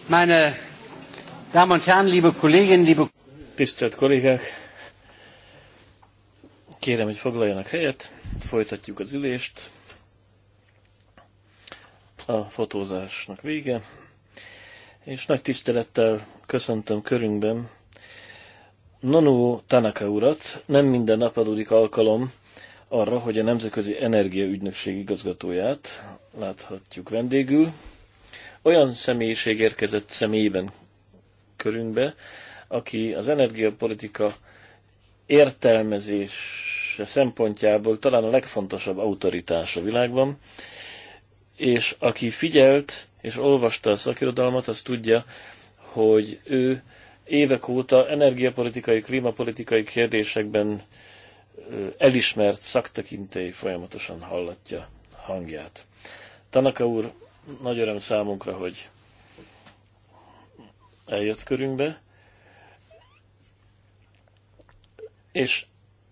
Meine Damen und Herren, liebe Kolleginnen, liebe Tisztelt kollégák! Kérem, hogy foglaljanak helyet, folytatjuk az ülést. A fotózásnak vége, és nagy tisztelettel köszöntöm körünkben Nonu Tanaka urat. Nem minden nap adódik alkalom arra, hogy a Nemzetközi Energiaügynökség igazgatóját láthatjuk vendégül olyan személyiség érkezett személyben körünkbe, aki az energiapolitika értelmezése szempontjából talán a legfontosabb autoritás a világban, és aki figyelt és olvasta a szakirodalmat, az tudja, hogy ő évek óta energiapolitikai, klímapolitikai kérdésekben elismert szaktekintély folyamatosan hallatja hangját. Tanaka úr nagy öröm számunkra, hogy eljött körünkbe. És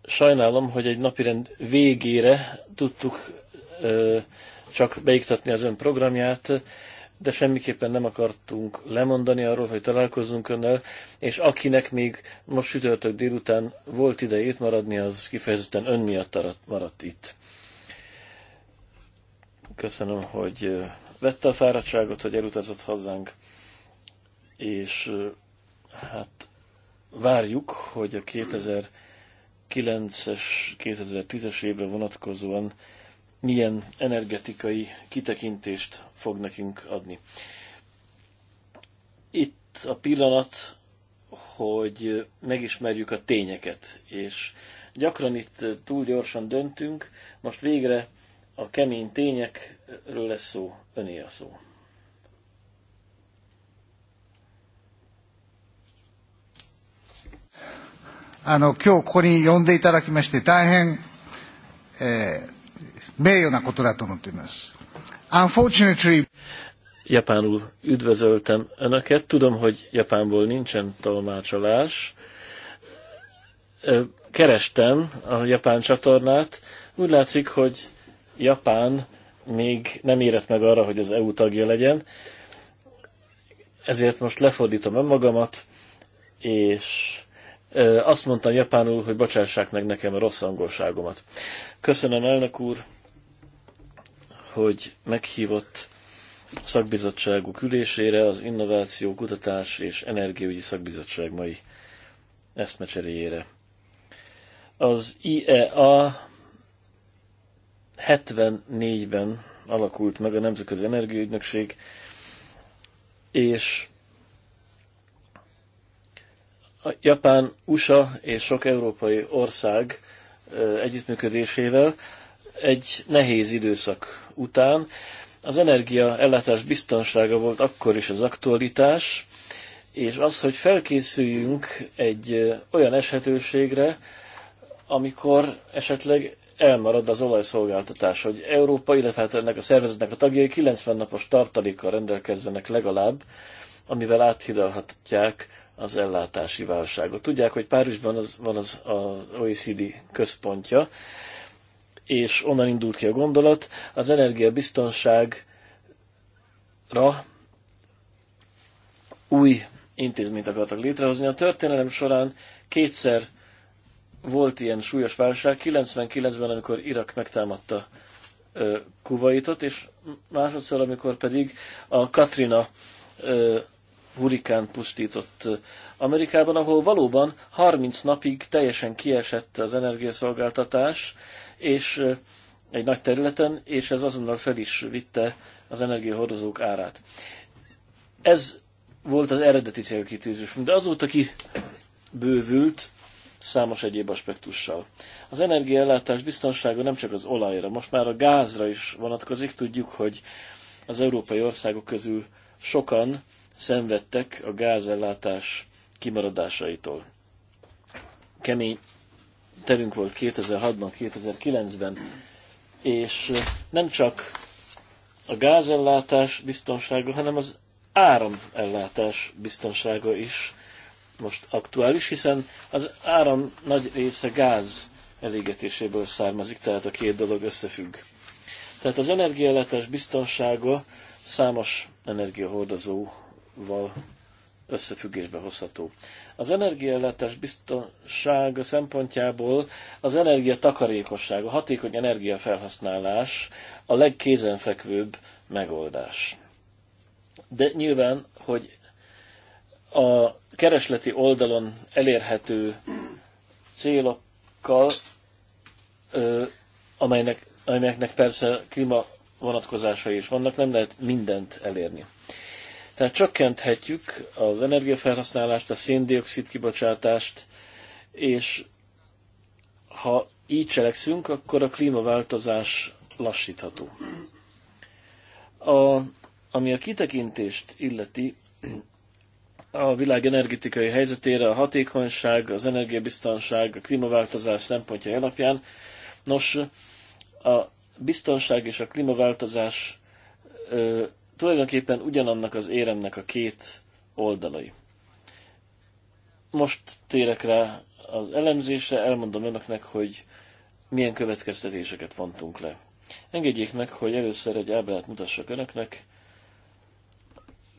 sajnálom, hogy egy napirend végére tudtuk ö, csak beiktatni az ön programját, de semmiképpen nem akartunk lemondani arról, hogy találkozunk önnel, és akinek még most sütörtök délután volt idejét maradni, az kifejezetten ön miatt maradt itt. Köszönöm, hogy vette a fáradtságot, hogy elutazott hazánk, és hát várjuk, hogy a 2009-es, 2010-es évre vonatkozóan milyen energetikai kitekintést fog nekünk adni. Itt a pillanat, hogy megismerjük a tényeket, és gyakran itt túl gyorsan döntünk, most végre a kemény tények ről lesz szó, öné a szó. szó. あの今日ここに呼んでいただきまして大変、えー、名誉なことだと思っています。Unfortunately, e, Japánul üdvözöltem Önöket. Tudom, hogy Japánból nincsen tolmácsolás. E, kerestem a japán csatornát. Úgy látszik, hogy Japán még nem érett meg arra, hogy az EU tagja legyen, ezért most lefordítom önmagamat, és azt mondtam japánul, hogy bocsássák meg nekem a rossz angolságomat. Köszönöm elnök úr, hogy meghívott szakbizottságuk ülésére az Innováció, Kutatás és Energiaügyi Szakbizottság mai eszmecseréjére. Az IEA 74-ben alakult meg a Nemzetközi Energiaügynökség, és a Japán, USA és sok európai ország együttműködésével egy nehéz időszak után az energia ellátás biztonsága volt akkor is az aktualitás, és az, hogy felkészüljünk egy olyan eshetőségre, amikor esetleg elmarad az olajszolgáltatás, hogy Európa, illetve hát ennek a szervezetnek a tagjai 90 napos tartalékkal rendelkezzenek legalább, amivel áthidalhatják az ellátási válságot. Tudják, hogy Párizsban az, van az, az OECD központja, és onnan indult ki a gondolat, az energiabiztonságra új intézményt akartak létrehozni. A történelem során kétszer volt ilyen súlyos válság 99-ben, amikor Irak megtámadta ö, Kuwaitot, és másodszor, amikor pedig a Katrina ö, hurikán pusztított Amerikában, ahol valóban 30 napig teljesen kiesett az energiaszolgáltatás, és ö, egy nagy területen, és ez azonnal fel is vitte az energiahordozók árát. Ez volt az eredeti célkitűzés, de azóta ki bővült számos egyéb aspektussal. Az energiaellátás biztonsága nem csak az olajra, most már a gázra is vonatkozik. Tudjuk, hogy az európai országok közül sokan szenvedtek a gázellátás kimaradásaitól. Kemény terünk volt 2006-ban, 2009-ben, és nem csak a gázellátás biztonsága, hanem az áramellátás biztonsága is most aktuális, hiszen az áram nagy része gáz elégetéséből származik, tehát a két dolog összefügg. Tehát az energiállátás biztonsága számos energiahordozóval összefüggésbe hozható. Az energiaellátás biztonsága szempontjából az energiatakarékosság, a hatékony energiafelhasználás a legkézenfekvőbb megoldás. De nyilván, hogy a keresleti oldalon elérhető célokkal, amelynek, amelyeknek persze klíma vonatkozásai is vannak, nem lehet mindent elérni. Tehát csökkenthetjük az energiafelhasználást, a széndiokszid kibocsátást, és ha így cselekszünk, akkor a klímaváltozás lassítható. A, ami a kitekintést illeti, a világ energetikai helyzetére, a hatékonyság, az energiabiztonság, a klímaváltozás szempontjai alapján. Nos, a biztonság és a klímaváltozás ö, tulajdonképpen ugyanannak az éremnek a két oldalai. Most térek rá az elemzésre, elmondom önöknek, hogy milyen következtetéseket vontunk le. Engedjék meg, hogy először egy ábrát mutassak önöknek,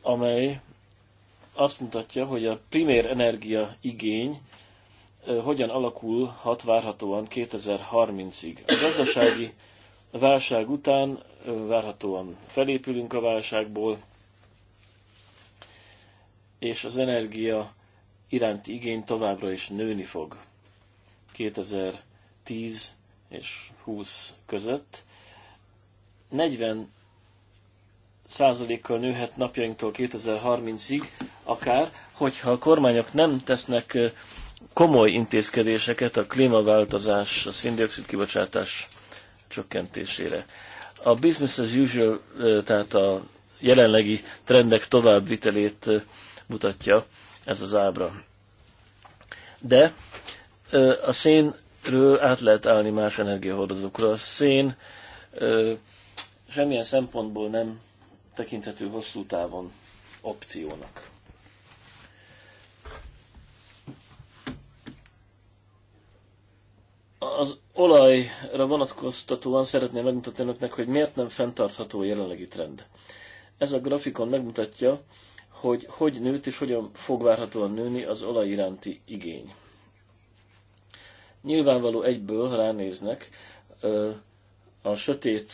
amely azt mutatja, hogy a primér energia igény hogyan alakulhat várhatóan 2030-ig. A gazdasági válság után várhatóan felépülünk a válságból, és az energia iránti igény továbbra is nőni fog 2010 és 20 között. 40 kal nőhet napjainktól 2030-ig akár, hogyha a kormányok nem tesznek komoly intézkedéseket a klímaváltozás, a széndiokszid kibocsátás csökkentésére. A business as usual, tehát a jelenlegi trendek továbbvitelét mutatja ez az ábra. De a szénről át lehet állni más energiahordozókra. A szén semmilyen szempontból nem tekinthető hosszú távon opciónak. Az olajra vonatkoztatóan szeretném megmutatni önöknek, hogy miért nem fenntartható a jelenlegi trend. Ez a grafikon megmutatja, hogy hogy nőtt és hogyan fog várhatóan nőni az olaj iránti igény. Nyilvánvaló egyből, ha ránéznek, a sötét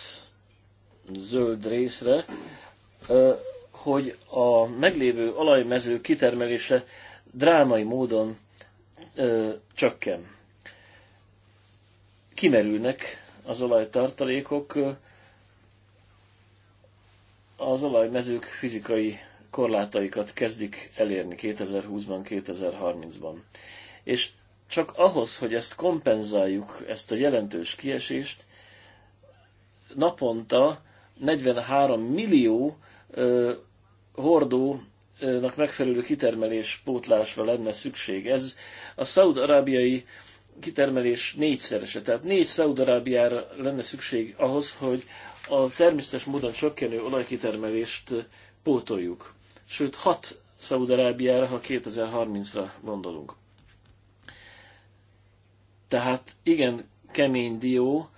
zöld részre, hogy a meglévő alajmező kitermelése drámai módon csökken. Kimerülnek az olajtartalékok, az olajmezők fizikai korlátaikat kezdik elérni 2020-ban, 2030-ban. És csak ahhoz, hogy ezt kompenzáljuk, ezt a jelentős kiesést, naponta 43 millió ö, hordónak megfelelő kitermelés pótlásra lenne szükség. Ez a szaud-arábiai kitermelés négyszerese, tehát négy Szaudarábiára lenne szükség ahhoz, hogy a természetes módon csökkenő olajkitermelést pótoljuk. Sőt, hat Szaudarábiára, ha 2030-ra gondolunk. Tehát igen, kemény dió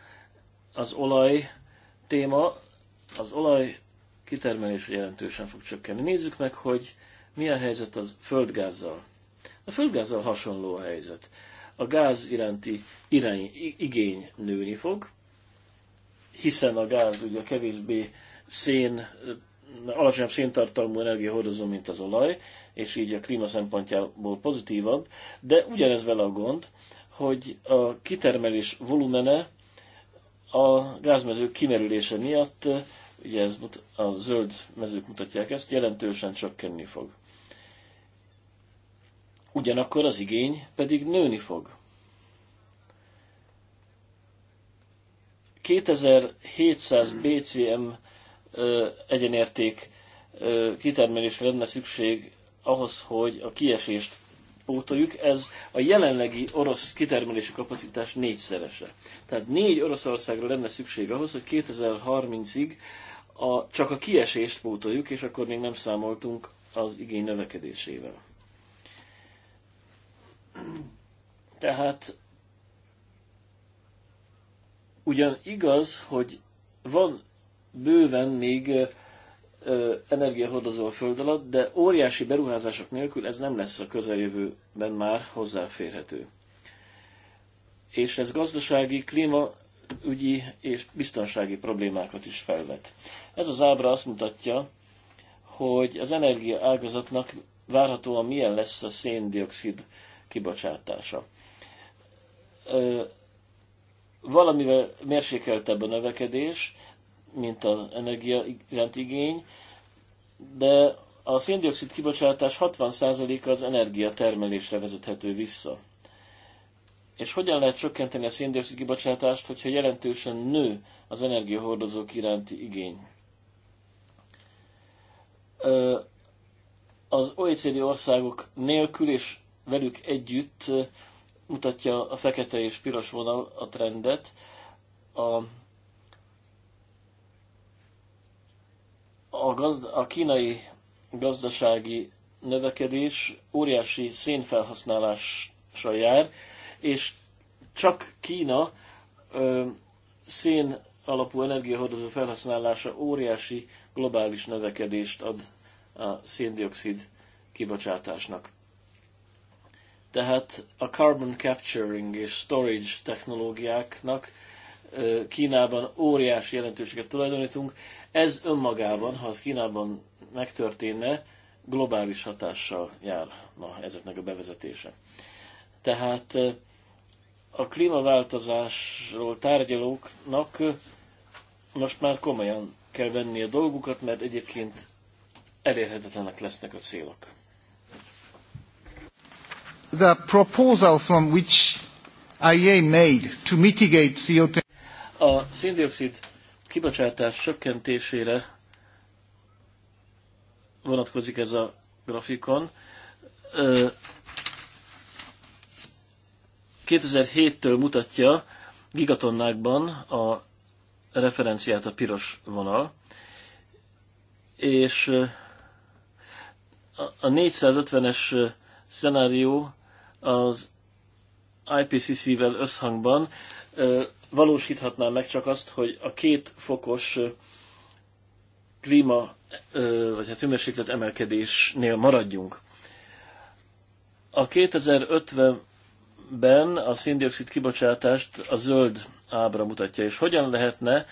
az olaj téma, az olaj kitermelés jelentősen fog csökkenni. Nézzük meg, hogy mi a helyzet a földgázzal. A földgázzal hasonló a helyzet. A gáz iránti irány, igény nőni fog, hiszen a gáz ugye kevésbé szén, alacsonyabb széntartalmú energiahordozó, mint az olaj, és így a klíma szempontjából pozitívabb, de ugyanez vele a gond, hogy a kitermelés volumene a gázmezők kimerülése miatt ugye ez a zöld mezők mutatják ezt, jelentősen csökkenni fog. Ugyanakkor az igény pedig nőni fog. 2700 BCM ö, egyenérték ö, kitermelésre lenne szükség ahhoz, hogy a kiesést pótoljuk. Ez a jelenlegi orosz kitermelési kapacitás négyszerese. Tehát négy Oroszországra lenne szükség ahhoz, hogy 2030-ig a, csak a kiesést pótoljuk, és akkor még nem számoltunk az igény növekedésével. Tehát ugyan igaz, hogy van bőven még energiahordozó a föld alatt, de óriási beruházások nélkül ez nem lesz a közeljövőben már hozzáférhető. És ez gazdasági, klíma ügyi és biztonsági problémákat is felvet. Ez az ábra azt mutatja, hogy az energia ágazatnak várhatóan milyen lesz a széndiokszid kibocsátása. Valamivel mérsékeltebb a növekedés, mint az energia iránt igény, de a széndiokszid kibocsátás 60%-a az energiatermelésre vezethető vissza. És hogyan lehet csökkenteni a széndiokszid kibocsátást, hogyha jelentősen nő az energiahordozók iránti igény? Az OECD országok nélkül és velük együtt mutatja a fekete és piros vonal a trendet. A, a, gazd, a kínai gazdasági növekedés óriási szénfelhasználással jár, és csak Kína ö, szén alapú energiahordozó felhasználása óriási globális növekedést ad a széndiokszid kibocsátásnak. Tehát a carbon capturing és storage technológiáknak Kínában óriási jelentőséget tulajdonítunk. Ez önmagában, ha az Kínában megtörténne, globális hatással járna ezeknek a bevezetése. Tehát a klímaváltozásról tárgyalóknak most már komolyan kell venni a dolgukat, mert egyébként elérhetetlenek lesznek a célok. The proposal from which IEA made to mitigate CO2 a széndiokszid kibocsátás csökkentésére vonatkozik ez a grafikon. 2007-től mutatja gigatonnákban a referenciát a piros vonal, és a 450-es szenárió az IPCC-vel összhangban valósíthatná meg csak azt, hogy a két fokos klíma, vagy hát hőmérséklet emelkedésnél maradjunk. A 2050 ben a széndiokszid kibocsátást a zöld ábra mutatja, és hogyan lehetne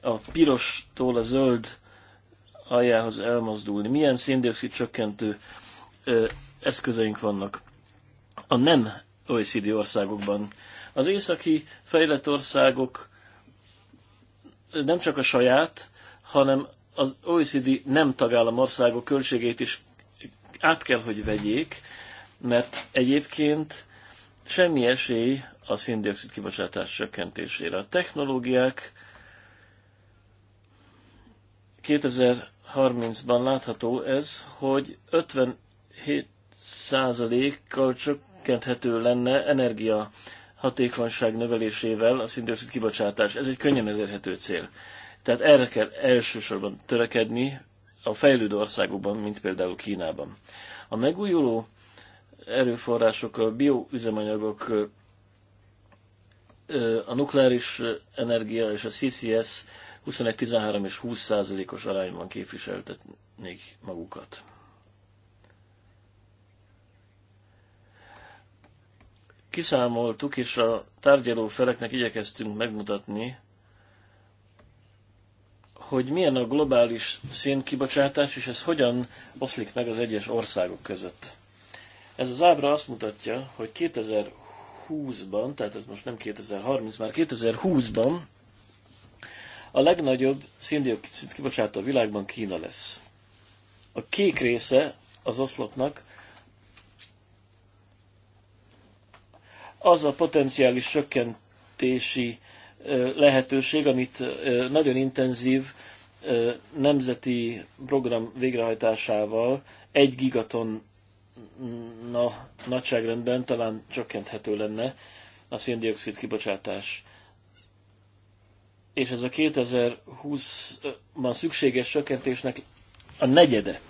a pirostól a zöld aljához elmozdulni. Milyen széndiokszid csökkentő ö, eszközeink vannak a nem OECD országokban. Az északi fejlett országok nem csak a saját, hanem az OECD nem tagállam országok költségét is át kell, hogy vegyék, mert egyébként semmi esély a széndiokszid kibocsátás csökkentésére. A technológiák 2030-ban látható ez, hogy 57%-kal csökkenthető lenne energia hatékonyság növelésével a szindioxid kibocsátás. Ez egy könnyen elérhető cél. Tehát erre kell elsősorban törekedni a fejlődő országokban, mint például Kínában. A megújuló erőforrások, a bioüzemanyagok, a nukleáris energia és a CCS 21, 13 és 20 százalékos arányban képviseltetnék magukat. Kiszámoltuk, és a tárgyaló feleknek igyekeztünk megmutatni, hogy milyen a globális szénkibocsátás, és ez hogyan oszlik meg az egyes országok között. Ez az ábra azt mutatja, hogy 2020-ban, tehát ez most nem 2030, már 2020-ban a legnagyobb széndiokszid kibocsátó a világban Kína lesz. A kék része az oszlopnak az a potenciális csökkentési lehetőség, amit nagyon intenzív nemzeti program végrehajtásával egy gigaton na, nagyságrendben talán csökkenthető lenne a széndiokszid kibocsátás. És ez a 2020-ban szükséges csökkentésnek a negyede.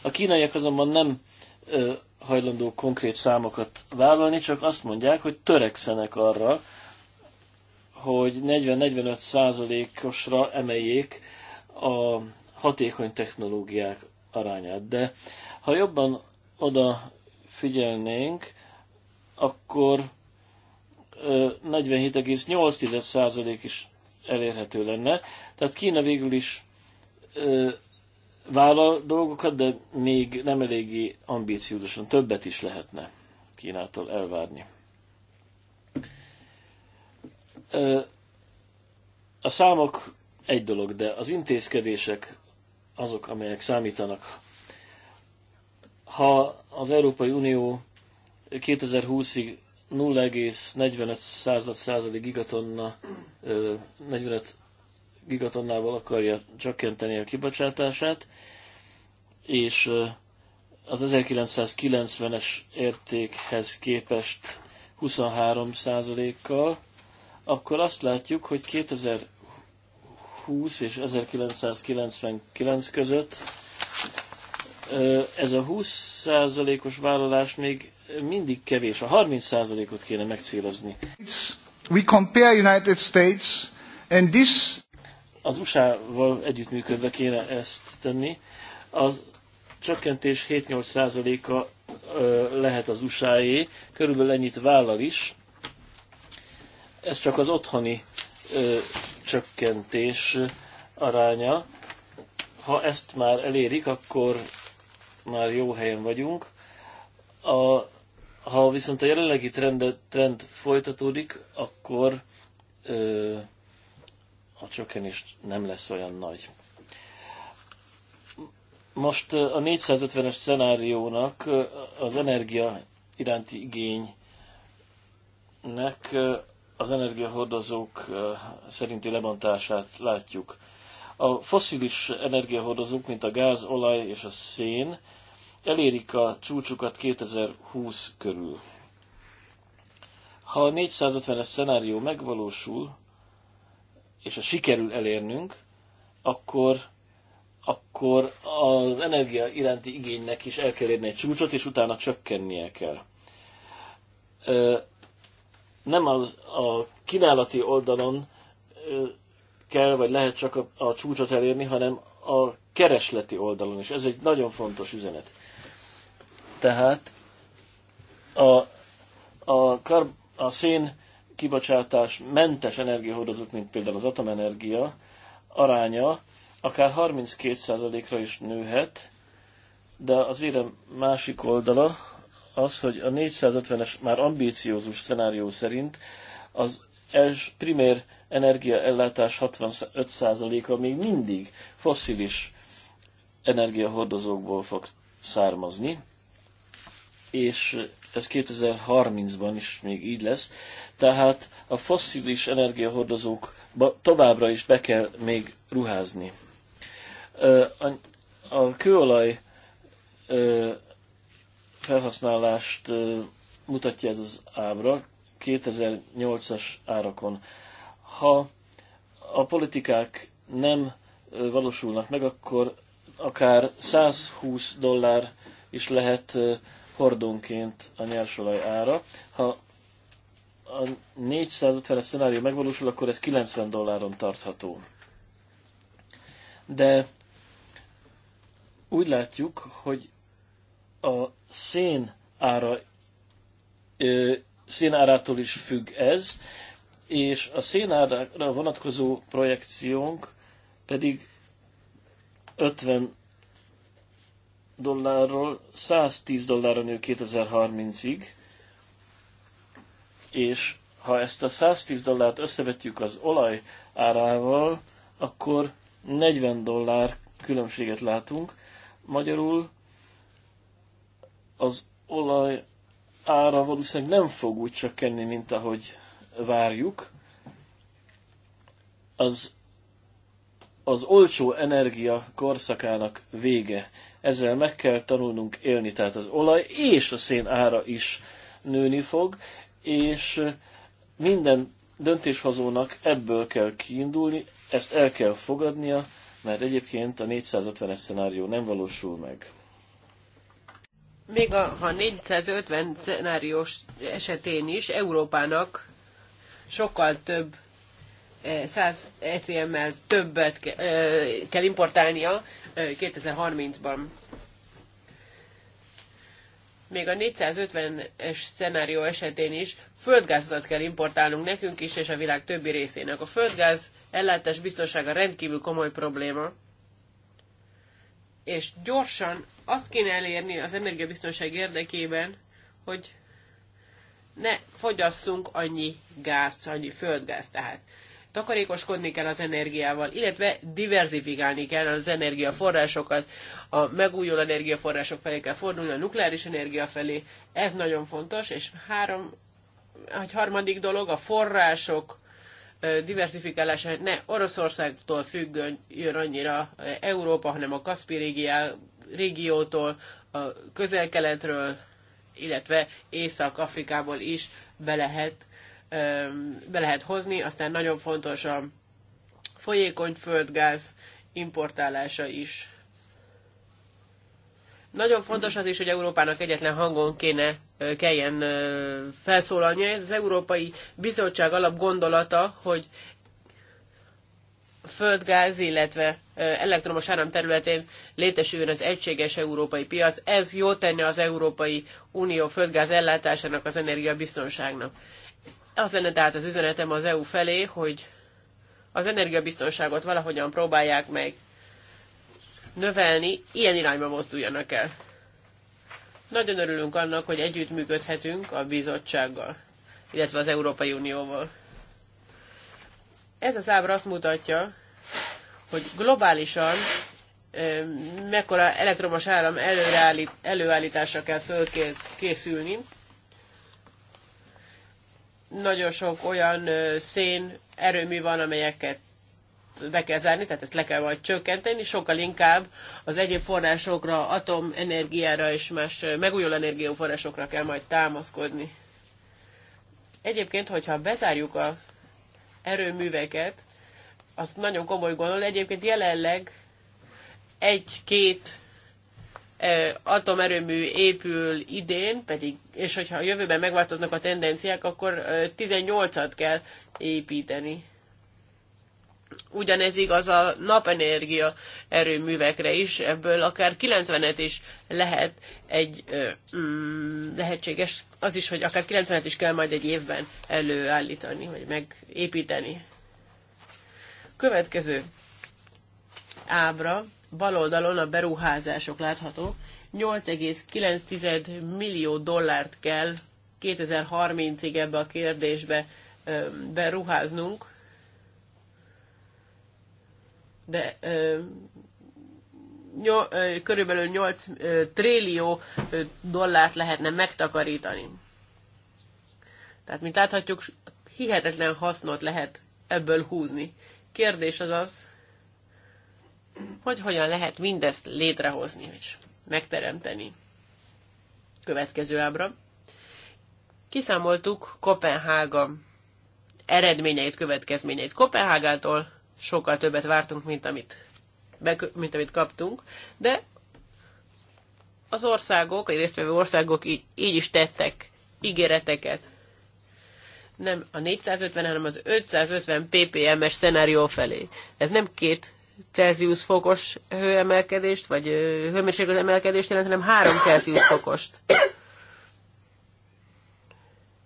A kínaiak azonban nem ö, hajlandó konkrét számokat vállalni, csak azt mondják, hogy törekszenek arra, hogy 40-45 százalékosra emeljék a hatékony technológiák arányát. De ha jobban oda figyelnénk, akkor 47,8% is elérhető lenne. Tehát Kína végül is vállal dolgokat, de még nem eléggé ambíciózusan. Többet is lehetne Kínától elvárni. A számok egy dolog, de az intézkedések azok, amelyek számítanak ha az Európai Unió 2020-ig 0,45 gigatonna, 45 gigatonnával akarja csökkenteni a kibocsátását, és az 1990-es értékhez képest 23%-kal, akkor azt látjuk, hogy 2020 és 1999 között ez a 20%-os vállalás még mindig kevés. A 30%-ot kéne megcélozni. We compare United States and this... Az USA-val együttműködve kéne ezt tenni. Az csökkentés 7-8%-a lehet az USA-é, körülbelül ennyit vállal is. Ez csak az otthoni ö, csökkentés aránya. Ha ezt már elérik, akkor már jó helyen vagyunk. A, ha viszont a jelenlegi trend, trend folytatódik, akkor ö, a csökkenés nem lesz olyan nagy. Most a 450-es szenáriónak az energia iránti igénynek az energiahordozók szerinti lebontását látjuk a foszilis energiahordozók, mint a gáz, olaj és a szén elérik a csúcsukat 2020 körül. Ha a 450-es szenárió megvalósul, és a sikerül elérnünk, akkor, akkor az energia iránti igénynek is el kell érni egy csúcsot, és utána csökkennie kell. nem az, a kínálati oldalon kell, vagy lehet csak a, a csúcsot elérni, hanem a keresleti oldalon is. Ez egy nagyon fontos üzenet. Tehát a, a, kar, a szén kibocsátás mentes energiahordozók, mint például az atomenergia aránya akár 32%-ra is nőhet, de az érem másik oldala az, hogy a 450-es már ambíciózus szenárió szerint az első primér energiaellátás 65%-a még mindig fosszilis energiahordozókból fog származni, és ez 2030-ban is még így lesz. Tehát a fosszilis energiahordozók továbbra is be kell még ruházni. A kőolaj felhasználást mutatja ez az ábra, 2008-as árakon ha a politikák nem valósulnak meg, akkor akár 120 dollár is lehet hordónként a nyersolaj ára. Ha a 450-es szenárió megvalósul, akkor ez 90 dolláron tartható. De úgy látjuk, hogy a szén ára, ö, szén árától is függ ez, és a szénára vonatkozó projekciónk pedig 50 dollárról 110 dollárra nő 2030-ig, és ha ezt a 110 dollárt összevetjük az olaj árával, akkor 40 dollár különbséget látunk. Magyarul az olaj ára valószínűleg nem fog úgy csökkenni, mint ahogy várjuk, az az olcsó energia korszakának vége. Ezzel meg kell tanulnunk élni, tehát az olaj és a szén ára is nőni fog, és minden döntéshozónak ebből kell kiindulni, ezt el kell fogadnia, mert egyébként a 450-es szenárió nem valósul meg. Még a, ha 450 szenáriós esetén is Európának sokkal több 100 eh, ECM-mel többet eh, kell importálnia 2030-ban. Eh, Még a 450-es szenárió esetén is földgázot kell importálnunk nekünk is, és a világ többi részének. A földgáz ellátás biztonsága rendkívül komoly probléma, és gyorsan azt kéne elérni az energiabiztonság érdekében, hogy ne fogyasszunk annyi gázt, annyi földgáz Tehát takarékoskodni kell az energiával, illetve diverzifikálni kell az energiaforrásokat, a megújuló energiaforrások felé kell fordulni, a nukleáris energia felé, ez nagyon fontos, és három, egy harmadik dolog, a források diversifikálása ne Oroszországtól függön jön annyira Európa, hanem a Kaszpi régiótól, a közel-keletről, illetve Észak-Afrikából is be lehet, be lehet hozni. Aztán nagyon fontos a folyékony földgáz importálása is. Nagyon fontos az is, hogy Európának egyetlen hangon kéne kelljen felszólalnia. Ez az Európai Bizottság alap gondolata, hogy földgáz, illetve elektromos áram területén létesüljön az egységes európai piac. Ez jó tenne az Európai Unió földgáz ellátásának, az energiabiztonságnak. Az lenne tehát az üzenetem az EU felé, hogy az energiabiztonságot valahogyan próbálják meg növelni, ilyen irányba mozduljanak el. Nagyon örülünk annak, hogy együttműködhetünk a bizottsággal, illetve az Európai Unióval. Ez az ábra azt mutatja, hogy globálisan mekkora elektromos áram előállít, előállításra kell fölkészülni. Nagyon sok olyan szén erőmű van, amelyeket be kell zárni, tehát ezt le kell majd csökkenteni, sokkal inkább az egyéb forrásokra, atomenergiára és más megújuló energiaforrásokra kell majd támaszkodni. Egyébként, hogyha bezárjuk a erőműveket, az nagyon komoly gondol. Egyébként jelenleg egy-két atomerőmű épül idén, pedig, és hogyha a jövőben megváltoznak a tendenciák, akkor 18-at kell építeni. Ugyanez igaz a napenergia erőművekre is, ebből akár 90-et is lehet egy mm, lehetséges, az is, hogy akár 90-et is kell majd egy évben előállítani, vagy megépíteni. Következő ábra, bal oldalon a beruházások látható. 8,9 millió dollárt kell 2030-ig ebbe a kérdésbe beruháznunk, de ö, nyol, ö, körülbelül 8 ö, trillió ö, dollárt lehetne megtakarítani. Tehát, mint láthatjuk, hihetetlen hasznot lehet ebből húzni. Kérdés az az, hogy hogyan lehet mindezt létrehozni és megteremteni. Következő ábra. Kiszámoltuk Kopenhága eredményeit, következményeit. Kopenhágától sokkal többet vártunk, mint amit, mint amit kaptunk, de az országok, a résztvevő országok így, így is tettek ígéreteket. Nem a 450, hanem az 550 ppm-es szenárió felé. Ez nem két Celsius fokos hőemelkedést, vagy hőmérséklet emelkedést jelent, hanem három Celsius fokost.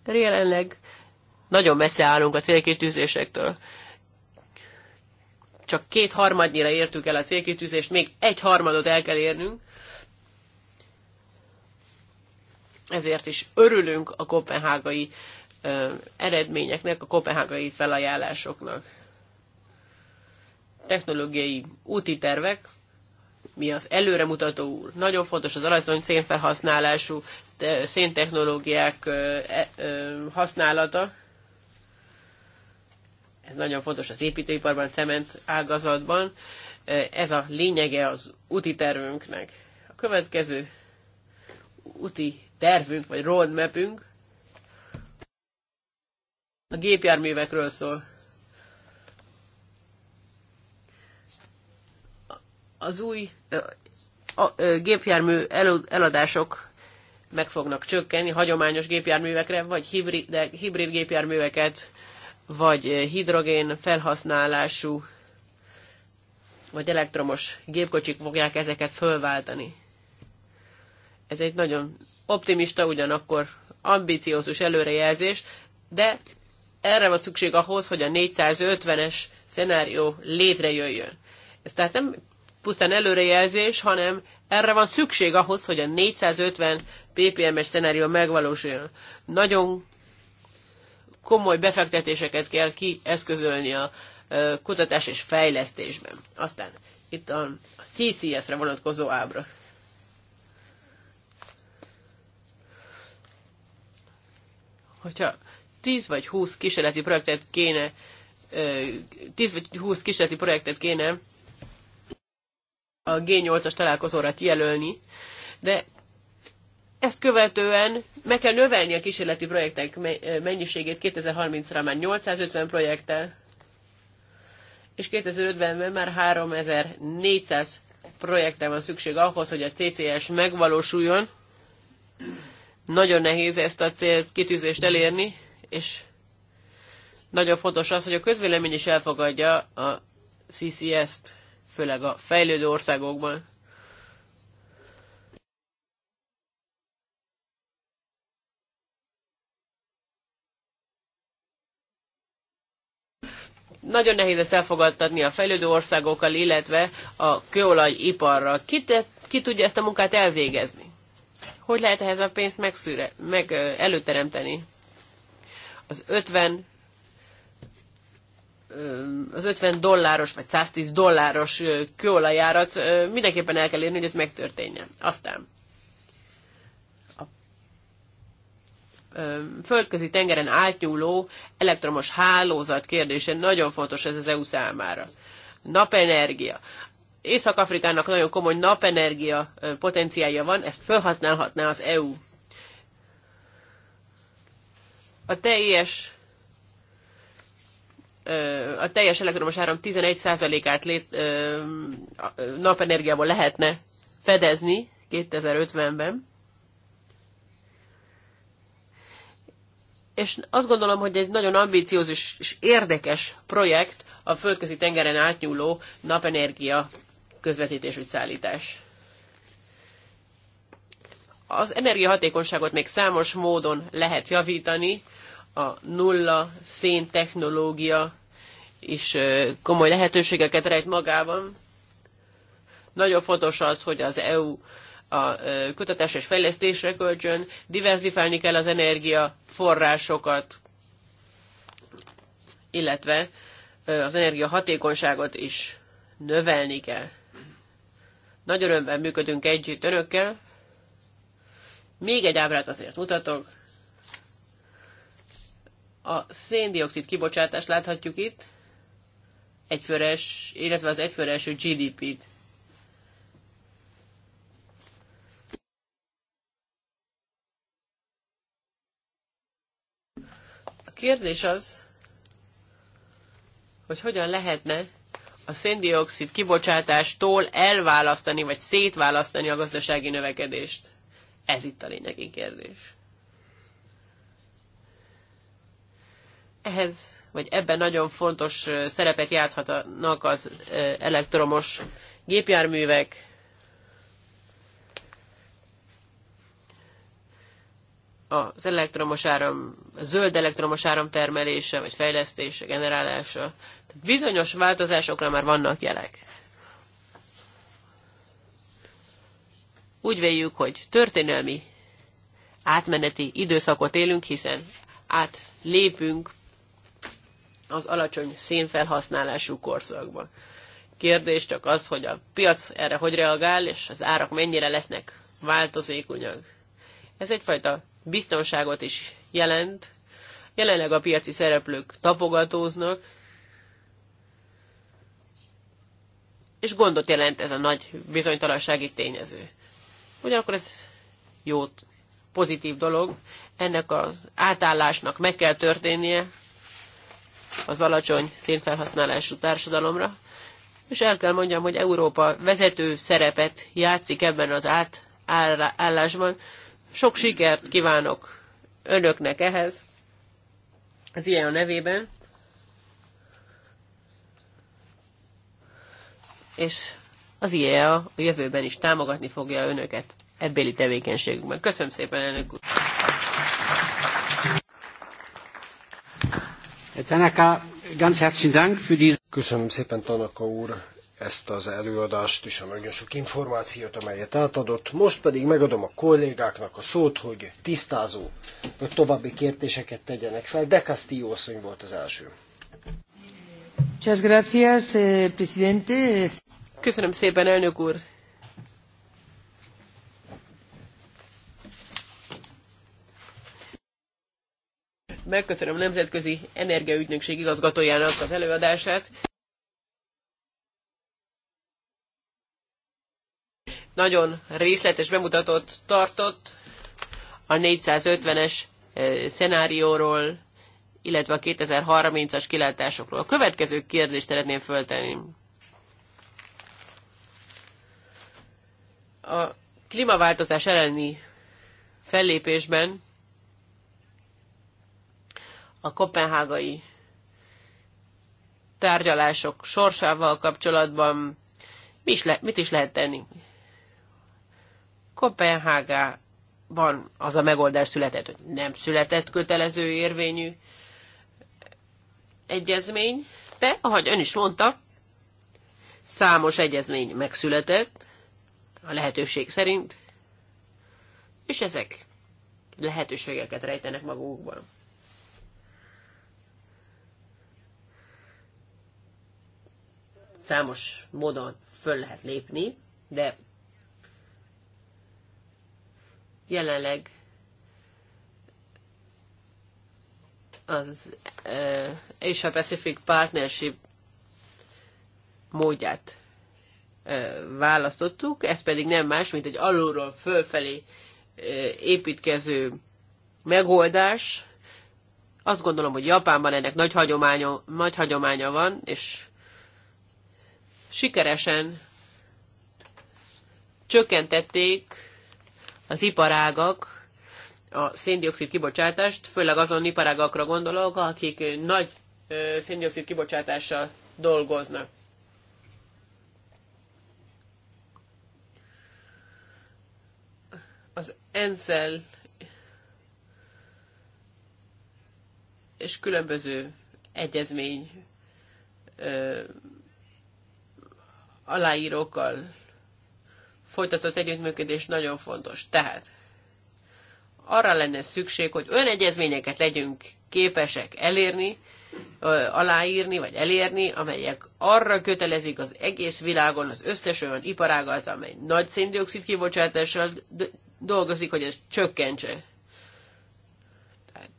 jelenleg nagyon messze állunk a célkitűzésektől csak két harmadnyira értük el a célkitűzést, még egy harmadot el kell érnünk. Ezért is örülünk a kopenhágai ö, eredményeknek, a kopenhágai felajánlásoknak. Technológiai úti tervek, mi az előremutató úr. Nagyon fontos az alacsony szénfelhasználású széntechnológiák e- használata, ez nagyon fontos az építőiparban, cement ágazatban. Ez a lényege az úti tervünknek. A következő úti tervünk, vagy roadmapünk a gépjárművekről szól. Az új a, a, a, gépjármű eladások meg fognak csökkenni hagyományos gépjárművekre, vagy hibrid, de hibrid gépjárműveket vagy hidrogén felhasználású, vagy elektromos gépkocsik fogják ezeket fölváltani. Ez egy nagyon optimista, ugyanakkor ambiciózus előrejelzés, de erre van szükség ahhoz, hogy a 450-es szenárió létrejöjjön. Ez tehát nem pusztán előrejelzés, hanem erre van szükség ahhoz, hogy a 450 ppm-es szenárió megvalósuljon. Nagyon komoly befektetéseket kell kieszközölni a kutatás és fejlesztésben. Aztán itt a CCS-re vonatkozó ábra. Hogyha 10 vagy 20 kísérleti projektet kéne 10 vagy 20 kísérleti projektet kéne a G8-as találkozóra kijelölni, de ezt követően meg kell növelni a kísérleti projektek mennyiségét 2030-ra már 850 projekttel, és 2050-ben már 3400 projektre van szükség ahhoz, hogy a CCS megvalósuljon. Nagyon nehéz ezt a célt, kitűzést elérni, és nagyon fontos az, hogy a közvélemény is elfogadja a CCS-t, főleg a fejlődő országokban. Nagyon nehéz ezt elfogadtatni a fejlődő országokkal, illetve a kőolajiparral. Ki, te, ki tudja ezt a munkát elvégezni? Hogy lehet ehhez a pénzt megszűre, meg előteremteni? Az 50 az 50 dolláros vagy 110 dolláros kőolajárat mindenképpen el kell érni, hogy ez megtörténjen. Aztán földközi tengeren átnyúló elektromos hálózat kérdése nagyon fontos ez az EU számára. Napenergia. Észak-Afrikának nagyon komoly napenergia potenciálja van, ezt felhasználhatná az EU. A teljes a teljes elektromos áram 11%-át napenergiából lehetne fedezni 2050-ben. és azt gondolom, hogy egy nagyon ambíciózus és érdekes projekt a földközi tengeren átnyúló napenergia közvetítés vagy szállítás. Az energiahatékonyságot még számos módon lehet javítani, a nulla szén technológia is komoly lehetőségeket rejt magában. Nagyon fontos az, hogy az EU a kutatás és fejlesztésre kölcsön, diverzifálni kell az energiaforrásokat, illetve az energia hatékonyságot is növelni kell. Nagy örömben működünk együtt önökkel. Még egy ábrát azért mutatok. A széndiokszid kibocsátást láthatjuk itt, egyfőres, illetve az egyfőre GDP-t kérdés az, hogy hogyan lehetne a széndiokszid kibocsátástól elválasztani, vagy szétválasztani a gazdasági növekedést. Ez itt a lényegi kérdés. Ehhez, vagy ebben nagyon fontos szerepet játszhatnak az elektromos gépjárművek, az elektromos áram, a zöld elektromos áram termelése, vagy fejlesztése, generálása. Tehát bizonyos változásokra már vannak jelek. Úgy véljük, hogy történelmi átmeneti időszakot élünk, hiszen átlépünk az alacsony szénfelhasználású korszakba. Kérdés csak az, hogy a piac erre hogy reagál, és az árak mennyire lesznek változékonyak. Ez egyfajta biztonságot is jelent. Jelenleg a piaci szereplők tapogatóznak, és gondot jelent ez a nagy bizonytalansági tényező. Ugyanakkor ez jó, pozitív dolog. Ennek az átállásnak meg kell történnie az alacsony szénfelhasználású társadalomra, és el kell mondjam, hogy Európa vezető szerepet játszik ebben az átállásban. Sok sikert kívánok önöknek ehhez, az ilyen a nevében. És az IEA a jövőben is támogatni fogja önöket ebbéli tevékenységükben. Köszönöm szépen, elnök úr! Köszönöm szépen, Tanaka úr, ezt az előadást és a nagyon sok információt, amelyet átadott. Most pedig megadom a kollégáknak a szót, hogy tisztázó, hogy további kérdéseket tegyenek fel. De Castillo asszony volt az első. gracias, eh, presidente. Köszönöm szépen, elnök úr. Megköszönöm a Nemzetközi Energiaügynökség igazgatójának az előadását. nagyon részletes bemutatót tartott a 450-es eh, szenárióról, illetve a 2030-as kilátásokról. A következő kérdést szeretném föltenni. A klímaváltozás elleni fellépésben a kopenhágai tárgyalások sorsával kapcsolatban mi is mit is lehet tenni? Kopenhágában az a megoldás született, hogy nem született kötelező érvényű egyezmény, de ahogy ön is mondta, számos egyezmény megszületett a lehetőség szerint, és ezek lehetőségeket rejtenek magukban. Számos módon föl lehet lépni, de jelenleg az Asia Pacific Partnership módját választottuk, ez pedig nem más, mint egy alulról fölfelé építkező megoldás. Azt gondolom, hogy Japánban ennek nagy hagyománya, nagy hagyománya van, és sikeresen csökkentették az iparágak a széndiokszid kibocsátást, főleg azon iparágakra gondolok, akik nagy széndiokszid kibocsátással dolgoznak. Az enzel és különböző egyezmény ö, aláírókkal folytatott együttműködés nagyon fontos. Tehát arra lenne szükség, hogy önegyezményeket legyünk képesek elérni, aláírni, vagy elérni, amelyek arra kötelezik az egész világon az összes olyan iparágat, amely nagy széndiokszid kibocsátással dolgozik, hogy ez csökkentse. Tehát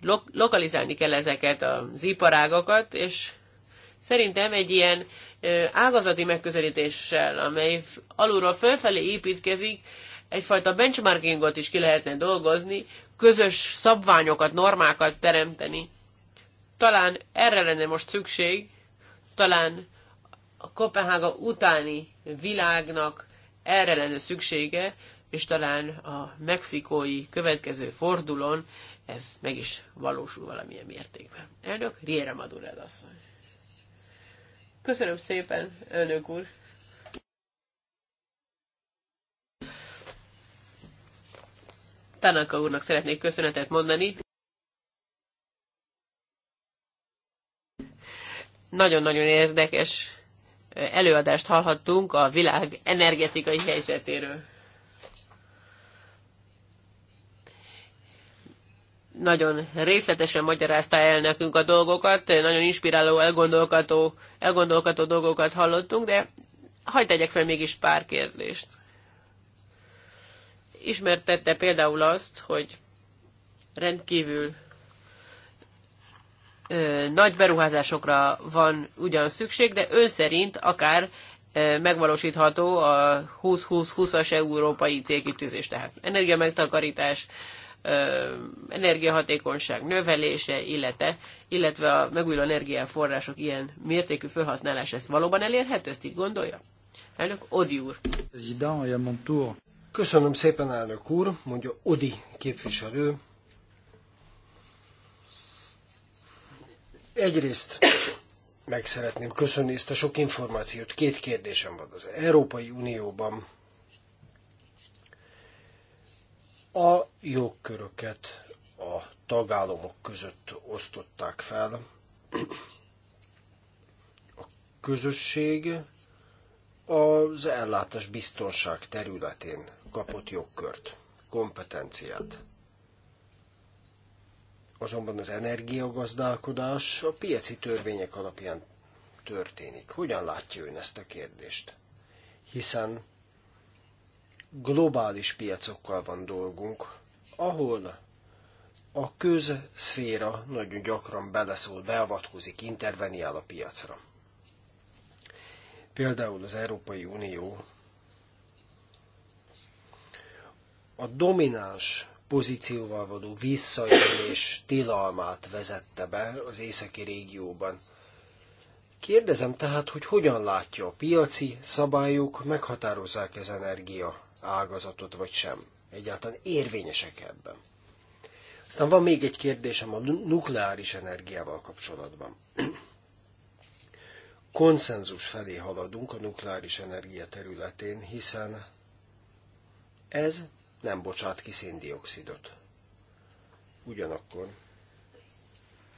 lo- lokalizálni kell ezeket az iparágokat, és szerintem egy ilyen ágazati megközelítéssel, amely alulról fölfelé építkezik, egyfajta benchmarkingot is ki lehetne dolgozni, közös szabványokat, normákat teremteni. Talán erre lenne most szükség, talán a Kopenhága utáni világnak erre lenne szüksége, és talán a mexikói következő fordulón ez meg is valósul valamilyen mértékben. Elnök Riera Madurell asszony. Köszönöm szépen, elnök úr! Tanaka úrnak szeretnék köszönetet mondani. Nagyon-nagyon érdekes előadást hallhattunk a világ energetikai helyzetéről. nagyon részletesen magyarázta el nekünk a dolgokat, nagyon inspiráló, elgondolkodó, elgondolkodó dolgokat hallottunk, de hagyd tegyek fel mégis pár kérdést. Ismertette például azt, hogy rendkívül ö, nagy beruházásokra van ugyan szükség, de ön szerint akár ö, megvalósítható a 20-20-20-as európai célkitűzés, tehát energiamegtakarítás, megtakarítás energiahatékonyság növelése, illetve, illetve a megújuló energiaforrások ilyen mértékű felhasználása, ez valóban elérhető, ezt így gondolja? Elnök Odi úr. Köszönöm szépen, elnök úr, mondja Odi képviselő. Egyrészt meg szeretném köszönni ezt a sok információt. Két kérdésem van az Európai Unióban A jogköröket a tagállamok között osztották fel. A közösség az ellátás biztonság területén kapott jogkört, kompetenciát. Azonban az energiagazdálkodás a piaci törvények alapján történik. Hogyan látja ön ezt a kérdést? Hiszen globális piacokkal van dolgunk, ahol a közszféra nagyon gyakran beleszól, beavatkozik, interveniál a piacra. Például az Európai Unió a domináns pozícióval való visszaélés tilalmát vezette be az északi régióban. Kérdezem tehát, hogy hogyan látja a piaci szabályok, meghatározzák az energia ágazatot, vagy sem. Egyáltalán érvényesek ebben. Aztán van még egy kérdésem a nukleáris energiával kapcsolatban. Konszenzus felé haladunk a nukleáris energia területén, hiszen ez nem bocsát ki széndiokszidot. Ugyanakkor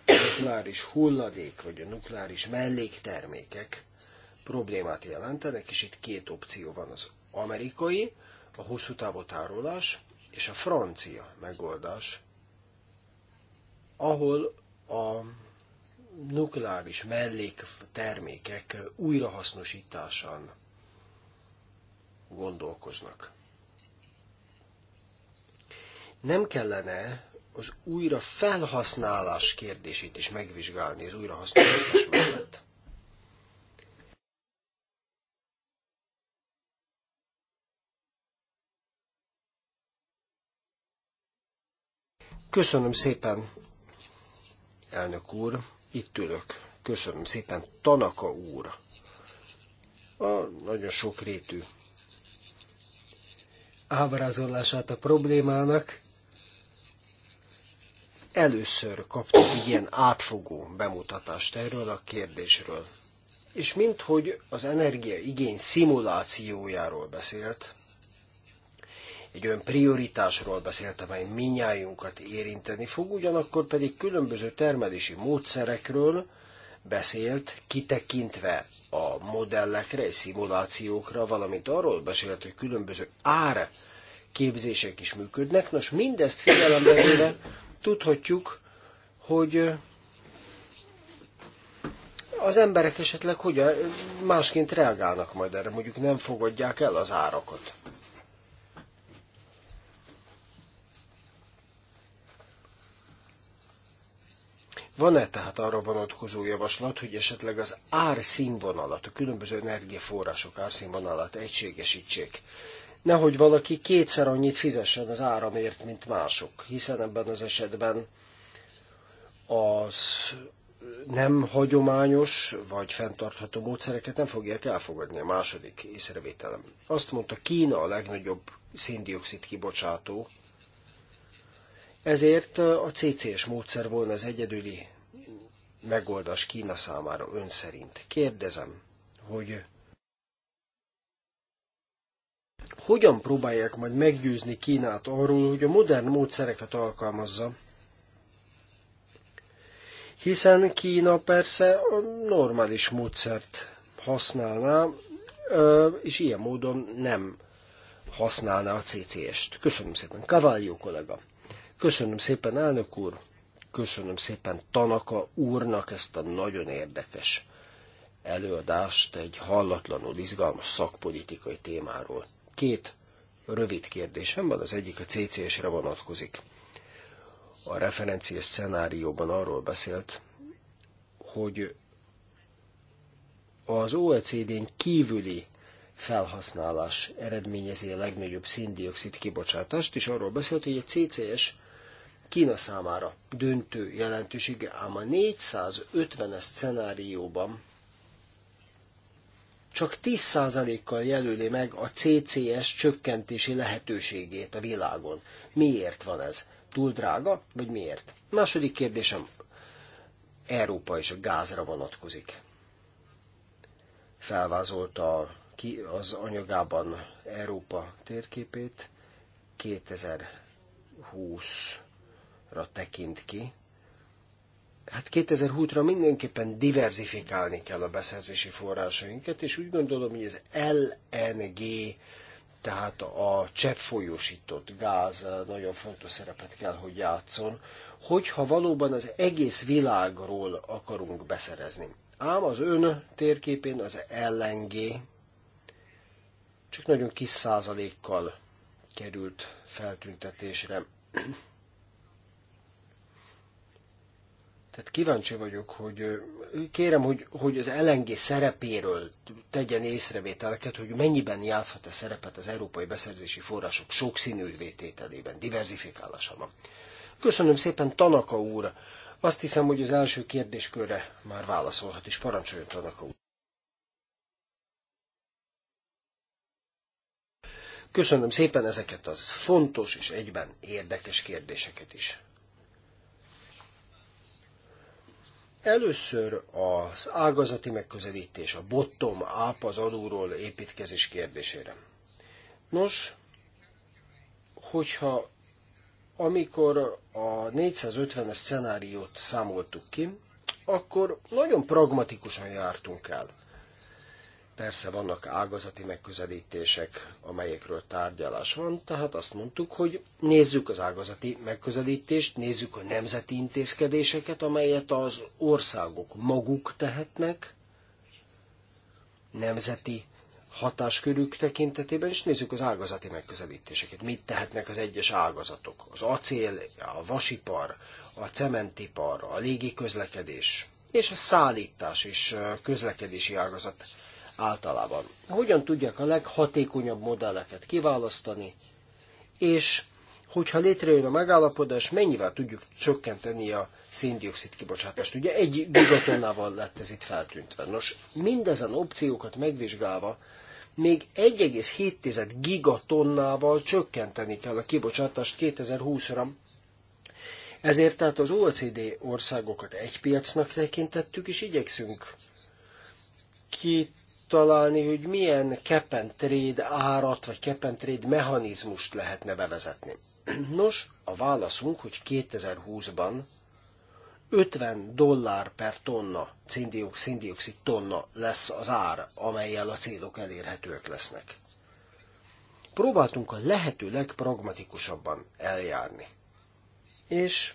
a nukleáris hulladék vagy a nukleáris melléktermékek problémát jelentenek, és itt két opció van az amerikai, a hosszú távú tárolás és a francia megoldás, ahol a nukleáris melléktermékek újrahasznosításán gondolkoznak. Nem kellene az újra felhasználás kérdését is megvizsgálni az újrahasznosítás mellett. Köszönöm szépen, elnök úr, itt ülök. Köszönöm szépen, Tanaka úr. A nagyon rétű ábrázolását a problémának. Először kaptuk ilyen átfogó bemutatást erről a kérdésről. És minthogy az energiaigény szimulációjáról beszélt, egy olyan prioritásról beszélt, amely minnyájunkat érinteni fog, ugyanakkor pedig különböző termelési módszerekről beszélt, kitekintve a modellekre és szimulációkra, valamint arról beszélt, hogy különböző ár képzések is működnek. Nos, mindezt figyelembe véve tudhatjuk, hogy az emberek esetleg hogyan, másként reagálnak majd erre, mondjuk nem fogadják el az árakat. Van-e tehát arra vonatkozó javaslat, hogy esetleg az árszínvonalat, a különböző energiaforrások árszínvonalat egységesítsék? Nehogy valaki kétszer annyit fizessen az áramért, mint mások, hiszen ebben az esetben az nem hagyományos vagy fenntartható módszereket nem fogják elfogadni a második észrevételem. Azt mondta, Kína a legnagyobb széndiokszid kibocsátó, ezért a CCS módszer volna az egyedüli megoldás Kína számára ön szerint. Kérdezem, hogy hogyan próbálják majd meggyőzni Kínát arról, hogy a modern módszereket alkalmazza, hiszen Kína persze a normális módszert használná, és ilyen módon nem használná a CCS-t. Köszönöm szépen. Kaváljó kollega. Köszönöm szépen, elnök úr, köszönöm szépen Tanaka úrnak ezt a nagyon érdekes előadást egy hallatlanul izgalmas szakpolitikai témáról. Két rövid kérdésem van, az egyik a CCS-re vonatkozik. A referenciás szenárióban arról beszélt, hogy az OECD-n kívüli felhasználás eredményezi a legnagyobb széndiokszid kibocsátást, és arról beszélt, hogy a CCS Kína számára döntő jelentősége, ám a 450-es szenárióban csak 10%-kal jelöli meg a CCS csökkentési lehetőségét a világon. Miért van ez? Túl drága, vagy miért? Második kérdésem, Európa is a gázra vonatkozik. Felvázolta ki az anyagában Európa térképét 2020 ra tekint ki. Hát 2020-ra mindenképpen diversifikálni kell a beszerzési forrásainkat, és úgy gondolom, hogy az LNG, tehát a cseppfolyósított gáz eh, nagyon fontos szerepet kell, hogy játszon, hogyha valóban az egész világról akarunk beszerezni. Ám az ön térképén az LNG csak nagyon kis százalékkal került feltüntetésre. Tehát kíváncsi vagyok, hogy kérem, hogy, hogy az LNG szerepéről tegyen észrevételeket, hogy mennyiben játszhat a szerepet az európai beszerzési források sokszínű vétételében, diversifikálásában. Köszönöm szépen, Tanaka úr! Azt hiszem, hogy az első kérdéskörre már válaszolhat, is parancsoljon Tanaka úr. Köszönöm szépen ezeket az fontos és egyben érdekes kérdéseket is. Először az ágazati megközelítés, a bottom up az alulról építkezés kérdésére. Nos, hogyha amikor a 450-es szenáriót számoltuk ki, akkor nagyon pragmatikusan jártunk el. Persze vannak ágazati megközelítések, amelyekről tárgyalás van, tehát azt mondtuk, hogy nézzük az ágazati megközelítést, nézzük a nemzeti intézkedéseket, amelyet az országok maguk tehetnek, nemzeti hatáskörük tekintetében, és nézzük az ágazati megközelítéseket. Mit tehetnek az egyes ágazatok? Az acél, a vasipar, a cementipar, a légiközlekedés és a szállítás és közlekedési ágazat általában. Hogyan tudják a leghatékonyabb modelleket kiválasztani, és hogyha létrejön a megállapodás, mennyivel tudjuk csökkenteni a széndiokszid kibocsátást. Ugye egy gigatonnával lett ez itt feltűntve. Nos, mindezen opciókat megvizsgálva, még 1,7 gigatonnával csökkenteni kell a kibocsátást 2020-ra. Ezért tehát az OECD országokat egy piacnak tekintettük, és igyekszünk találni, hogy milyen cap and trade árat vagy cap and trade mechanizmust lehetne bevezetni. Nos, a válaszunk, hogy 2020-ban 50 dollár per tonna, széndiokszid, széndiokszid tonna lesz az ár, amelyel a célok elérhetőek lesznek. Próbáltunk a lehető legpragmatikusabban eljárni. És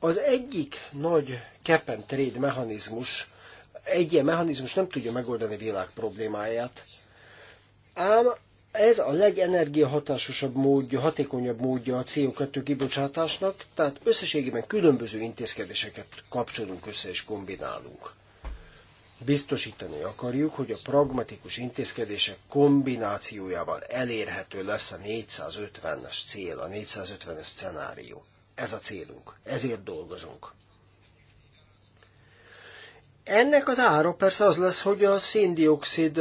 az egyik nagy cap and trade mechanizmus, egy ilyen mechanizmus nem tudja megoldani a világ problémáját. Ám ez a legenergiahatásosabb módja, hatékonyabb módja a CO2 kibocsátásnak, tehát összességében különböző intézkedéseket kapcsolunk össze és kombinálunk. Biztosítani akarjuk, hogy a pragmatikus intézkedések kombinációjával elérhető lesz a 450-es cél, a 450-es szenárió. Ez a célunk, ezért dolgozunk. Ennek az ára persze az lesz, hogy a széndiokszid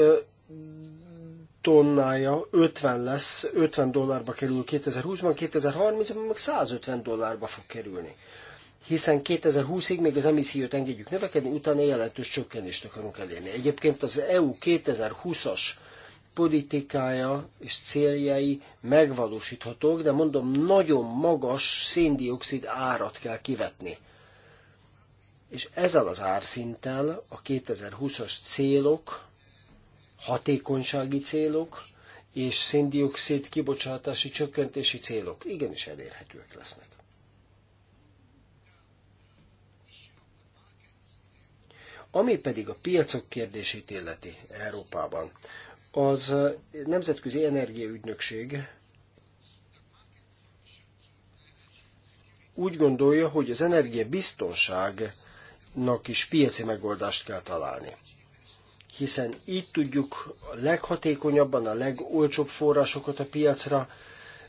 tonnája 50 lesz, 50 dollárba kerül 2020-ban, 2030-ban meg 150 dollárba fog kerülni. Hiszen 2020-ig még az emissziót engedjük növekedni, utána jelentős csökkenést akarunk elérni. Egyébként az EU 2020-as politikája és céljai megvalósíthatók, de mondom, nagyon magas széndiokszid árat kell kivetni és ezzel az árszinttel a 2020-as célok, hatékonysági célok és széndiokszid kibocsátási csökkentési célok igenis elérhetőek lesznek. Ami pedig a piacok kérdését illeti Európában, az Nemzetközi Energiaügynökség úgy gondolja, hogy az energiabiztonság nak is piaci megoldást kell találni. Hiszen így tudjuk a leghatékonyabban a legolcsóbb forrásokat a piacra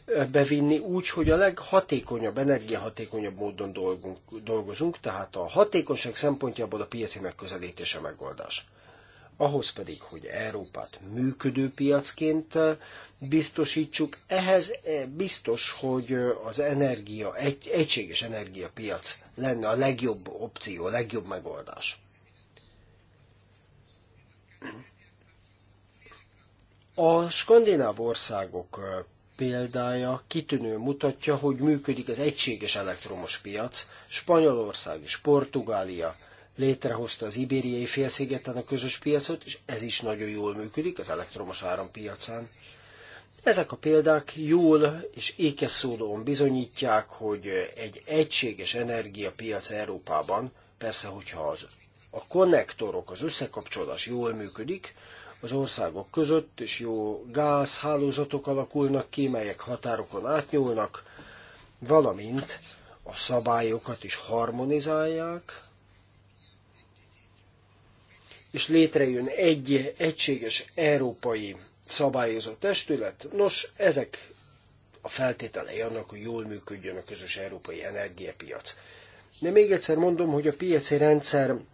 eh, bevinni úgy, hogy a leghatékonyabb, energiahatékonyabb módon dolgunk, dolgozunk, tehát a hatékonyság szempontjából a piaci megközelítése megoldás ahhoz pedig, hogy Európát működő piacként eh, biztosítsuk, ehhez eh, biztos, hogy eh, az energia, egy, egységes energiapiac lenne a legjobb opció, a legjobb megoldás. A skandináv országok példája kitűnő mutatja, hogy működik az egységes elektromos piac, Spanyolország és Portugália létrehozta az ibériai félszigeten a közös piacot, és ez is nagyon jól működik az elektromos árampiacán. Ezek a példák jól és ékes szódon bizonyítják, hogy egy egységes energiapiac Európában, persze, hogyha az, a konnektorok, az összekapcsolás jól működik, az országok között, és jó gázhálózatok alakulnak ki, melyek határokon átnyúlnak, valamint a szabályokat is harmonizálják, és létrejön egy egységes európai szabályozó testület. Nos, ezek a feltételei annak, hogy jól működjön a közös európai energiapiac. De még egyszer mondom, hogy a piaci rendszerben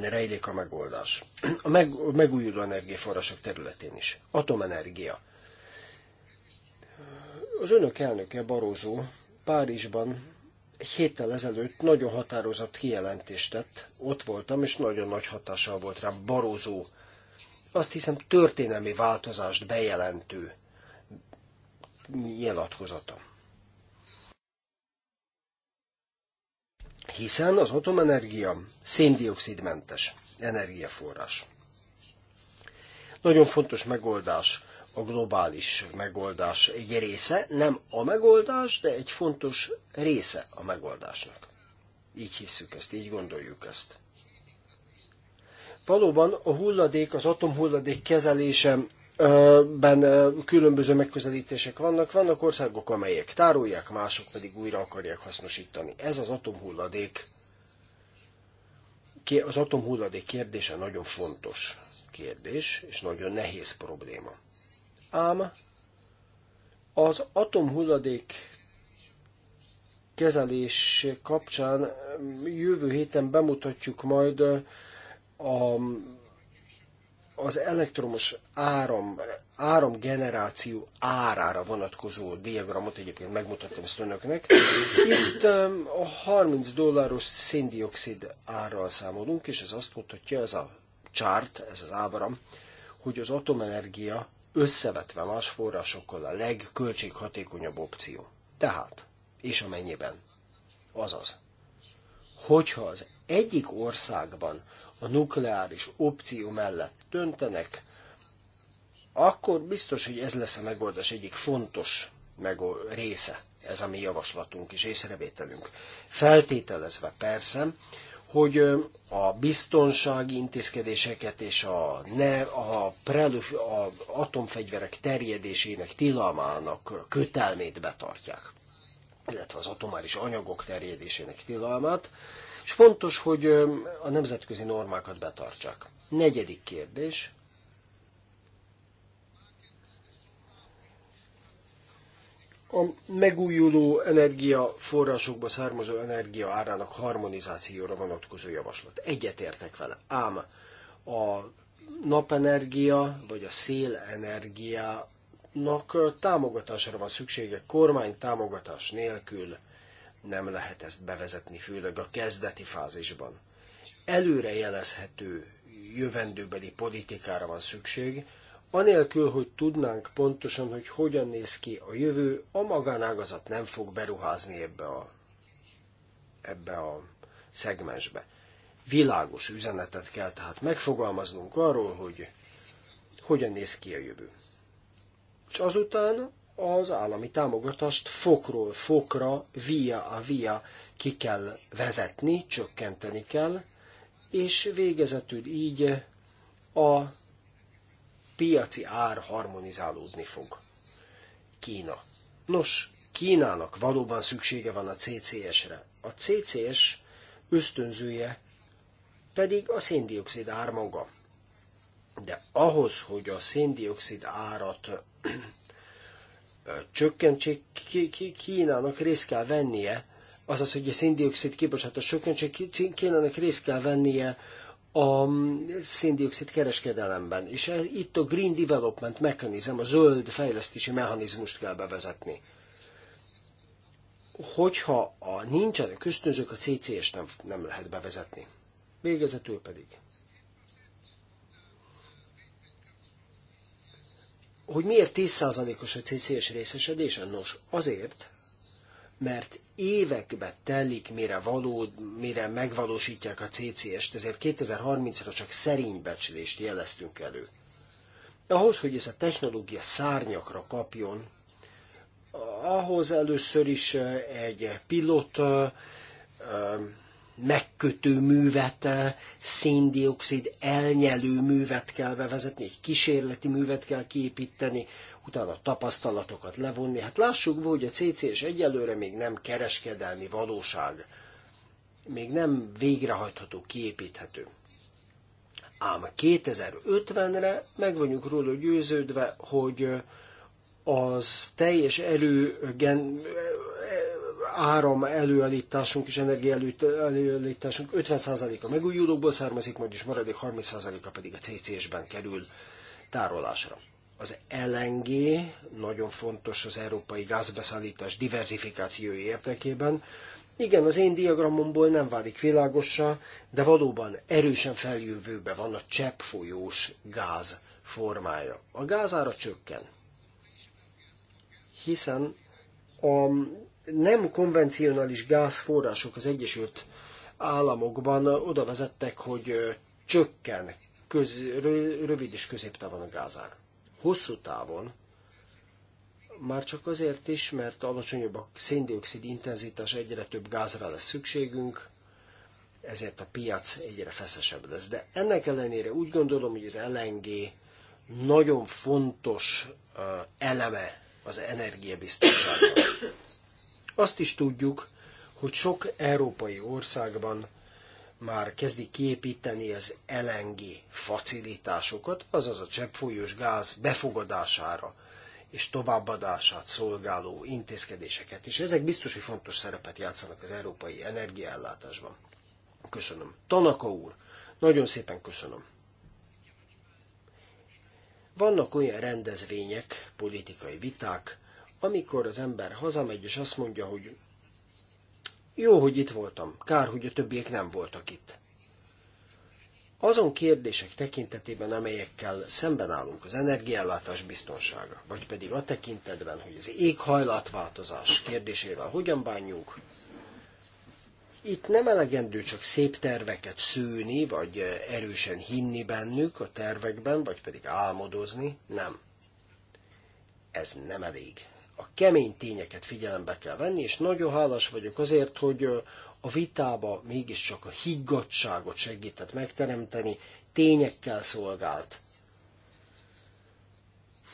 rejlik a megoldás. A meg, a megújuló energiaforrások területén is. Atomenergia. Az önök elnöke Barózó Párizsban egy héttel ezelőtt nagyon határozott kijelentést tett, ott voltam, és nagyon nagy hatással volt rám. Barózó. Azt hiszem történelmi változást bejelentő nyilatkozata. Hiszen az atomenergia széndiokszidmentes energiaforrás. Nagyon fontos megoldás a globális megoldás egy része, nem a megoldás, de egy fontos része a megoldásnak. Így hisszük ezt, így gondoljuk ezt. Valóban a hulladék, az atomhulladék kezelése ben különböző megközelítések vannak. Vannak országok, amelyek tárolják, mások pedig újra akarják hasznosítani. Ez az atomhulladék, az atomhulladék kérdése nagyon fontos kérdés, és nagyon nehéz probléma ám az atomhulladék kezelés kapcsán mm, jövő héten bemutatjuk majd a, az elektromos áram, áramgeneráció árára vonatkozó diagramot, egyébként megmutattam ezt önöknek. Itt a 30 dolláros széndiokszid árral számolunk, és ez azt mutatja, ez a chart, ez az ábra, hogy az atomenergia összevetve más forrásokkal a legköltséghatékonyabb opció. Tehát, és amennyiben. Azaz, hogyha az egyik országban a nukleáris opció mellett döntenek, akkor biztos, hogy ez lesz a megoldás egyik fontos megold- része, ez a mi javaslatunk és észrevételünk. Feltételezve persze, hogy a biztonsági intézkedéseket és a, ne, a, prelös, a atomfegyverek terjedésének tilalmának kötelmét betartják, illetve az atomáris anyagok terjedésének tilalmát, és fontos, hogy a nemzetközi normákat betartsák. Negyedik kérdés, a megújuló energiaforrásokba származó energia árának harmonizációra vonatkozó javaslat. Egyetértek vele, ám a napenergia vagy a szélenergiának támogatásra van szüksége, kormány támogatás nélkül nem lehet ezt bevezetni, főleg a kezdeti fázisban. Előrejelezhető jövendőbeli politikára van szükség, Anélkül, hogy tudnánk pontosan, hogy hogyan néz ki a jövő, a magánágazat nem fog beruházni ebbe a, ebbe a szegmensbe. Világos üzenetet kell tehát megfogalmaznunk arról, hogy hogyan néz ki a jövő. És azután az állami támogatást fokról fokra, via a via ki kell vezetni, csökkenteni kell, és végezetül így a piaci ár harmonizálódni fog. Kína. Nos, Kínának valóban szüksége van a CCS-re. A CCS ösztönzője pedig a széndiokszid ár maga. De ahhoz, hogy a széndiokszid árat csökkentsék, Kínának részt kell vennie, azaz, hogy a széndiokszid kibocsátás csökkentsék, Kínának részt kell vennie a széndiokszid kereskedelemben, és itt a Green Development Mechanism, a zöld fejlesztési mechanizmust kell bevezetni. Hogyha a nincsenek ösztönzők, a CCS nem, nem lehet bevezetni. Végezetül pedig. Hogy miért 10%-os a CCS részesedése? Nos, azért, mert évekbe telik, mire, való, mire megvalósítják a CCS-t, ezért 2030-ra csak szerénybecslést jeleztünk elő. Ahhoz, hogy ez a technológia szárnyakra kapjon, ahhoz először is egy pilot megkötő művet, széndiokszid elnyelő művet kell bevezetni, egy kísérleti művet kell kiépíteni, utána a tapasztalatokat levonni. Hát lássuk be, hogy a CCS egyelőre még nem kereskedelmi valóság, még nem végrehajtható, kiépíthető. Ám 2050-re meg vagyunk róla győződve, hogy az teljes erő, gen, áram előállításunk és energia előállításunk 50%-a megújulókból származik, majd is maradék 30%-a pedig a CCS-ben kerül tárolásra. Az LNG nagyon fontos az európai gázbeszállítás diversifikációja érdekében. Igen, az én diagramomból nem válik világossá, de valóban erősen feljövőbe van a folyós gáz formája. A gázára csökken, hiszen a nem konvencionális gázforrások az Egyesült Államokban oda vezettek, hogy csökken köz, rövid és középtávon a gázár hosszú távon, már csak azért is, mert alacsonyabb a széndiokszid intenzitás, egyre több gázra lesz szükségünk, ezért a piac egyre feszesebb lesz. De ennek ellenére úgy gondolom, hogy az LNG nagyon fontos eleme az energiabiztonságnak. Azt is tudjuk, hogy sok európai országban már kezdi kiépíteni az LNG facilitásokat, azaz a cseppfolyós gáz befogadására és továbbadását szolgáló intézkedéseket, és ezek biztos, hogy fontos szerepet játszanak az európai energiaellátásban. Köszönöm. Tanaka úr, nagyon szépen köszönöm. Vannak olyan rendezvények, politikai viták, amikor az ember hazamegy és azt mondja, hogy jó, hogy itt voltam. Kár, hogy a többiek nem voltak itt. Azon kérdések tekintetében, amelyekkel szemben állunk, az energiállátás biztonsága, vagy pedig a tekintetben, hogy az éghajlatváltozás kérdésével hogyan bánjunk, itt nem elegendő csak szép terveket szőni, vagy erősen hinni bennük a tervekben, vagy pedig álmodozni, nem. Ez nem elég a kemény tényeket figyelembe kell venni, és nagyon hálás vagyok azért, hogy a vitába mégiscsak a higgadságot segített megteremteni, tényekkel szolgált.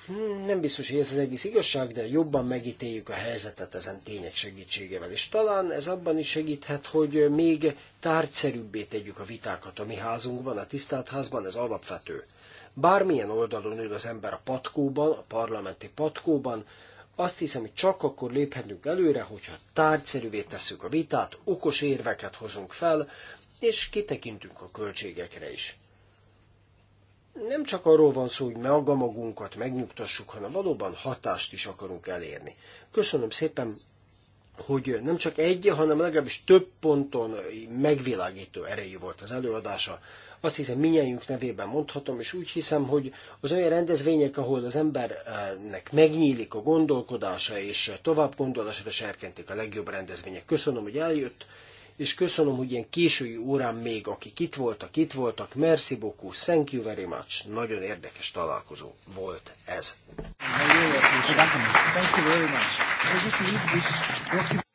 Hmm, nem biztos, hogy ez az egész igazság, de jobban megítéljük a helyzetet ezen tények segítségével. És talán ez abban is segíthet, hogy még tárgyszerűbbé tegyük a vitákat a mi házunkban, a tisztelt házban, ez alapvető. Bármilyen oldalon ül az ember a patkóban, a parlamenti patkóban, azt hiszem, hogy csak akkor léphetünk előre, hogyha tárgyszerűvé tesszük a vitát, okos érveket hozunk fel, és kitekintünk a költségekre is. Nem csak arról van szó, hogy maga magunkat megnyugtassuk, hanem valóban hatást is akarunk elérni. Köszönöm szépen, hogy nem csak egy, hanem legalábbis több ponton megvilágító erejű volt az előadása. Azt hiszem, minnyájunk nevében mondhatom, és úgy hiszem, hogy az olyan rendezvények, ahol az embernek megnyílik a gondolkodása, és tovább gondolásra serkentik a legjobb rendezvények. Köszönöm, hogy eljött, és köszönöm, hogy ilyen késői órán még, akik itt voltak, itt voltak. Merci beaucoup, thank you very much. Nagyon érdekes találkozó volt ez. Thank you very much.